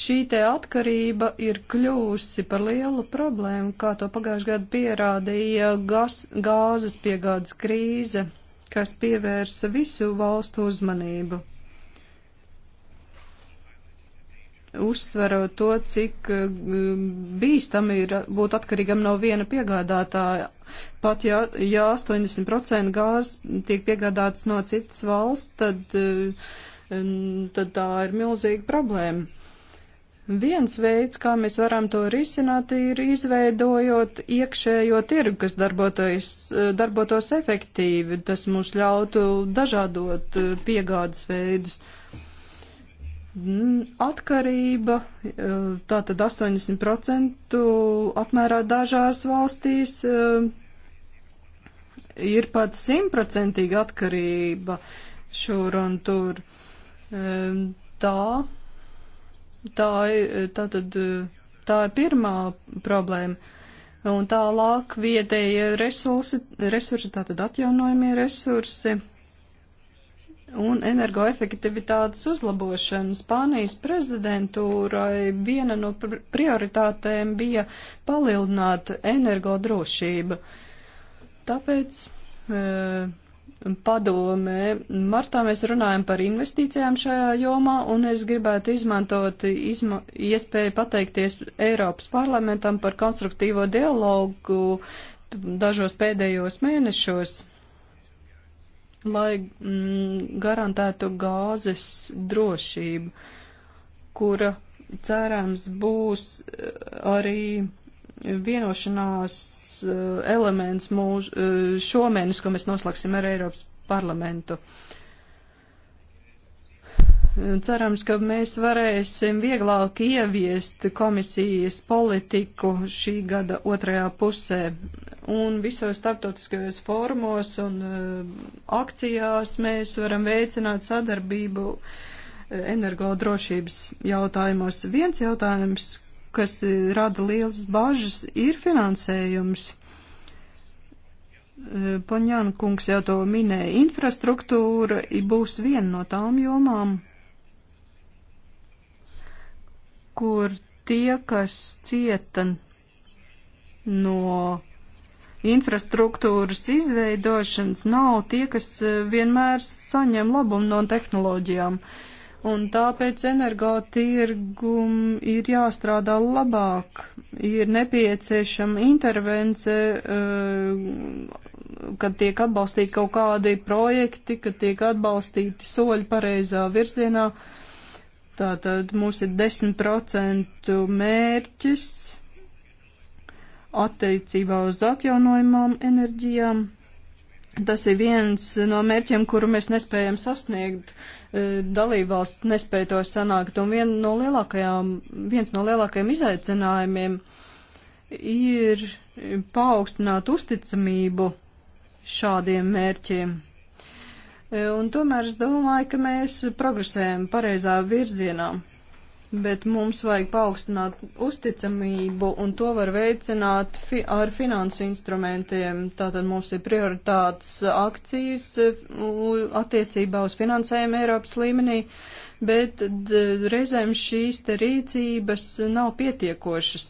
Šī te atkarība ir kļūsi par lielu problēmu, kā to pagājušajā gadā pierādīja gas, gāzes piegādes krīze, kas pievērsa visu valstu uzmanību. uzsver to, cik eh, bīstam ir būt atkarīgam no viena piegādātāja. Pat ja, ja 80% gāzes tiek piegādātas no citas valsts, tad, eh, tad tā ir milzīga problēma. Viens veids, kā mēs varam to risināt, ir izveidojot iekšējo tirgu, kas darbotos, eh, darbotos efektīvi. Tas mums ļautu dažādot piegādes veidus. Uh, Atkarība e, tātad 80% apmērā dažās valstīs e, ir pat simtprocentīga atkarība šur un tur. E, tā, tā, tā, tad, tā ir pirmā problēma. Un tālāk vietējie resursi, resursi tātad atjaunojumie resursi un energoefektivitātes uzlabošanu. Spānijas prezidentūrai viena no prioritātēm bija palielināt energodrošību. Tāpēc e, padomē martā mēs runājam par investīcijām šajā jomā, un es gribētu izmantot izma iespēju pateikties Eiropas parlamentam par konstruktīvo dialogu dažos pēdējos mēnešos lai mm, garantētu gāzes drošību, kura cerams būs eh, arī vienošanās eh, elements mūs, eh, šomēnes, ko mēs noslēgsim ar Eiropas parlamentu. Uh, Cerams, ka mēs varēsim vieglāk ieviest komisijas politiku šī gada otrajā pusē. Un visos starptautiskajos formos un uh, akcijās mēs varam veicināt sadarbību eh, energodrošības jautājumos. Viens jautājums, kas eh, rada liels bažas, ir finansējums. Paņāna kungs jau to minēja. Infrastruktūra būs viena no tām jomām, kur tie, kas cieta no infrastruktūras izveidošanas, nav tie, kas e, vienmēr saņem labumu no tehnoloģijām. Un tāpēc energotirgum ir jāstrādā labāk, ir nepieciešama intervence, e, kad tiek atbalstīti kaut kādi projekti, kad tiek atbalstīti soļi pareizā virzienā. Uh, Tātad mums ir 10% mērķis attiecībā uz atjaunojumām enerģijām. Tas ir viens no mērķiem, kuru mēs nespējam sasniegt. E, dalībvalsts nespēja to sanākt, un vien no viens no lielākajiem izaicinājumiem ir paaugstināt uzticamību šādiem mērķiem. Un tomēr es domāju, ka mēs progresējam pareizā virzienā, bet mums vajag paaugstināt uzticamību, un to var veicināt fi ar finansu instrumentiem. Tātad mums ir prioritātes akcijas e, attiecībā uz finansējumu Eiropas līmenī, bet reizēm šīs te rīcības nav pietiekošas.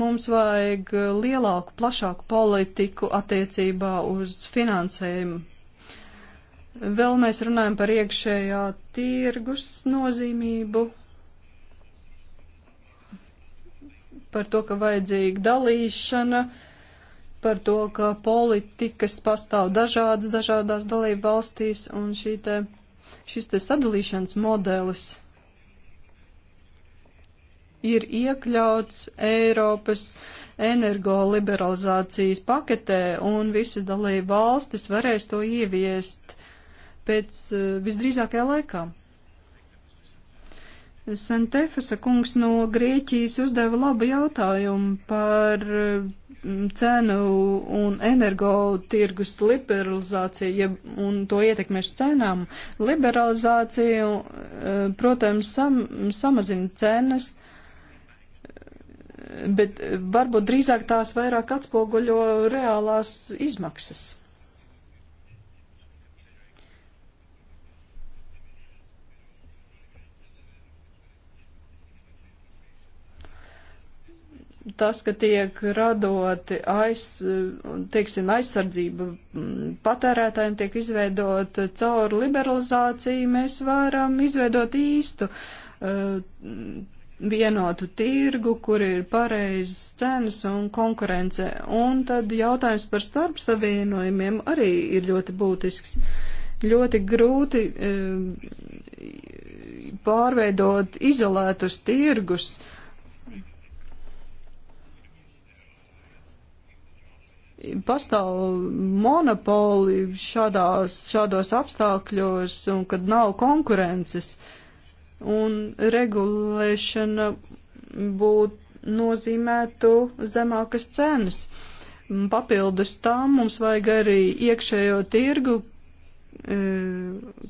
Mums vajag lielāku, plašāku politiku attiecībā uz finansējumu Vēl mēs runājam par iekšējā tirgus nozīmību, par to, ka vajadzīga dalīšana, par to, ka politikas pastāv dažādas dažādās dalību valstīs un šī te, šis te sadalīšanas modelis ir iekļauts Eiropas energoliberalizācijas paketē un visas dalība valstis varēs to ieviest pēc eh, visdrīzākajā laikā. Santefesa kungs no Grieķijas uzdeva labu jautājumu par eh, cenu un energo tirgus liberalizāciju un to ietekmēšu cenām. Liberalizācija, eh, protams, sam, samazina cenas, bet varbūt drīzāk tās vairāk atspoguļo reālās izmaksas. tas, ka tiek radoti aiz, teiksim, aizsardzība mm, patērētājiem, tiek izveidot caur liberalizāciju, mēs varam izveidot īstu uh, vienotu tirgu, kur ir pareizas cenas un konkurence. Un tad jautājums par starpsavienojumiem arī ir ļoti būtisks. Ļoti grūti uh, pārveidot izolētus tirgus, pastāv monopoli šādās, šādos apstākļos un kad nav konkurences. Un regulēšana būtu nozīmētu zemākas cenas. Papildus tam mums vajag arī iekšējo tirgu, e,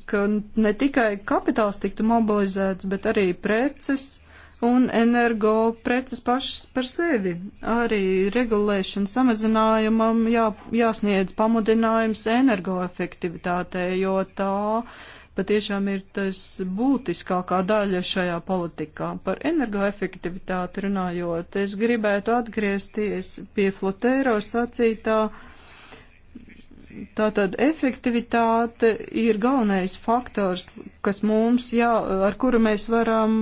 ka ne tikai kapitāls tiktu mobilizēts, bet arī preces un energo preces pašas par sevi. Arī regulēšana samazinājumam jā, jāsniedz pamudinājums energoefektivitātei, jo tā patiešām ir tas būtiskākā daļa šajā politikā. Par energoefektivitāti runājot, es gribētu atgriezties pie Flotēro sacītā. Tātad efektivitāte ir galvenais faktors, kas mums, jā, ar kuru mēs varam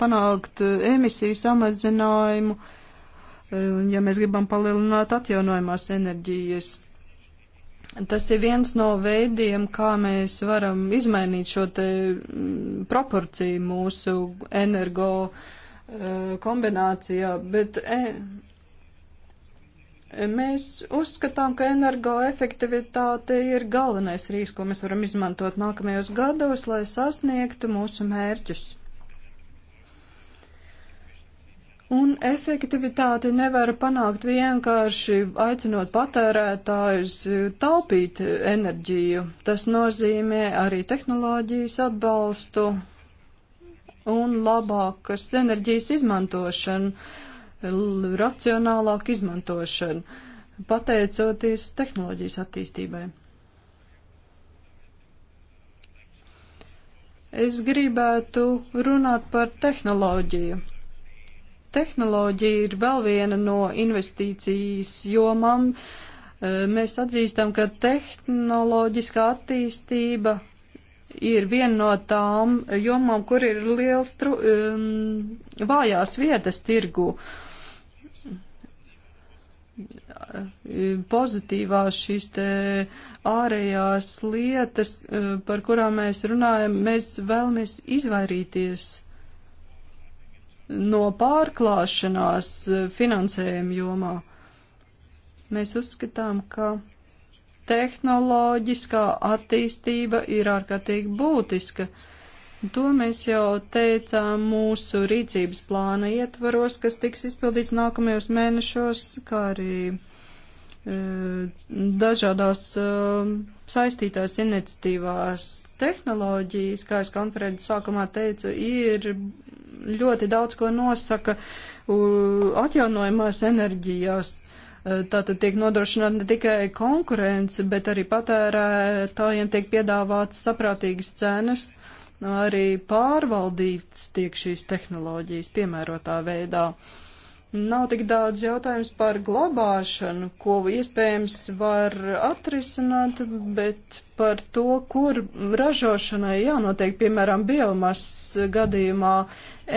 panākt emisiju samazinājumu, ja mēs gribam palielināt atjaunojumās enerģijas. Tas ir viens no veidiem, kā mēs varam izmainīt šo te mm, proporciju mūsu energo kombinācijā, bet Mēs uzskatām, ka energoefektivitāte ir galvenais rīks, ko mēs varam izmantot nākamajos gados, lai sasniegtu mūsu mērķus. Un efektivitāti nevar panākt vienkārši aicinot patērētājus taupīt enerģiju. Tas nozīmē arī tehnoloģijas atbalstu un labākas enerģijas izmantošanu racionālāku izmantošanu, pateicoties tehnoloģijas attīstībai. Es gribētu runāt par tehnoloģiju. Tehnoloģija ir vēl viena no investīcijas jomām. E, mēs atzīstam, ka tehnoloģiskā attīstība ir viena no tām jomām, kur ir liels tru, um, vājās vietas tirgu. Uh, pozitīvās šīs te ārējās lietas, eh, par kurām mēs runājam, mēs vēlamies izvairīties no pārklāšanās eh, finansējuma jomā. Mēs uzskatām, ka tehnoloģiskā attīstība ir ārkārtīgi būtiska. To mēs jau teicām mūsu rīcības plāna ietvaros, kas tiks izpildīts nākamajos mēnešos, kā arī Eh, dažādās eh, saistītās iniciatīvās tehnoloģijas, kā es konferences sākumā teicu, ir ļoti daudz, ko nosaka atjaunojumās enerģijās. Eh, tātad tiek nodrošināta ne tikai konkurence, bet arī patērētājiem tiek piedāvāts saprātīgas cenas, arī pārvaldītas tiek šīs tehnoloģijas piemērotā veidā. Uh, Nav tik daudz jautājums par glabāšanu, ko iespējams var atrisināt, bet par to, kur ražošanai jānotiek, piemēram, biomasas gadījumā,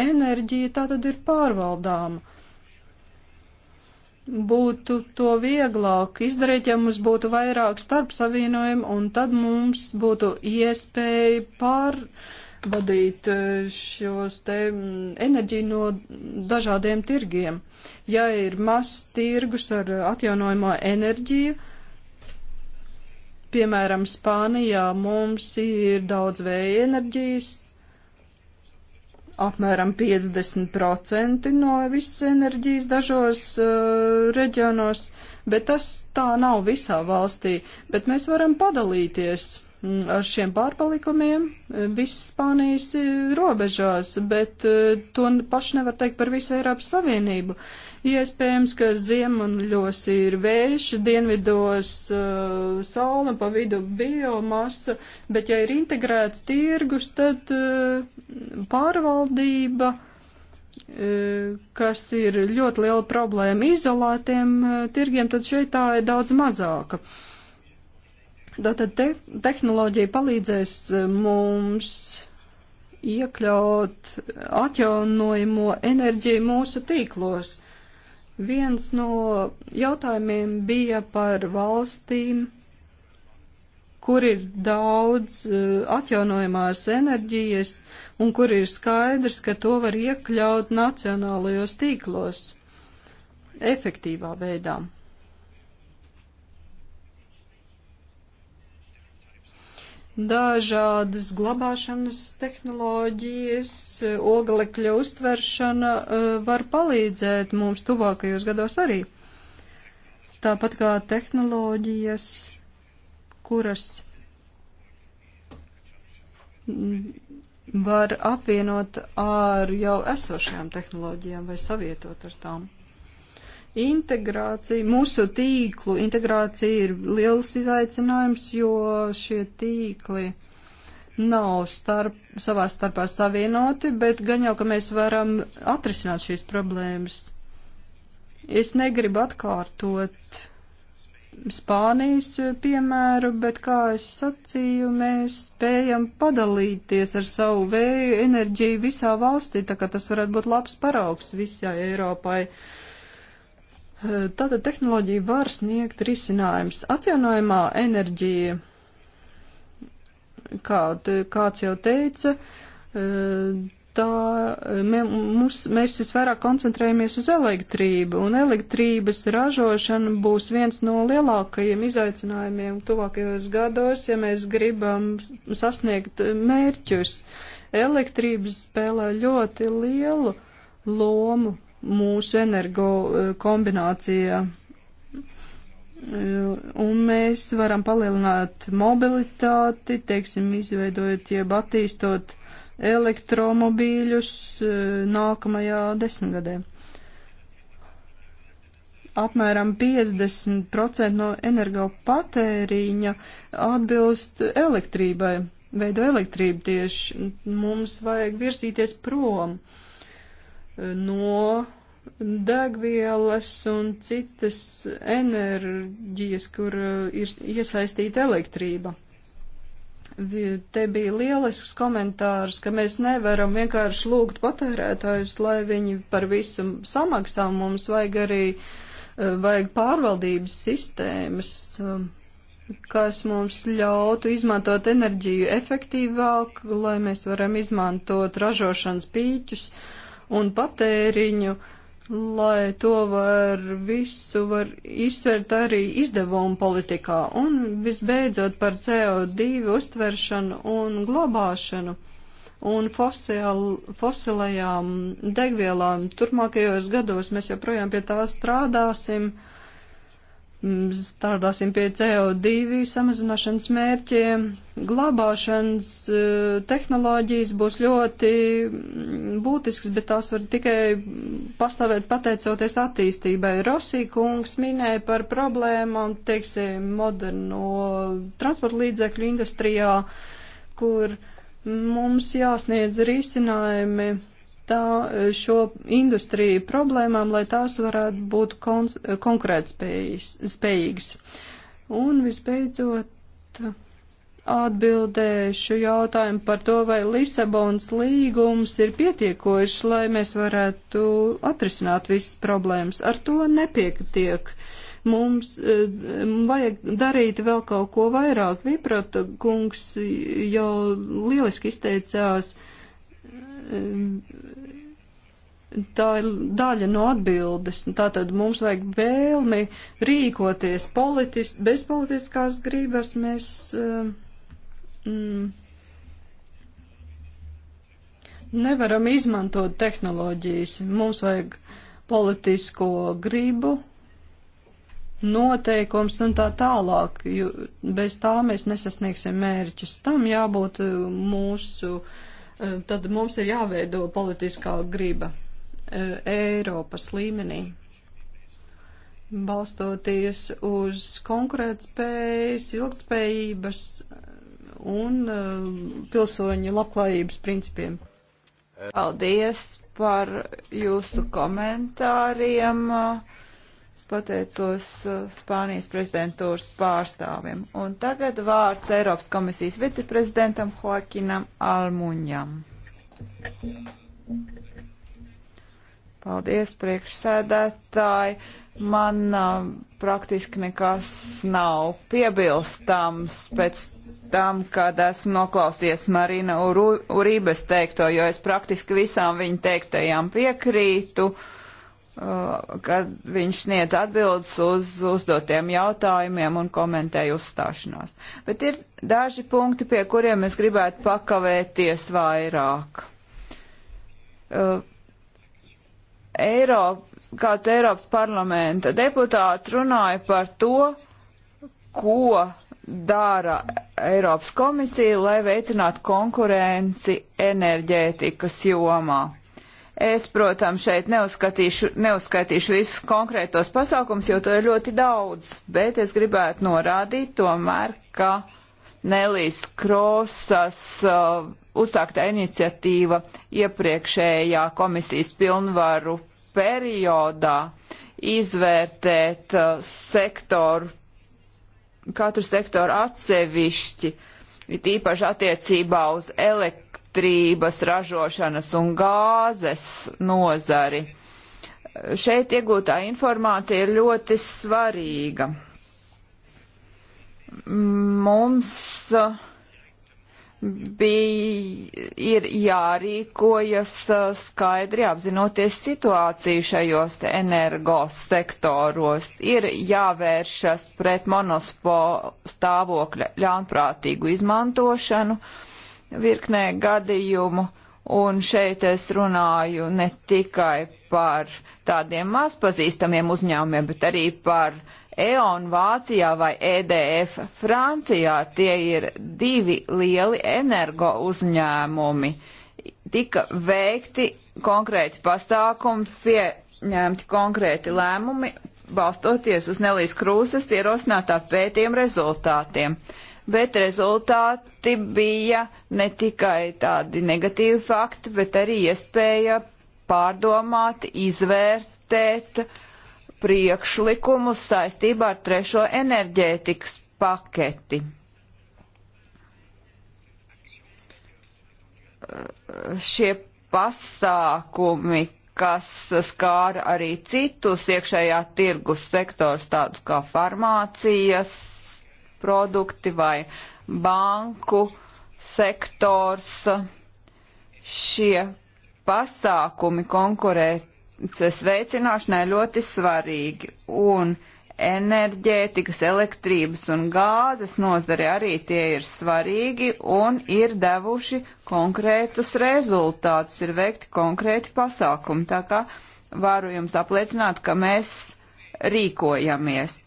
enerģija tā tad ir pārvaldāma būtu to vieglāk izdarīt, ja mums būtu vairāk starp savienojumu, un tad mums būtu iespēja pār, vadīt e, šos te enerģiju no dažādiem tirgiem. Ja ir mazs tirgus ar atjaunojamo enerģiju, piemēram, Spānijā mums ir daudz vēja enerģijas, apmēram 50% no visas enerģijas dažos uh, reģionos, bet tas tā nav visā valstī, bet mēs varam padalīties Mm, ar šiem pārpalikumiem eh, viss Spānijas eh, robežās, bet eh, to paši nevar teikt par visu Eiropas Savienību. Iespējams, ka ziemeļos ir vējš, dienvidos uh, saule, pa vidu biomasa, bet ja ir integrēts tirgus, tad uh, pārvaldība uh, kas ir ļoti liela problēma izolētiem tirgiem, tad šeit tā ir daudz mazāka. Uh, Tātad te, tehnoloģija palīdzēs e, mums iekļaut atjaunojamo enerģiju mūsu tīklos. Viens no jautājumiem bija par valstīm, kur ir daudz e, atjaunojamās enerģijas un kur ir skaidrs, ka to var iekļaut nacionālajos tīklos efektīvā veidā. dažādas glabāšanas tehnoloģijas, oglekļa uztveršana e, var palīdzēt mums tuvākajos gados arī. Tāpat kā tehnoloģijas, kuras var apvienot ar jau esošajām tehnoloģijām vai savietot ar tām. Integrācija, mūsu tīklu integrācija ir liels izaicinājums, jo šie tīkli nav starp, savā starpā savienoti, bet gan jau, ka mēs varam atrisināt šīs problēmas. Es negribu atkārtot Spānijas piemēru, bet, kā es sacīju, mēs spējam padalīties ar savu vēju enerģiju visā valstī, tā kā tas varētu būt labs paraugs visai Eiropai. Uh, Tātad tehnoloģija var sniegt risinājums. Atjaunojumā enerģija, kā, kāds jau teica, tā, mums, mēs visvairāk koncentrējamies uz elektrību, un elektrības ražošana būs viens no lielākajiem izaicinājumiem tuvākajos gados, ja mēs gribam sasniegt mērķus. Elektrības spēlē ļoti lielu lomu mūsu energo e, kombinācija. E, un mēs varam palielināt mobilitāti, teiksim, izveidojot, jeb attīstot elektromobīļus e, nākamajā desmitgadē. Apmēram 50% no energopatēriņa atbilst elektrībai, veido elektrību tieši. Mums vajag virzīties prom. Uh, no degvielas un citas enerģijas, kur uh, ir iesaistīta elektrība. Te bija lielisks komentārs, ka mēs nevaram vienkārši lūgt patērētājus, lai viņi par visu samaksā. Mums vajag arī uh, vajag pārvaldības sistēmas, um, kas mums ļautu izmantot enerģiju efektīvāk, lai mēs varam izmantot ražošanas pīķus. Uh, un patēriņu, lai to var visu var izsvērt arī izdevumu politikā un visbeidzot par CO2 uztveršanu un glabāšanu un fosil, fosilajām degvielām. Turmākajos gados mēs joprojām pie tā strādāsim strādāsim pie CO2 samazināšanas mērķiem. Glabāšanas e, tehnoloģijas būs ļoti būtisks, bet tās var tikai pastāvēt pateicoties attīstībai. Rosī kungs minēja par problēmām, teiksim, moderno transporta līdzekļu industrijā, kur mums jāsniedz risinājumi tā, eh, šo industriju problēmām, lai tās varētu būt eh, konkurētspējīgas. Un visbeidzot atbildēšu jautājumu par to, vai Lisabons līgums ir pietiekošs, lai mēs varētu atrisināt visas problēmas. Ar to nepietiek. Mums eh, vajag darīt vēl kaut ko vairāk. Viprata kungs jau lieliski izteicās uh, tā ir daļa no atbildes. Tātad mums vajag vēlmi rīkoties politis, bez politiskās gribas. Mēs, eh, mm, Nevaram izmantot tehnoloģijas. Mums vajag politisko gribu, noteikums un tā tālāk, jo bez tā mēs nesasniegsim mērķus. Tam jābūt eh, mūsu uh, tad mums ir jāveido politiskā griba e, Eiropas līmenī, balstoties uz konkurētspējas, ilgtspējības un e, pilsoņu labklājības principiem. Paldies par jūsu komentāriem. Uh, Es pateicos uh, Spānijas prezidentūras pārstāvim. Un tagad vārds Eiropas komisijas viceprezidentam Joakinam Almuņam. Paldies, priekšsēdētāji. Man uh, praktiski nekas nav piebilstams pēc tam, kad esmu noklausies Marina Urības teikto, jo es praktiski visām viņa teiktajām piekrītu. Uh, Uh, kad viņš sniedz atbildes uz uzdotiem jautājumiem un komentēja uzstāšanos. Bet ir daži punkti, pie kuriem es gribētu pakavēties vairāk. Uh, Eiropas, kāds Eiropas parlamenta deputāts runāja par to, ko dara Eiropas komisija, lai veicinātu konkurenci enerģētikas jomā Es, protams, šeit neuzskatīšu, neuzskatīšu visus konkrētos pasākums, jo to ir ļoti daudz, bet es gribētu norādīt tomēr, ka Nelijas Krosas uh, uzsāktā iniciatīva iepriekšējā komisijas pilnvaru periodā izvērtēt uh, sektoru, katru sektoru atsevišķi, it īpaši attiecībā uz elektrību elektrības ražošanas un gāzes nozari. Šeit iegūtā informācija ir ļoti svarīga. Mums mm, bija, ir jārīkojas mm, skaidri apzinoties situāciju šajos energosektoros, ir jāvēršas pret monospo stāvokļa ļaunprātīgu izmantošanu. Uh, virknē gadījumu. Un šeit es runāju ne tikai par tādiem mazpazīstamiem uzņēmumiem, bet arī par E.ON Vācijā vai EDF Francijā. Tie ir divi lieli energo uzņēmumi. Tika veikti konkrēti pasākumi, pieņemti konkrēti lēmumi, balstoties uz Nelijas Krūzes ierosinātā pētījuma rezultātiem. Uh, bet rezultāti bija ne tikai tādi negatīvi fakti, bet arī iespēja pārdomāt, izvērtēt priekšlikumus saistībā ar trešo enerģētikas paketi. Šie pasākumi, kas skāra arī citus iekšējā tirgus sektors, tādus kā farmācijas, produkti vai banku sektors. Šie pasākumi konkurences veicināšanai ļoti svarīgi, un enerģētikas, elektrības un gāzes nozari arī tie ir svarīgi un ir devuši konkrētus rezultātus, ir veikti konkrēti pasākumi. Tā kā varu jums apliecināt, ka mēs rīkojamies.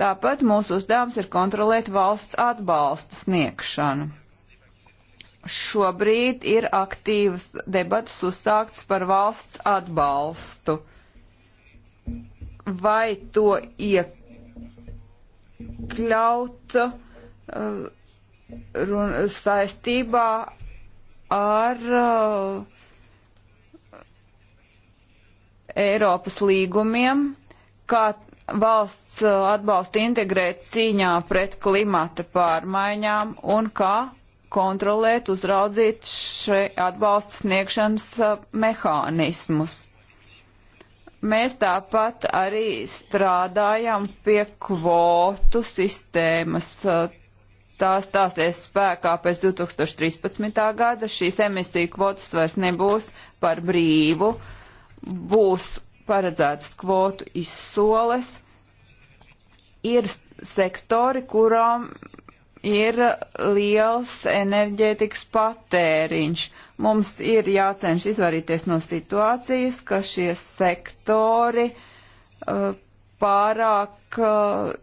Tāpat mūsu uzdevums ir kontrolēt valsts atbalsta sniegšanu. Šobrīd ir aktīvas debatas uzsākts par valsts atbalstu. Vai to iekļaut uh, run, saistībā ar uh, Eiropas līgumiem, kā valsts uh, atbalstu integrēt cīņā pret klimata pārmaiņām un kā kontrolēt, uzraudzīt šai atbalsta sniegšanas uh, mehānismus. Mēs tāpat arī strādājam pie kvotu sistēmas. Uh, tā stāsies spēkā pēc 2013. gada. Šīs emisiju kvotas vairs nebūs par brīvu. Būs paredzētas kvotu izsoles. Ir sektori, kurām ir liels enerģētikas patēriņš. Mums ir jācenš izvarīties no situācijas, ka šie sektori uh, pārāk uh,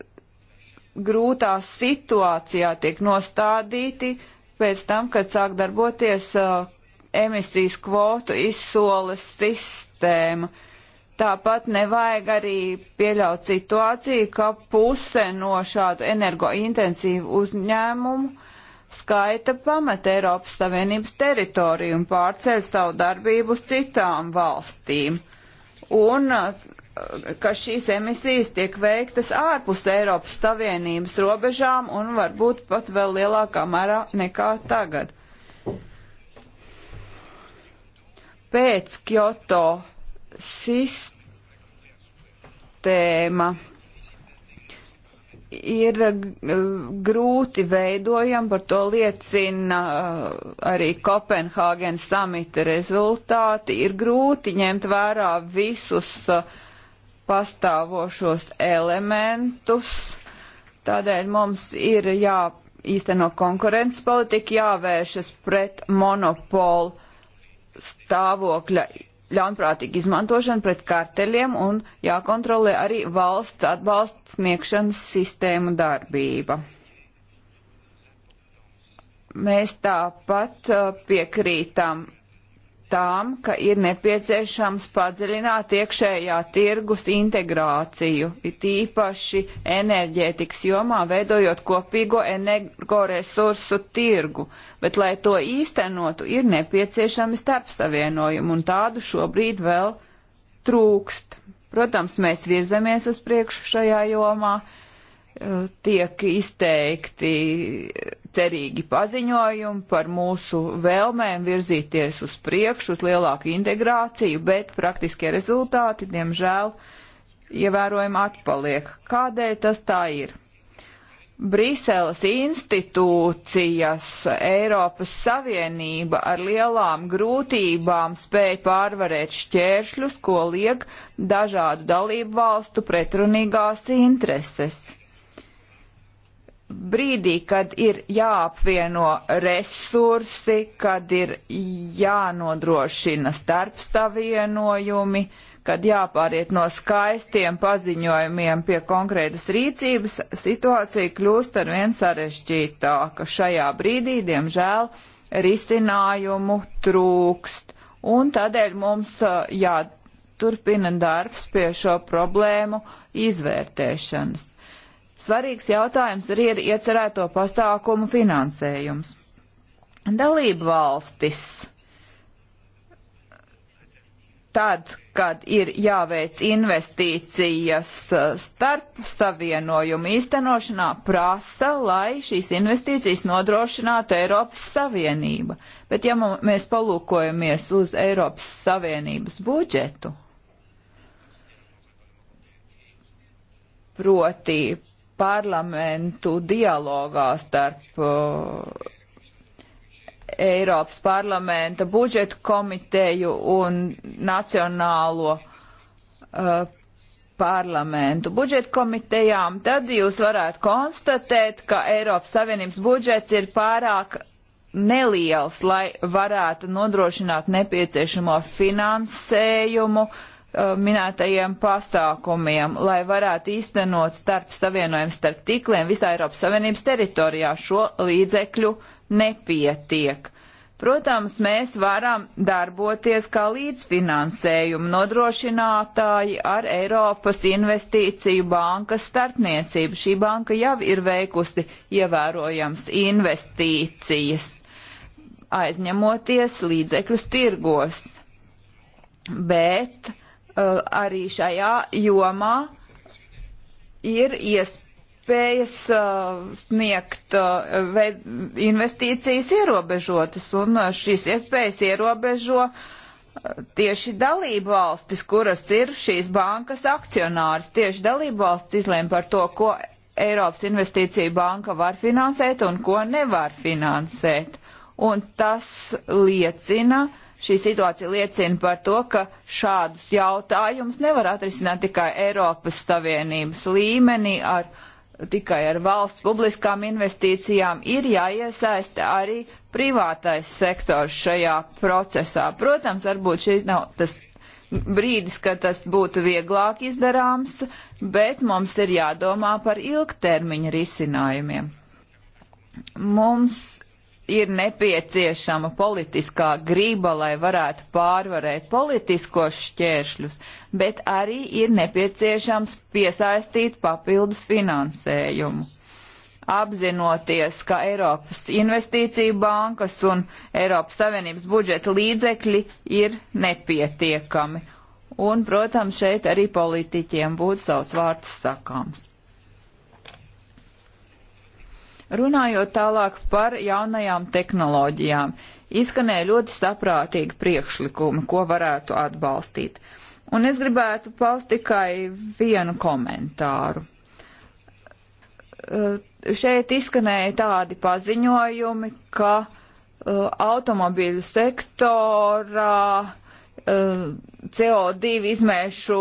grūtā situācijā tiek nostādīti pēc tam, kad sāk darboties uh, emisijas kvotu izsoles sistēma. Uh, Tāpat nevajag arī pieļaut situāciju, ka puse no šādu energointensīvu uzņēmumu skaita pamet Eiropas Savienības teritoriju un pārceļ savu darbību uz citām valstīm. Un eh, ka šīs emisijas tiek veiktas ārpus Eiropas Savienības robežām un varbūt pat vēl lielākā mērā nekā tagad. Pēc Kyoto sistēma ir uh, grūti veidojama, par to liecina uh, arī Kopenhāgenes samita rezultāti. Ir grūti ņemt vērā visus uh, pastāvošos elementus, tādēļ mums ir jāīsteno konkurences politika, jāvēršas pret monopolu stāvokļa ļaunprātīga izmantošana pret karteļiem un jākontrolē arī valsts atbalsts sniegšanas sistēmu darbība. Mēs tāpat uh, piekrītam tām, ka ir nepieciešams padziļināt iekšējā tirgus integrāciju, it īpaši enerģētikas jomā, veidojot kopīgo energoresursu tirgu. Bet, lai to īstenotu, ir nepieciešami starpsavienojumi, un tādu šobrīd vēl trūkst. Protams, mēs virzamies uz priekšu šajā jomā, tiek izteikti cerīgi paziņojumi par mūsu vēlmēm virzīties uz priekšu, uz lielāku integrāciju, bet praktiskie rezultāti, diemžēl, ievērojami atpaliek. Kādēļ tas tā ir? Briseles institūcijas, Eiropas Savienība ar lielām grūtībām spēja pārvarēt šķēršļus, ko liek dažādu dalību valstu pretrunīgās intereses brīdī, kad ir jāapvieno resursi, kad ir jānodrošina starpstavienojumi, kad jāpāriet no skaistiem paziņojumiem pie konkrētas rīcības, situācija kļūst ar vien sarežģītāka. Šajā brīdī, diemžēl, risinājumu trūkst, un tādēļ mums jāturpina darbs pie šo problēmu izvērtēšanas Svarīgs jautājums arī ir iecerēto pasākumu finansējums. Dalību valstis tad, kad ir jāveic investīcijas uh, starp savienojumu īstenošanā, prasa, lai šīs investīcijas nodrošinātu Eiropas Savienība. Bet ja mēs palūkojamies uz Eiropas Savienības budžetu, proti parlamentu dialogā starp uh, Eiropas parlamenta budžeta komiteju un nacionālo uh, parlamentu budžeta komitejām, tad jūs varētu konstatēt, ka Eiropas Savienības budžets ir pārāk neliels, lai varētu nodrošināt nepieciešamo finansējumu uh, Uh, minētajiem pasākumiem, lai varētu īstenot starp savienojumu starp tikliem visā Eiropas Savienības teritorijā. Šo līdzekļu nepietiek. Protams, mēs varam darboties kā līdzfinansējumu nodrošinātāji ar Eiropas investīciju bankas starpniecību. Šī banka jau ir veikusi ievērojams investīcijas, aizņemoties līdzekļus tirgos. Bet uh, Uh, arī šajā jomā ir iespējas uh, sniegt uh, investīcijas ierobežotas, un šīs iespējas ierobežo tieši dalību valstis, kuras ir šīs bankas akcionārs. Tieši dalību valstis izlēma par to, ko Eiropas investīcija banka var finansēt un ko nevar finansēt. Un tas liecina, uh, Šī situācija liecina par to, ka šādus jautājumus nevar atrisināt tikai Eiropas Savienības līmenī ar tikai ar valsts publiskām investīcijām ir jāiesaista arī privātais sektors šajā procesā. Protams, varbūt šis nav tas brīdis, kad tas būtu vieglāk izdarāms, bet mums ir jādomā par ilgtermiņa risinājumiem. Mums ir nepieciešama politiskā grība, lai varētu pārvarēt politiskos šķēršļus, bet arī ir nepieciešams piesaistīt papildus finansējumu. Apzinoties, ka Eiropas investīcija bankas un Eiropas Savienības budžeta līdzekļi ir nepietiekami. Un, protams, šeit arī politiķiem būtu savs vārds sakāms. Runājot tālāk par jaunajām tehnoloģijām, izskanēja ļoti saprātīgi priekšlikumi, ko varētu atbalstīt. Un es gribētu paust tikai vienu komentāru. Uh, šeit izskanēja tādi paziņojumi, ka uh, automobīļu sektorā uh, CO2 izmēšu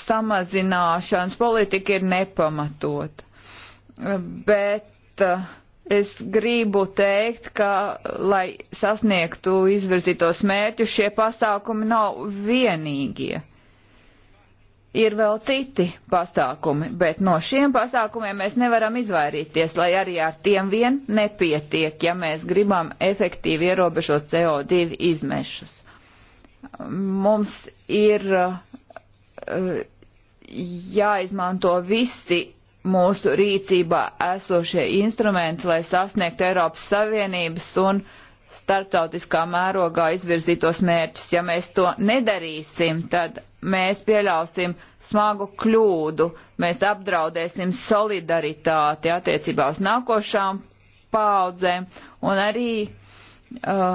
samazināšanas politika ir nepamatota. Bet Eh, es gribu teikt, ka, lai sasniegtu izvirzītos mērķus, šie pasākumi nav vienīgie. Ir vēl citi pasākumi, bet no šiem pasākumiem mēs nevaram izvairīties, lai arī ar tiem vien nepietiek, ja mēs gribam efektīvi ierobežot CO2 izmešus. Mums ir uh, jāizmanto visi mūsu rīcībā esošie instrumenti, lai sasniegtu Eiropas Savienības un starptautiskā mērogā izvirzītos mērķus. Ja mēs to nedarīsim, tad mēs pieļausim smagu kļūdu, mēs apdraudēsim solidaritāti attiecībā uz nākošām paudzēm un arī uh,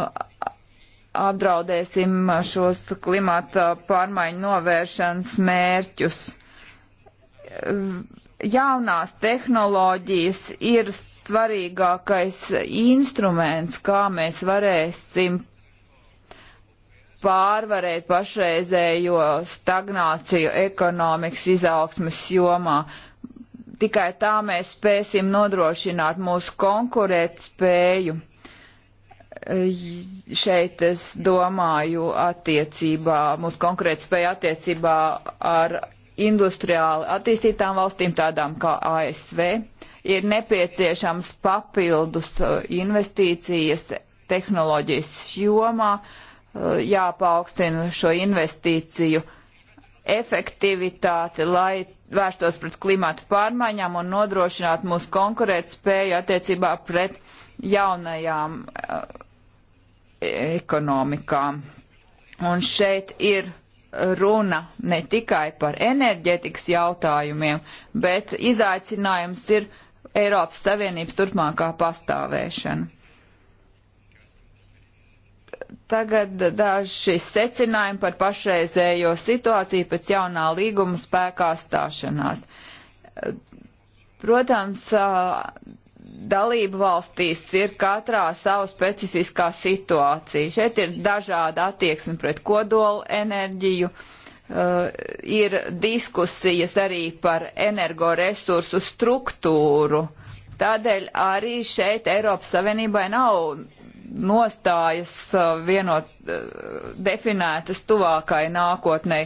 apdraudēsim šos klimata pārmaiņu novēršanas mērķus. Uh, jaunās tehnoloģijas ir svarīgākais instruments, kā mēs varēsim pārvarēt pašreizējo stagnāciju ekonomikas izaugsmas jomā. Tikai tā mēs spēsim nodrošināt mūsu konkurētspēju. Šeit es domāju attiecībā, mūsu konkurētspēju attiecībā ar industriāli attīstītām valstīm, tādām kā ASV, ir nepieciešams papildus uh, investīcijas tehnoloģijas jomā, uh, jāpaukstina šo investīciju efektivitāti, lai vērstos pret klimatu pārmaiņām un nodrošinātu mūsu konkurētspēju attiecībā pret jaunajām uh, ekonomikām. Un šeit ir runa ne tikai par enerģetikas jautājumiem, bet izaicinājums ir Eiropas Savienības turpmākā pastāvēšana. Tagad daži secinājumi par pašreizējo situāciju pēc jaunā līguma spēkā stāšanās. Protams, dalību valstīs ir katrā sava specifiskā situācija. Šeit ir dažāda attieksme pret kodolu enerģiju, uh, ir diskusijas arī par energoresursu struktūru. Tādēļ arī šeit Eiropas Savienībai nav nostājas uh, vienot uh, definētas tuvākai nākotnei.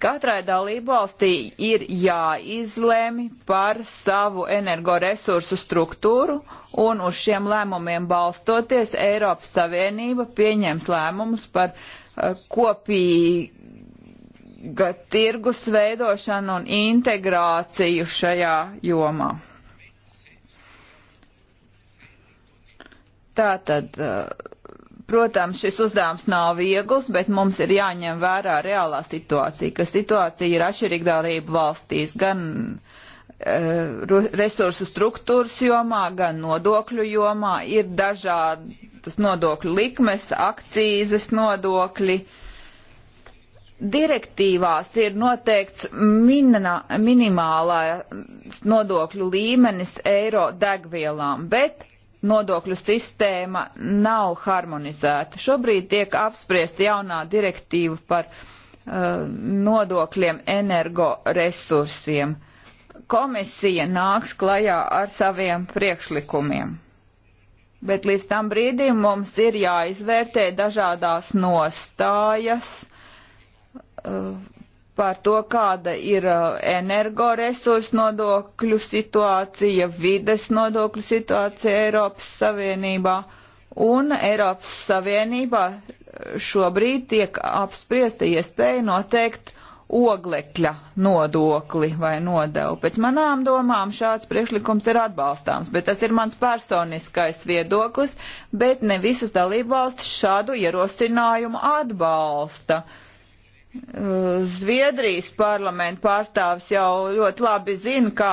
Katrai dalību valstī ir jāizlēmi par savu energoresursu struktūru, un uz šiem lēmumiem balstoties Eiropas Savienība pieņems lēmumus par eh, kopīga tirgus veidošanu un integrāciju šajā jomā. Tātad. Uh, Protams, šis uzdevums nav viegls, bet mums ir jāņem vērā reālā situācija, ka situācija ir atšķirīga dalību valstīs, gan e, resursu struktūras jomā, gan nodokļu jomā. Ir dažādas nodokļu likmes, akcīzes nodokļi. Direktīvās ir noteikts minna, minimālais nodokļu līmenis eiro degvielām, bet nodokļu sistēma nav harmonizēta. Šobrīd tiek apspriesta jaunā direktīva par uh, nodokļiem energoresursiem. Komisija nāks klajā ar saviem priekšlikumiem. Bet līdz tam brīdim mums ir jāizvērtē dažādās nostājas, uh, par to, kāda ir uh, energoresursu nodokļu situācija, vides nodokļu situācija Eiropas Savienībā. Un Eiropas Savienībā uh, šobrīd tiek apspriesta iespēja noteikt oglekļa nodokli vai nodevu. Pēc manām domām šāds priekšlikums ir atbalstāms, bet tas ir mans personiskais viedoklis, bet ne visas dalībvalstis šādu ierosinājumu atbalsta. Uh, Eh, Zviedrijas parlamenta pārstāvis jau ļoti labi zina, kā,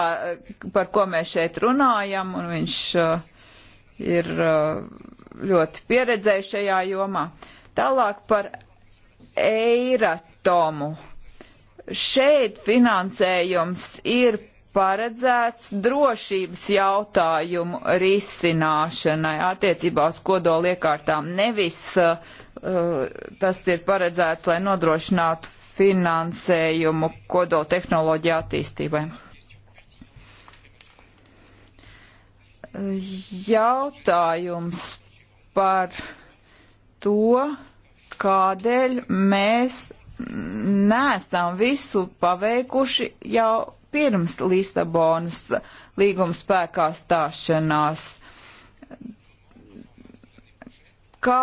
par ko mēs šeit runājam, un viņš eh, ir eh, ļoti pieredzējis šajā jomā. Tālāk par Eiratomu. Šeit finansējums ir paredzēts drošības jautājumu risināšanai attiecībā uz kodoliekārtām. Nevis uh, uh, tas ir paredzēts, lai nodrošinātu finansējumu kodoltehnoloģiju attīstībai. Jautājums par to, kādēļ mēs nesam visu paveikuši jau pirms Lisabonas līguma spēkā stāšanās. Kā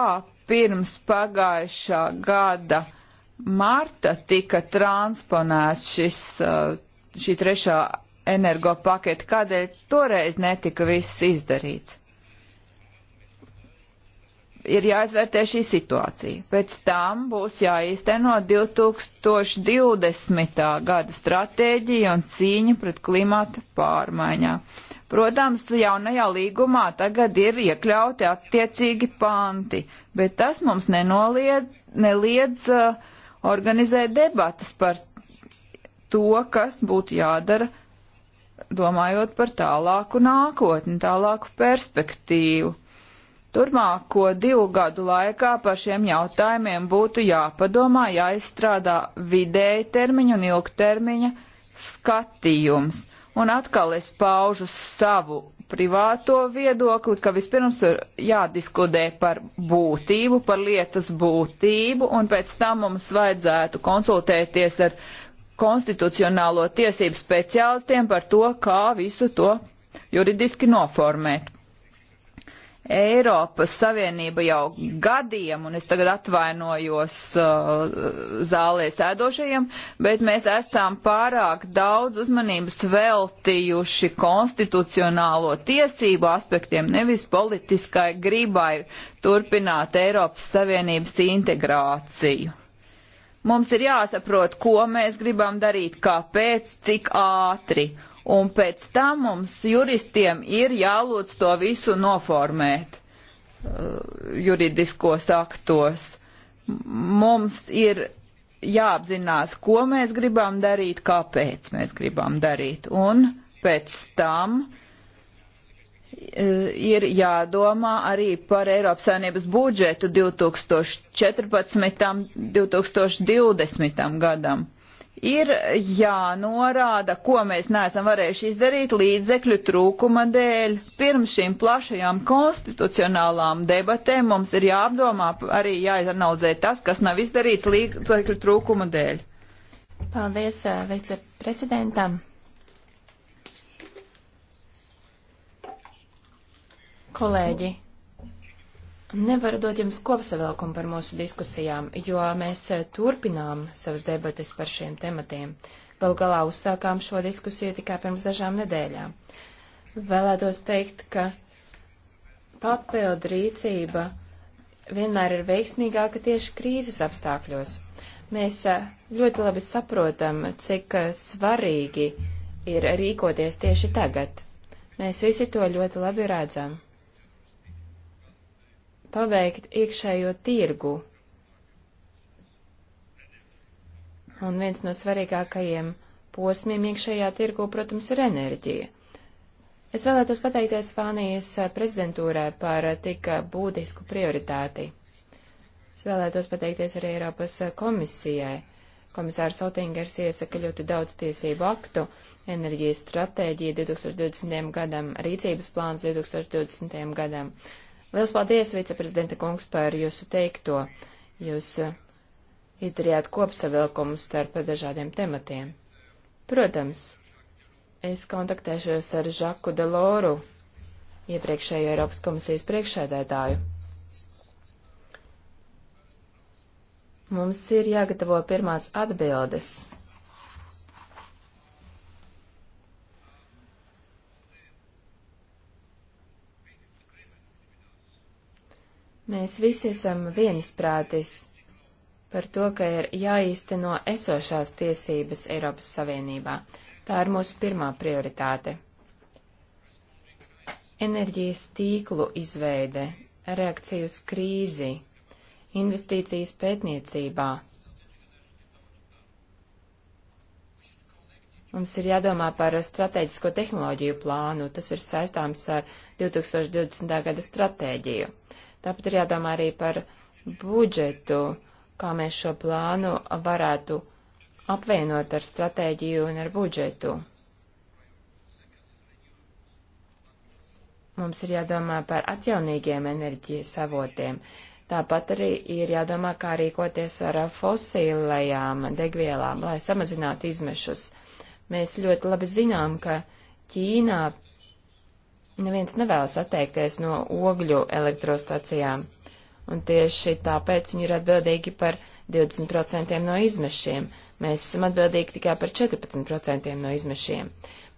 pirms pagājušā gada marta tika transponēts šis, uh, šī trešā energo paketa, kādēļ toreiz netika viss izdarīts? ir jāizvērtē šī situācija. Pēc tam būs jāīsteno 2020. gada stratēģija un cīņa pret klimata pārmaiņām. Protams, jaunajā līgumā tagad ir iekļauti attiecīgi panti, bet tas mums nenoliedz, neliedz uh, organizēt debatas par to, kas būtu jādara, domājot par tālāku nākotni, tālāku perspektīvu Turmāko divu gadu laikā par šiem jautājumiem būtu jāpadomā, jāizstrādā vidēji termiņa un ilgtermiņa skatījums. Un atkal es paužu savu privāto viedokli, ka vispirms ir jādiskutē par būtību, par lietas būtību, un pēc tam mums vajadzētu konsultēties ar konstitucionālo tiesību speciālistiem par to, kā visu to juridiski noformēt. Eiropas Savienība jau gadiem, un es tagad atvainojos uh, zālē sēdošajiem, bet mēs esam pārāk daudz uzmanības veltījuši konstitucionālo tiesību aspektiem, nevis politiskai gribai turpināt Eiropas Savienības integrāciju. Mums ir jāsaprot, ko mēs gribam darīt, kāpēc, cik ātri un pēc tam mums juristiem ir jālūdz to visu noformēt uh, juridiskos aktos. Mums ir jāapzinās, ko mēs gribam darīt, kāpēc mēs gribam darīt, un pēc tam uh, ir jādomā arī par Eiropas Savienības budžetu 2014. un 2020. gadam ir jānorāda, ko mēs neesam varējuši izdarīt līdzekļu trūkuma dēļ. Pirms šīm plašajām konstitucionālām debatēm mums ir jāapdomā arī jāizanalizē tas, kas nav izdarīts līdzekļu trūkuma dēļ. Paldies eh, viceprezidentam. Kolēģi, Nevaru dot jums kopsavilkumu par mūsu diskusijām, jo mēs eh, turpinām savas debates par šiem tematiem. Galu galā uzsākām šo diskusiju tikai pirms dažām nedēļām. Vēlētos teikt, ka papildu rīcība vienmēr ir veiksmīgāka tieši krīzes apstākļos. Mēs eh, ļoti labi saprotam, cik eh, svarīgi ir rīkoties tieši tagad. Mēs visi to ļoti labi redzam paveikt iekšējo tirgu. Un viens no svarīgākajiem posmiem iekšējā tirgu, protams, ir enerģija. Es vēlētos pateikties Spānijas prezidentūrai par tik būtisku prioritāti. Es vēlētos pateikties arī Eiropas komisijai. Komisārs Otingers iesaka ļoti daudz tiesību aktu, enerģijas stratēģija 2020. gadam, rīcības plāns 2020. gadam. Liels paldies, viceprezidenta kungs, par jūsu teikto. Jūs eh, izdarījāt kopsavilkumu starp dažādiem tematiem. Protams, es kontaktēšos ar Žaku Deloru, iepriekšējo Eiropas komisijas priekšsēdētāju. Mums ir jāgatavo pirmās atbildes Mēs visi esam viensprātis par to, ka ir jāīsteno esošās tiesības Eiropas Savienībā. Tā ir mūsu pirmā prioritāte. Enerģijas tīklu izveide, reakcija uz krīzi, investīcijas pētniecībā. Mums ir jādomā par strateģisko tehnoloģiju plānu, tas ir saistāms ar 2020. gada stratēģiju. Tāpat ir jādomā arī par budžetu, kā mēs šo plānu varētu apvienot ar stratēģiju un ar budžetu. Mums ir jādomā par atjaunīgiem enerģijas avotiem. Tāpat arī ir jādomā, kā rīkoties ar fosilējām degvielām, lai samazinātu izmešus. Mēs ļoti labi zinām, ka Ķīnā neviens nevēlas atteikties no ogļu elektrostacijām, un tieši tāpēc viņi ir atbildīgi par 20% no izmešiem. Mēs esam atbildīgi tikai par 14% no izmešiem.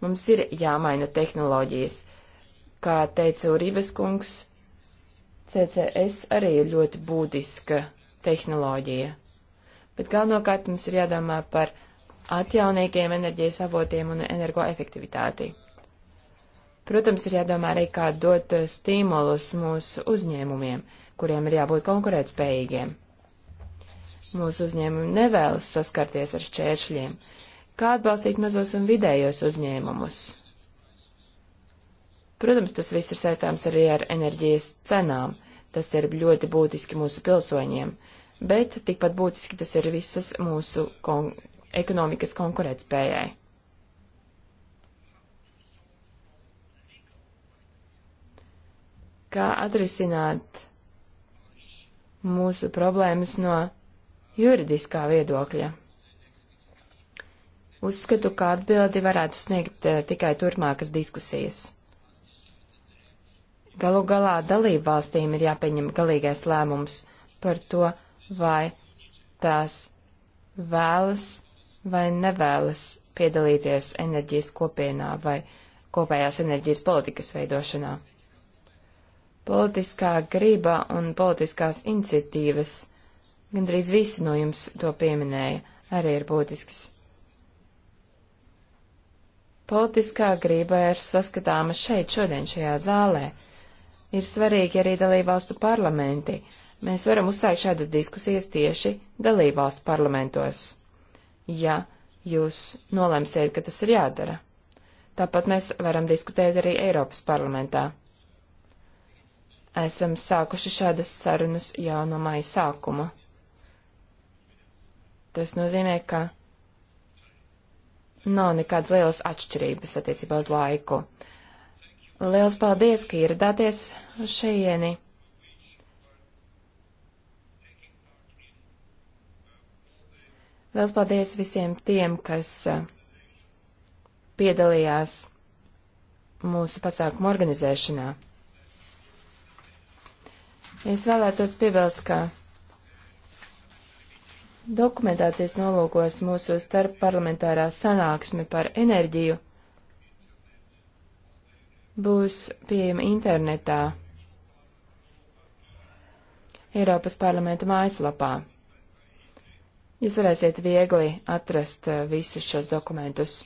Mums ir jāmaina tehnoloģijas. Kā teica Urības kungs, CCS arī ir ļoti būtiska tehnoloģija. Bet galvenokārt mums ir jādomā par atjaunīgiem enerģijas avotiem un energoefektivitāti. Protams, ir jādomā arī, kā dot eh, stimulus mūsu uzņēmumiem, kuriem ir jābūt konkurētspējīgiem. Mūsu uzņēmumi nevēlas saskarties ar šķēršļiem. Kā atbalstīt mazos un vidējos uzņēmumus? Protams, tas viss ir saistāms arī ar enerģijas cenām. Tas ir ļoti būtiski mūsu pilsoņiem, bet tikpat būtiski tas ir visas mūsu kon ekonomikas konkurētspējai. kā atrisināt mūsu problēmas no juridiskā viedokļa. Uzskatu, ka atbildi varētu sniegt eh, tikai turpmākas diskusijas. Galu galā dalību valstīm ir jāpieņem galīgais lēmums par to, vai tās vēlas vai nevēlas piedalīties enerģijas kopienā vai kopējās enerģijas politikas veidošanā. Politiskā griba un politiskās iniciatīvas, gandrīz visi no jums to pieminēja, arī ir būtisks. Politiskā griba ir saskatāma šeit šodien šajā zālē. Ir svarīgi arī dalībvalstu parlamenti. Mēs varam uzsākt šādas diskusijas tieši dalībvalstu parlamentos, ja jūs nolemsiet, ka tas ir jādara. Tāpat mēs varam diskutēt arī Eiropas parlamentā esam sākuši šādas sarunas jau no maija sākuma. Tas nozīmē, ka nav nekādas lielas atšķirības attiecībā uz laiku. Liels paldies, ka ieradāties uz šajieni. Liels paldies visiem tiem, kas uh, piedalījās mūsu pasākumu organizēšanā. Es vēlētos piebilst, ka dokumentācijas nolūkos mūsu starpparlamentārā sanāksme par enerģiju būs pieejama internetā Eiropas parlamenta mājaslapā. Jūs varēsiet viegli atrast eh, visus šos dokumentus.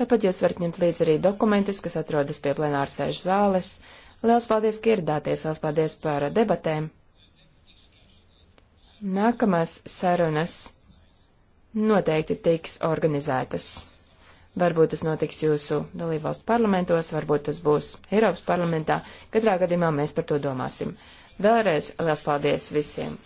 Tāpat jūs varat ņemt līdzi arī dokumentus, kas atrodas pie plenāra sēžu zāles. Liels paldies, ka ieradāties, liels paldies par debatēm. Nākamās sarunas noteikti tiks organizētas. Varbūt tas notiks jūsu dalībvalstu parlamentos, varbūt tas būs Eiropas parlamentā. Katrā gadījumā mēs par to domāsim. Vēlreiz liels paldies visiem!